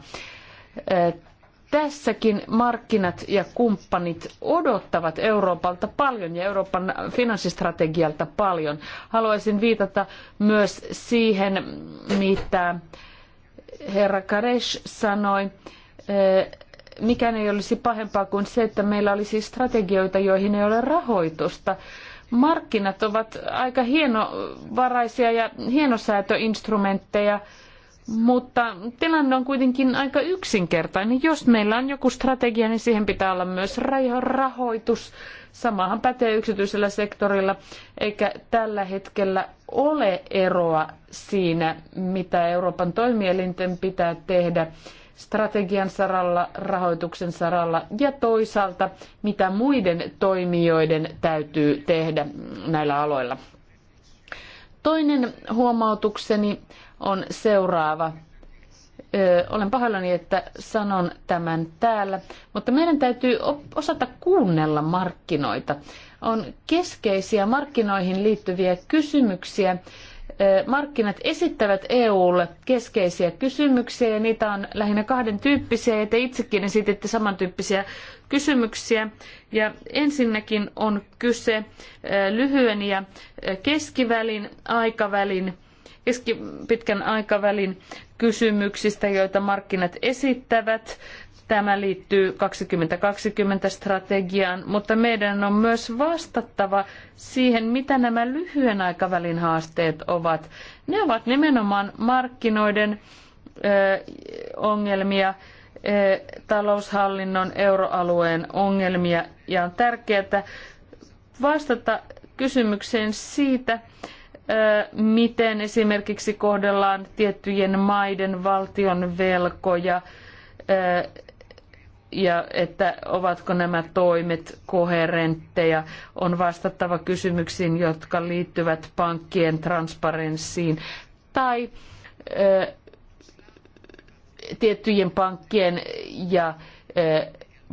Tässäkin markkinat ja kumppanit odottavat Euroopalta paljon ja Euroopan finanssistrategialta paljon. Haluaisin viitata myös siihen, mitä herra Karesh sanoi eh, mikään ei olisi pahempaa kuin se, että meillä olisi strategioita, joihin ei ole rahoitusta. Markkinat ovat aika hienovaraisia ja hienosäätöinstrumentteja, mutta tilanne on kuitenkin aika yksinkertainen. Jos meillä on joku strategia, niin siihen pitää olla myös rahoitus. Samahan pätee yksityisellä sektorilla, eikä tällä hetkellä ole eroa siinä, mitä Euroopan toimielinten pitää tehdä strategian saralla, rahoituksen saralla ja toisaalta mitä muiden toimijoiden täytyy tehdä näillä aloilla. Toinen huomautukseni on seuraava. Ö, olen pahoillani, että sanon tämän täällä, mutta meidän täytyy osata kuunnella markkinoita. On keskeisiä markkinoihin liittyviä kysymyksiä. Ö, markkinat esittävät EUlle keskeisiä kysymyksiä ja niitä on lähinnä kahden tyyppisiä ja te itsekin esititte samantyyppisiä kysymyksiä. Ja ensinnäkin on kyse lyhyen ja keskivälin aikavälin keskipitkän aikavälin kysymyksistä, joita markkinat esittävät. Tämä liittyy 2020-strategiaan, mutta meidän on myös vastattava siihen, mitä nämä lyhyen aikavälin haasteet ovat. Ne ovat nimenomaan markkinoiden ongelmia, taloushallinnon euroalueen ongelmia ja on tärkeää vastata kysymykseen siitä, miten esimerkiksi kohdellaan tiettyjen maiden valtion velkoja ja että ovatko nämä toimet koherentteja. On vastattava kysymyksiin, jotka liittyvät pankkien transparenssiin tai tiettyjen pankkien ja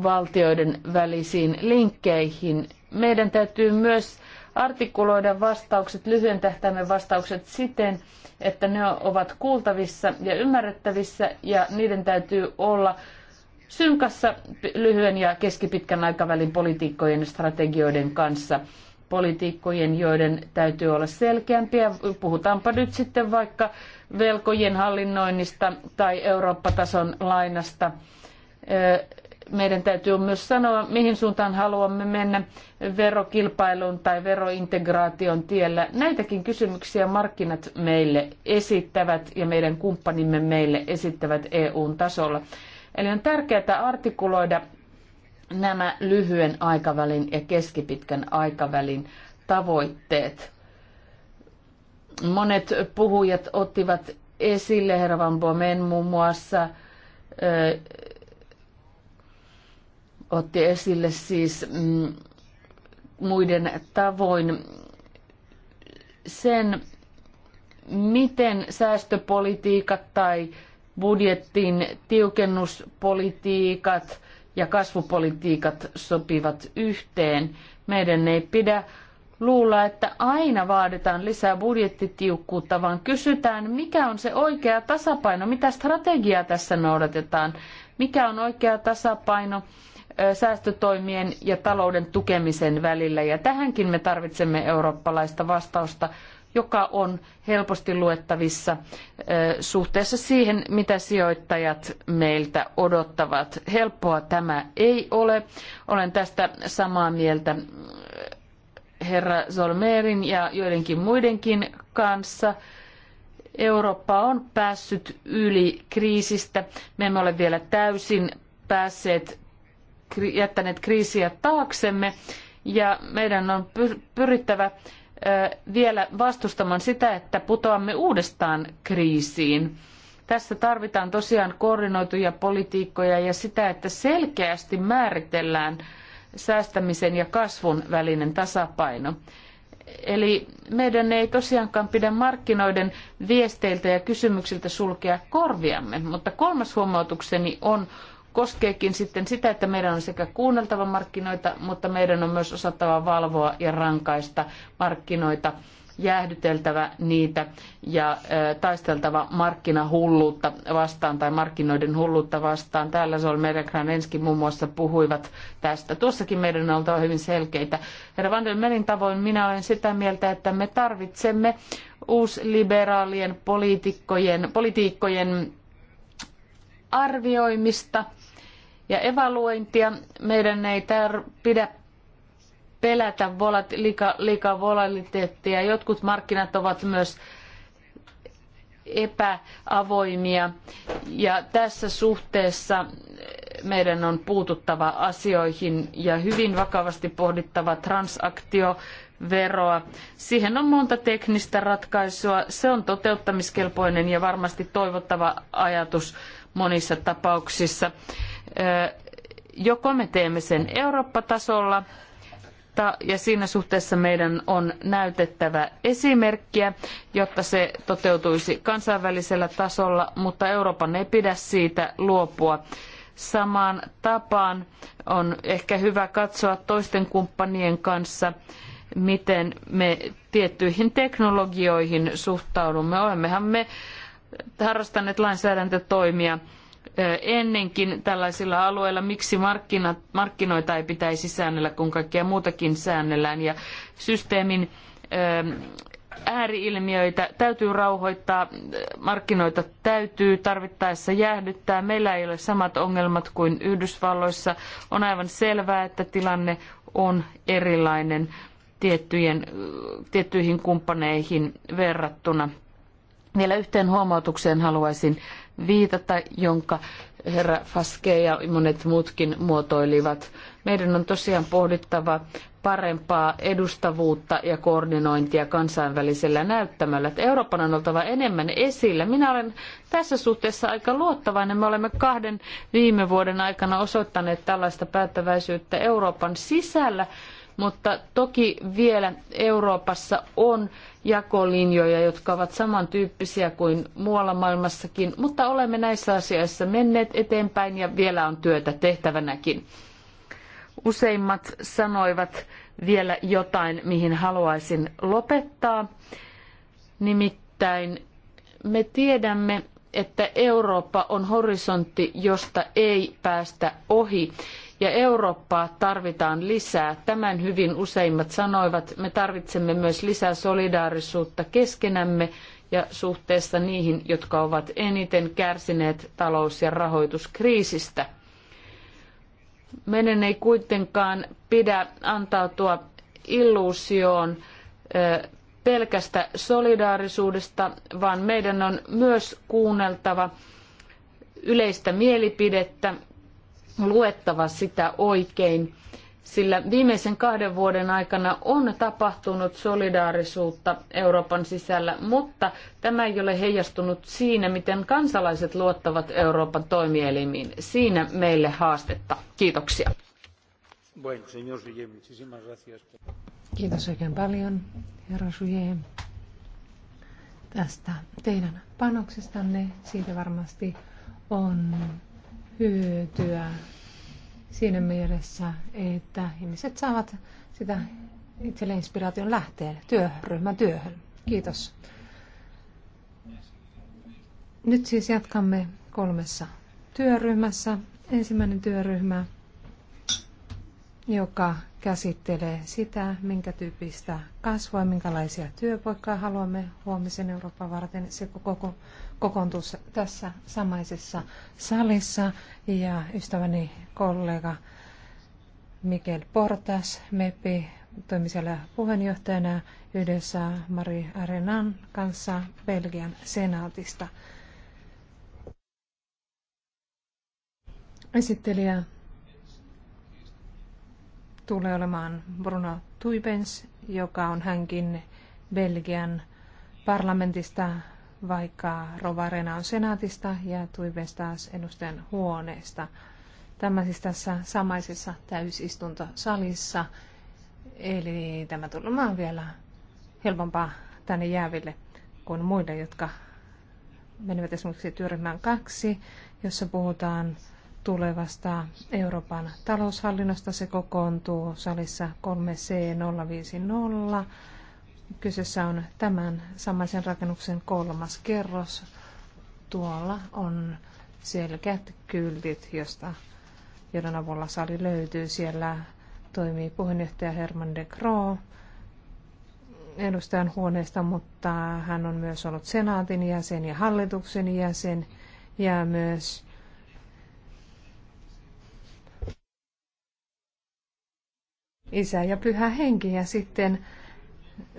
valtioiden välisiin linkkeihin. Meidän täytyy myös artikuloida vastaukset, lyhyen tähtäimen vastaukset siten, että ne ovat kuultavissa ja ymmärrettävissä ja niiden täytyy olla synkassa lyhyen ja keskipitkän aikavälin politiikkojen ja strategioiden kanssa. Politiikkojen, joiden täytyy olla selkeämpiä. Puhutaanpa nyt sitten vaikka velkojen hallinnoinnista tai Eurooppa-tason lainasta meidän täytyy myös sanoa, mihin suuntaan haluamme mennä verokilpailun tai verointegraation tiellä. Näitäkin kysymyksiä markkinat meille esittävät ja meidän kumppanimme meille esittävät EUn tasolla. Eli on tärkeää artikuloida nämä lyhyen aikavälin ja keskipitkän aikavälin tavoitteet. Monet puhujat ottivat esille, herra Van Bomen muun muassa, otti esille siis mm, muiden tavoin sen, miten säästöpolitiikat tai budjettin tiukennuspolitiikat ja kasvupolitiikat sopivat yhteen. Meidän ei pidä luulla, että aina vaaditaan lisää budjettitiukkuutta, vaan kysytään, mikä on se oikea tasapaino, mitä strategiaa tässä noudatetaan, mikä on oikea tasapaino säästötoimien ja talouden tukemisen välillä. Ja tähänkin me tarvitsemme eurooppalaista vastausta, joka on helposti luettavissa suhteessa siihen, mitä sijoittajat meiltä odottavat. Helppoa tämä ei ole. Olen tästä samaa mieltä herra Zolmerin ja joidenkin muidenkin kanssa. Eurooppa on päässyt yli kriisistä. Me emme ole vielä täysin päässeet jättäneet kriisiä taaksemme ja meidän on pyrittävä vielä vastustamaan sitä, että putoamme uudestaan kriisiin. Tässä tarvitaan tosiaan koordinoituja politiikkoja ja sitä, että selkeästi määritellään säästämisen ja kasvun välinen tasapaino. Eli meidän ei tosiaankaan pidä markkinoiden viesteiltä ja kysymyksiltä sulkea korviamme, mutta kolmas huomautukseni on koskeekin sitten sitä, että meidän on sekä kuunneltava markkinoita, mutta meidän on myös osattava valvoa ja rankaista markkinoita jäähdyteltävä niitä ja taisteltava markkinahulluutta vastaan tai markkinoiden hulluutta vastaan. Täällä Sol Merekran ensin muun muassa puhuivat tästä. Tuossakin meidän on oltava hyvin selkeitä. Herra Van tavoin minä olen sitä mieltä, että me tarvitsemme uusliberaalien poliitikkojen, politiikkojen arvioimista – ja evaluointia. Meidän ei tar- pidä pelätä volat- liika- liikaa volatiliteettia. Jotkut markkinat ovat myös epäavoimia ja tässä suhteessa meidän on puututtava asioihin ja hyvin vakavasti pohdittava transaktioveroa. Siihen on monta teknistä ratkaisua. Se on toteuttamiskelpoinen ja varmasti toivottava ajatus monissa tapauksissa joko me teemme sen Eurooppa-tasolla, ja siinä suhteessa meidän on näytettävä esimerkkiä, jotta se toteutuisi kansainvälisellä tasolla, mutta Euroopan ei pidä siitä luopua. Samaan tapaan on ehkä hyvä katsoa toisten kumppanien kanssa, miten me tiettyihin teknologioihin suhtaudumme. Olemmehan me harrastaneet lainsäädäntötoimia ennenkin tällaisilla alueilla, miksi markkinat, markkinoita ei pitäisi säännellä, kun kaikkea muutakin säännellään. Ja systeemin ääriilmiöitä täytyy rauhoittaa, markkinoita täytyy tarvittaessa jäähdyttää. Meillä ei ole samat ongelmat kuin Yhdysvalloissa. On aivan selvää, että tilanne on erilainen tiettyjen, tiettyihin kumppaneihin verrattuna. Vielä yhteen huomautukseen haluaisin viitata, jonka herra Faske ja monet muutkin muotoilivat. Meidän on tosiaan pohdittava parempaa edustavuutta ja koordinointia kansainvälisellä näyttämällä. Että Euroopan on oltava enemmän esillä. Minä olen tässä suhteessa aika luottavainen. Me olemme kahden viime vuoden aikana osoittaneet tällaista päättäväisyyttä Euroopan sisällä mutta toki vielä Euroopassa on jakolinjoja, jotka ovat samantyyppisiä kuin muualla maailmassakin, mutta olemme näissä asioissa menneet eteenpäin ja vielä on työtä tehtävänäkin. Useimmat sanoivat vielä jotain, mihin haluaisin lopettaa. Nimittäin me tiedämme, että Eurooppa on horisontti, josta ei päästä ohi ja Eurooppaa tarvitaan lisää. Tämän hyvin useimmat sanoivat, me tarvitsemme myös lisää solidaarisuutta keskenämme ja suhteessa niihin, jotka ovat eniten kärsineet talous- ja rahoituskriisistä. Meidän ei kuitenkaan pidä antautua illuusioon pelkästä solidaarisuudesta, vaan meidän on myös kuunneltava yleistä mielipidettä luettava sitä oikein, sillä viimeisen kahden vuoden aikana on tapahtunut solidaarisuutta Euroopan sisällä, mutta tämä ei ole heijastunut siinä, miten kansalaiset luottavat Euroopan toimielimiin. Siinä meille haastetta. Kiitoksia. Kiitos oikein paljon, herra Suje, tästä teidän panoksestanne. Siitä varmasti on hyötyä siinä mielessä, että ihmiset saavat sitä itselle inspiraation lähteen työryhmän työhön. Kiitos. Nyt siis jatkamme kolmessa työryhmässä. Ensimmäinen työryhmä, joka käsittelee sitä, minkä tyyppistä kasvua, minkälaisia työpaikkoja haluamme huomisen Euroopan varten. Se koko kokoontua tässä samaisessa salissa ja ystäväni kollega Mikel Portas, MEPI, toimi siellä puheenjohtajana yhdessä Mari Arenan kanssa Belgian senaatista. Esittelijä tulee olemaan Bruno Tuibens, joka on hänkin Belgian parlamentista vaikka Rovarena on senaatista ja Tuives taas edustajan huoneesta. Tämä siis tässä samaisessa täysistuntosalissa, eli tämä tulee on vielä helpompaa tänne jääville kuin muille, jotka menevät esimerkiksi työryhmään kaksi, jossa puhutaan tulevasta Euroopan taloushallinnosta. Se kokoontuu salissa 3C050 Kyseessä on tämän samaisen rakennuksen kolmas kerros. Tuolla on selkeät kyltit, josta, joiden avulla sali löytyy. Siellä toimii puheenjohtaja Herman de Croo edustajan huoneesta, mutta hän on myös ollut senaatin jäsen ja hallituksen jäsen ja myös isä ja pyhä henki. Ja sitten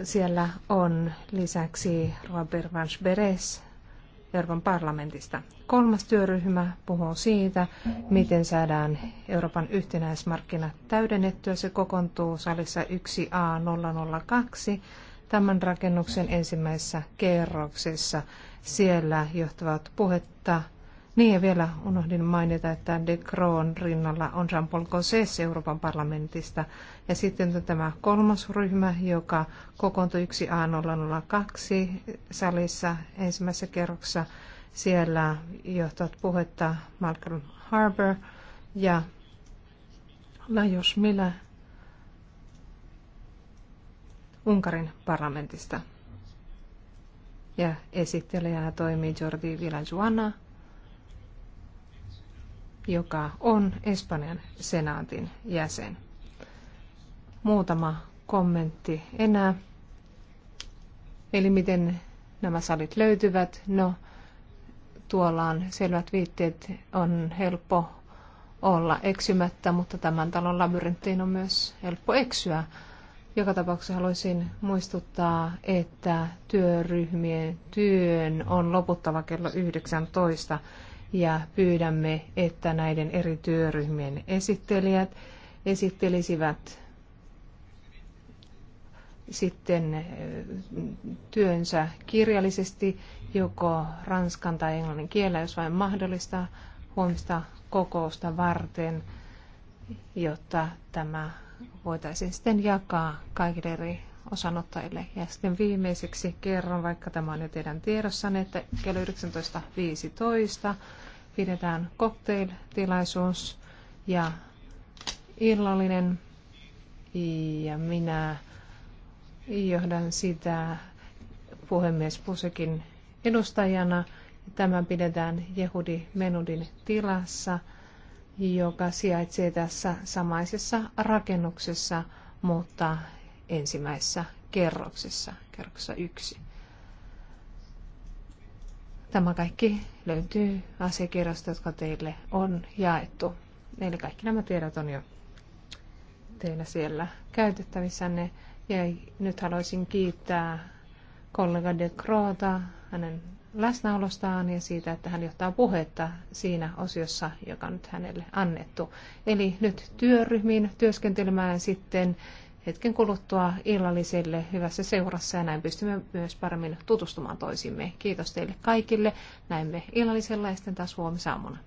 siellä on lisäksi Robert Vance Beres Euroopan parlamentista. Kolmas työryhmä puhuu siitä, miten saadaan Euroopan yhtenäismarkkinat täydennettyä. Se kokoontuu salissa 1A002 tämän rakennuksen ensimmäisessä kerroksessa. Siellä johtavat puhetta niin ja vielä unohdin mainita, että De Croon rinnalla on Jean-Paul Gosses Euroopan parlamentista. Ja sitten on tämä kolmas ryhmä, joka kokoontui yksi a 002 salissa ensimmäisessä kerroksessa. Siellä johtavat puhetta Malcolm Harbour ja Lajos Mila Unkarin parlamentista. Ja esittelijänä toimii Jordi Villanjuana joka on Espanjan senaatin jäsen. Muutama kommentti enää. Eli miten nämä salit löytyvät? No, tuolla on selvät viitteet, on helppo olla eksymättä, mutta tämän talon labyrinttiin on myös helppo eksyä. Joka tapauksessa haluaisin muistuttaa, että työryhmien työn on loputtava kello 19 ja pyydämme, että näiden eri työryhmien esittelijät esittelisivät sitten eh, työnsä kirjallisesti joko ranskan tai englannin kielellä, jos vain mahdollista, huomista kokousta varten, jotta tämä voitaisiin sitten jakaa kaikille eri osanottajille. Ja sitten viimeiseksi kerron, vaikka tämä on jo teidän tiedossanne, että kello 19.15 pidetään cocktail-tilaisuus ja illallinen. Ja minä johdan sitä puhemies Pusekin edustajana. Tämä pidetään Jehudi Menudin tilassa, joka sijaitsee tässä samaisessa rakennuksessa, mutta ensimmäisessä kerroksessa, kerroksessa yksi. Tämä kaikki löytyy asiakirjasta, jotka teille on jaettu. Eli kaikki nämä tiedot on jo teillä siellä käytettävissänne. Ja nyt haluaisin kiittää kollega De Croota hänen läsnäolostaan ja siitä, että hän johtaa puhetta siinä osiossa, joka on nyt hänelle annettu. Eli nyt työryhmiin työskentelemään sitten hetken kuluttua illalliselle hyvässä seurassa ja näin pystymme myös paremmin tutustumaan toisimme. Kiitos teille kaikille. Näemme illallisella ja sitten taas huomisaamuna.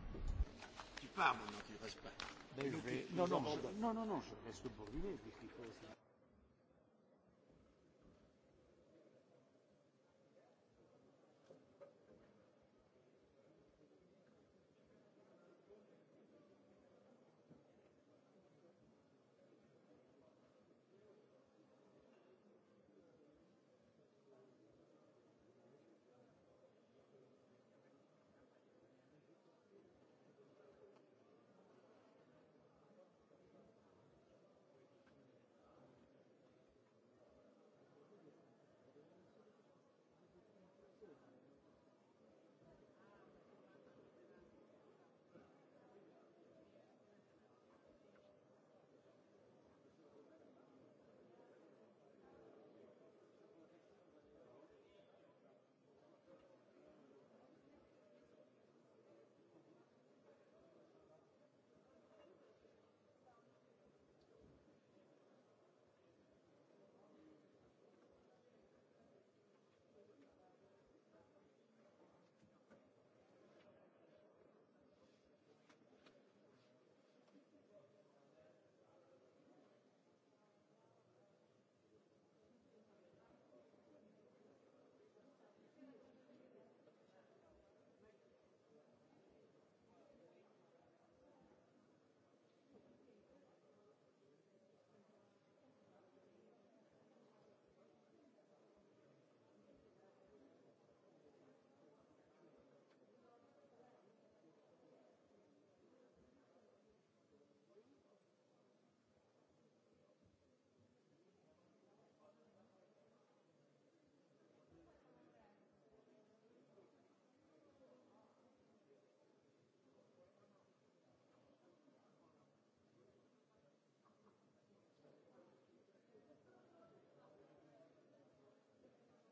No, no, no, no, no, no, no,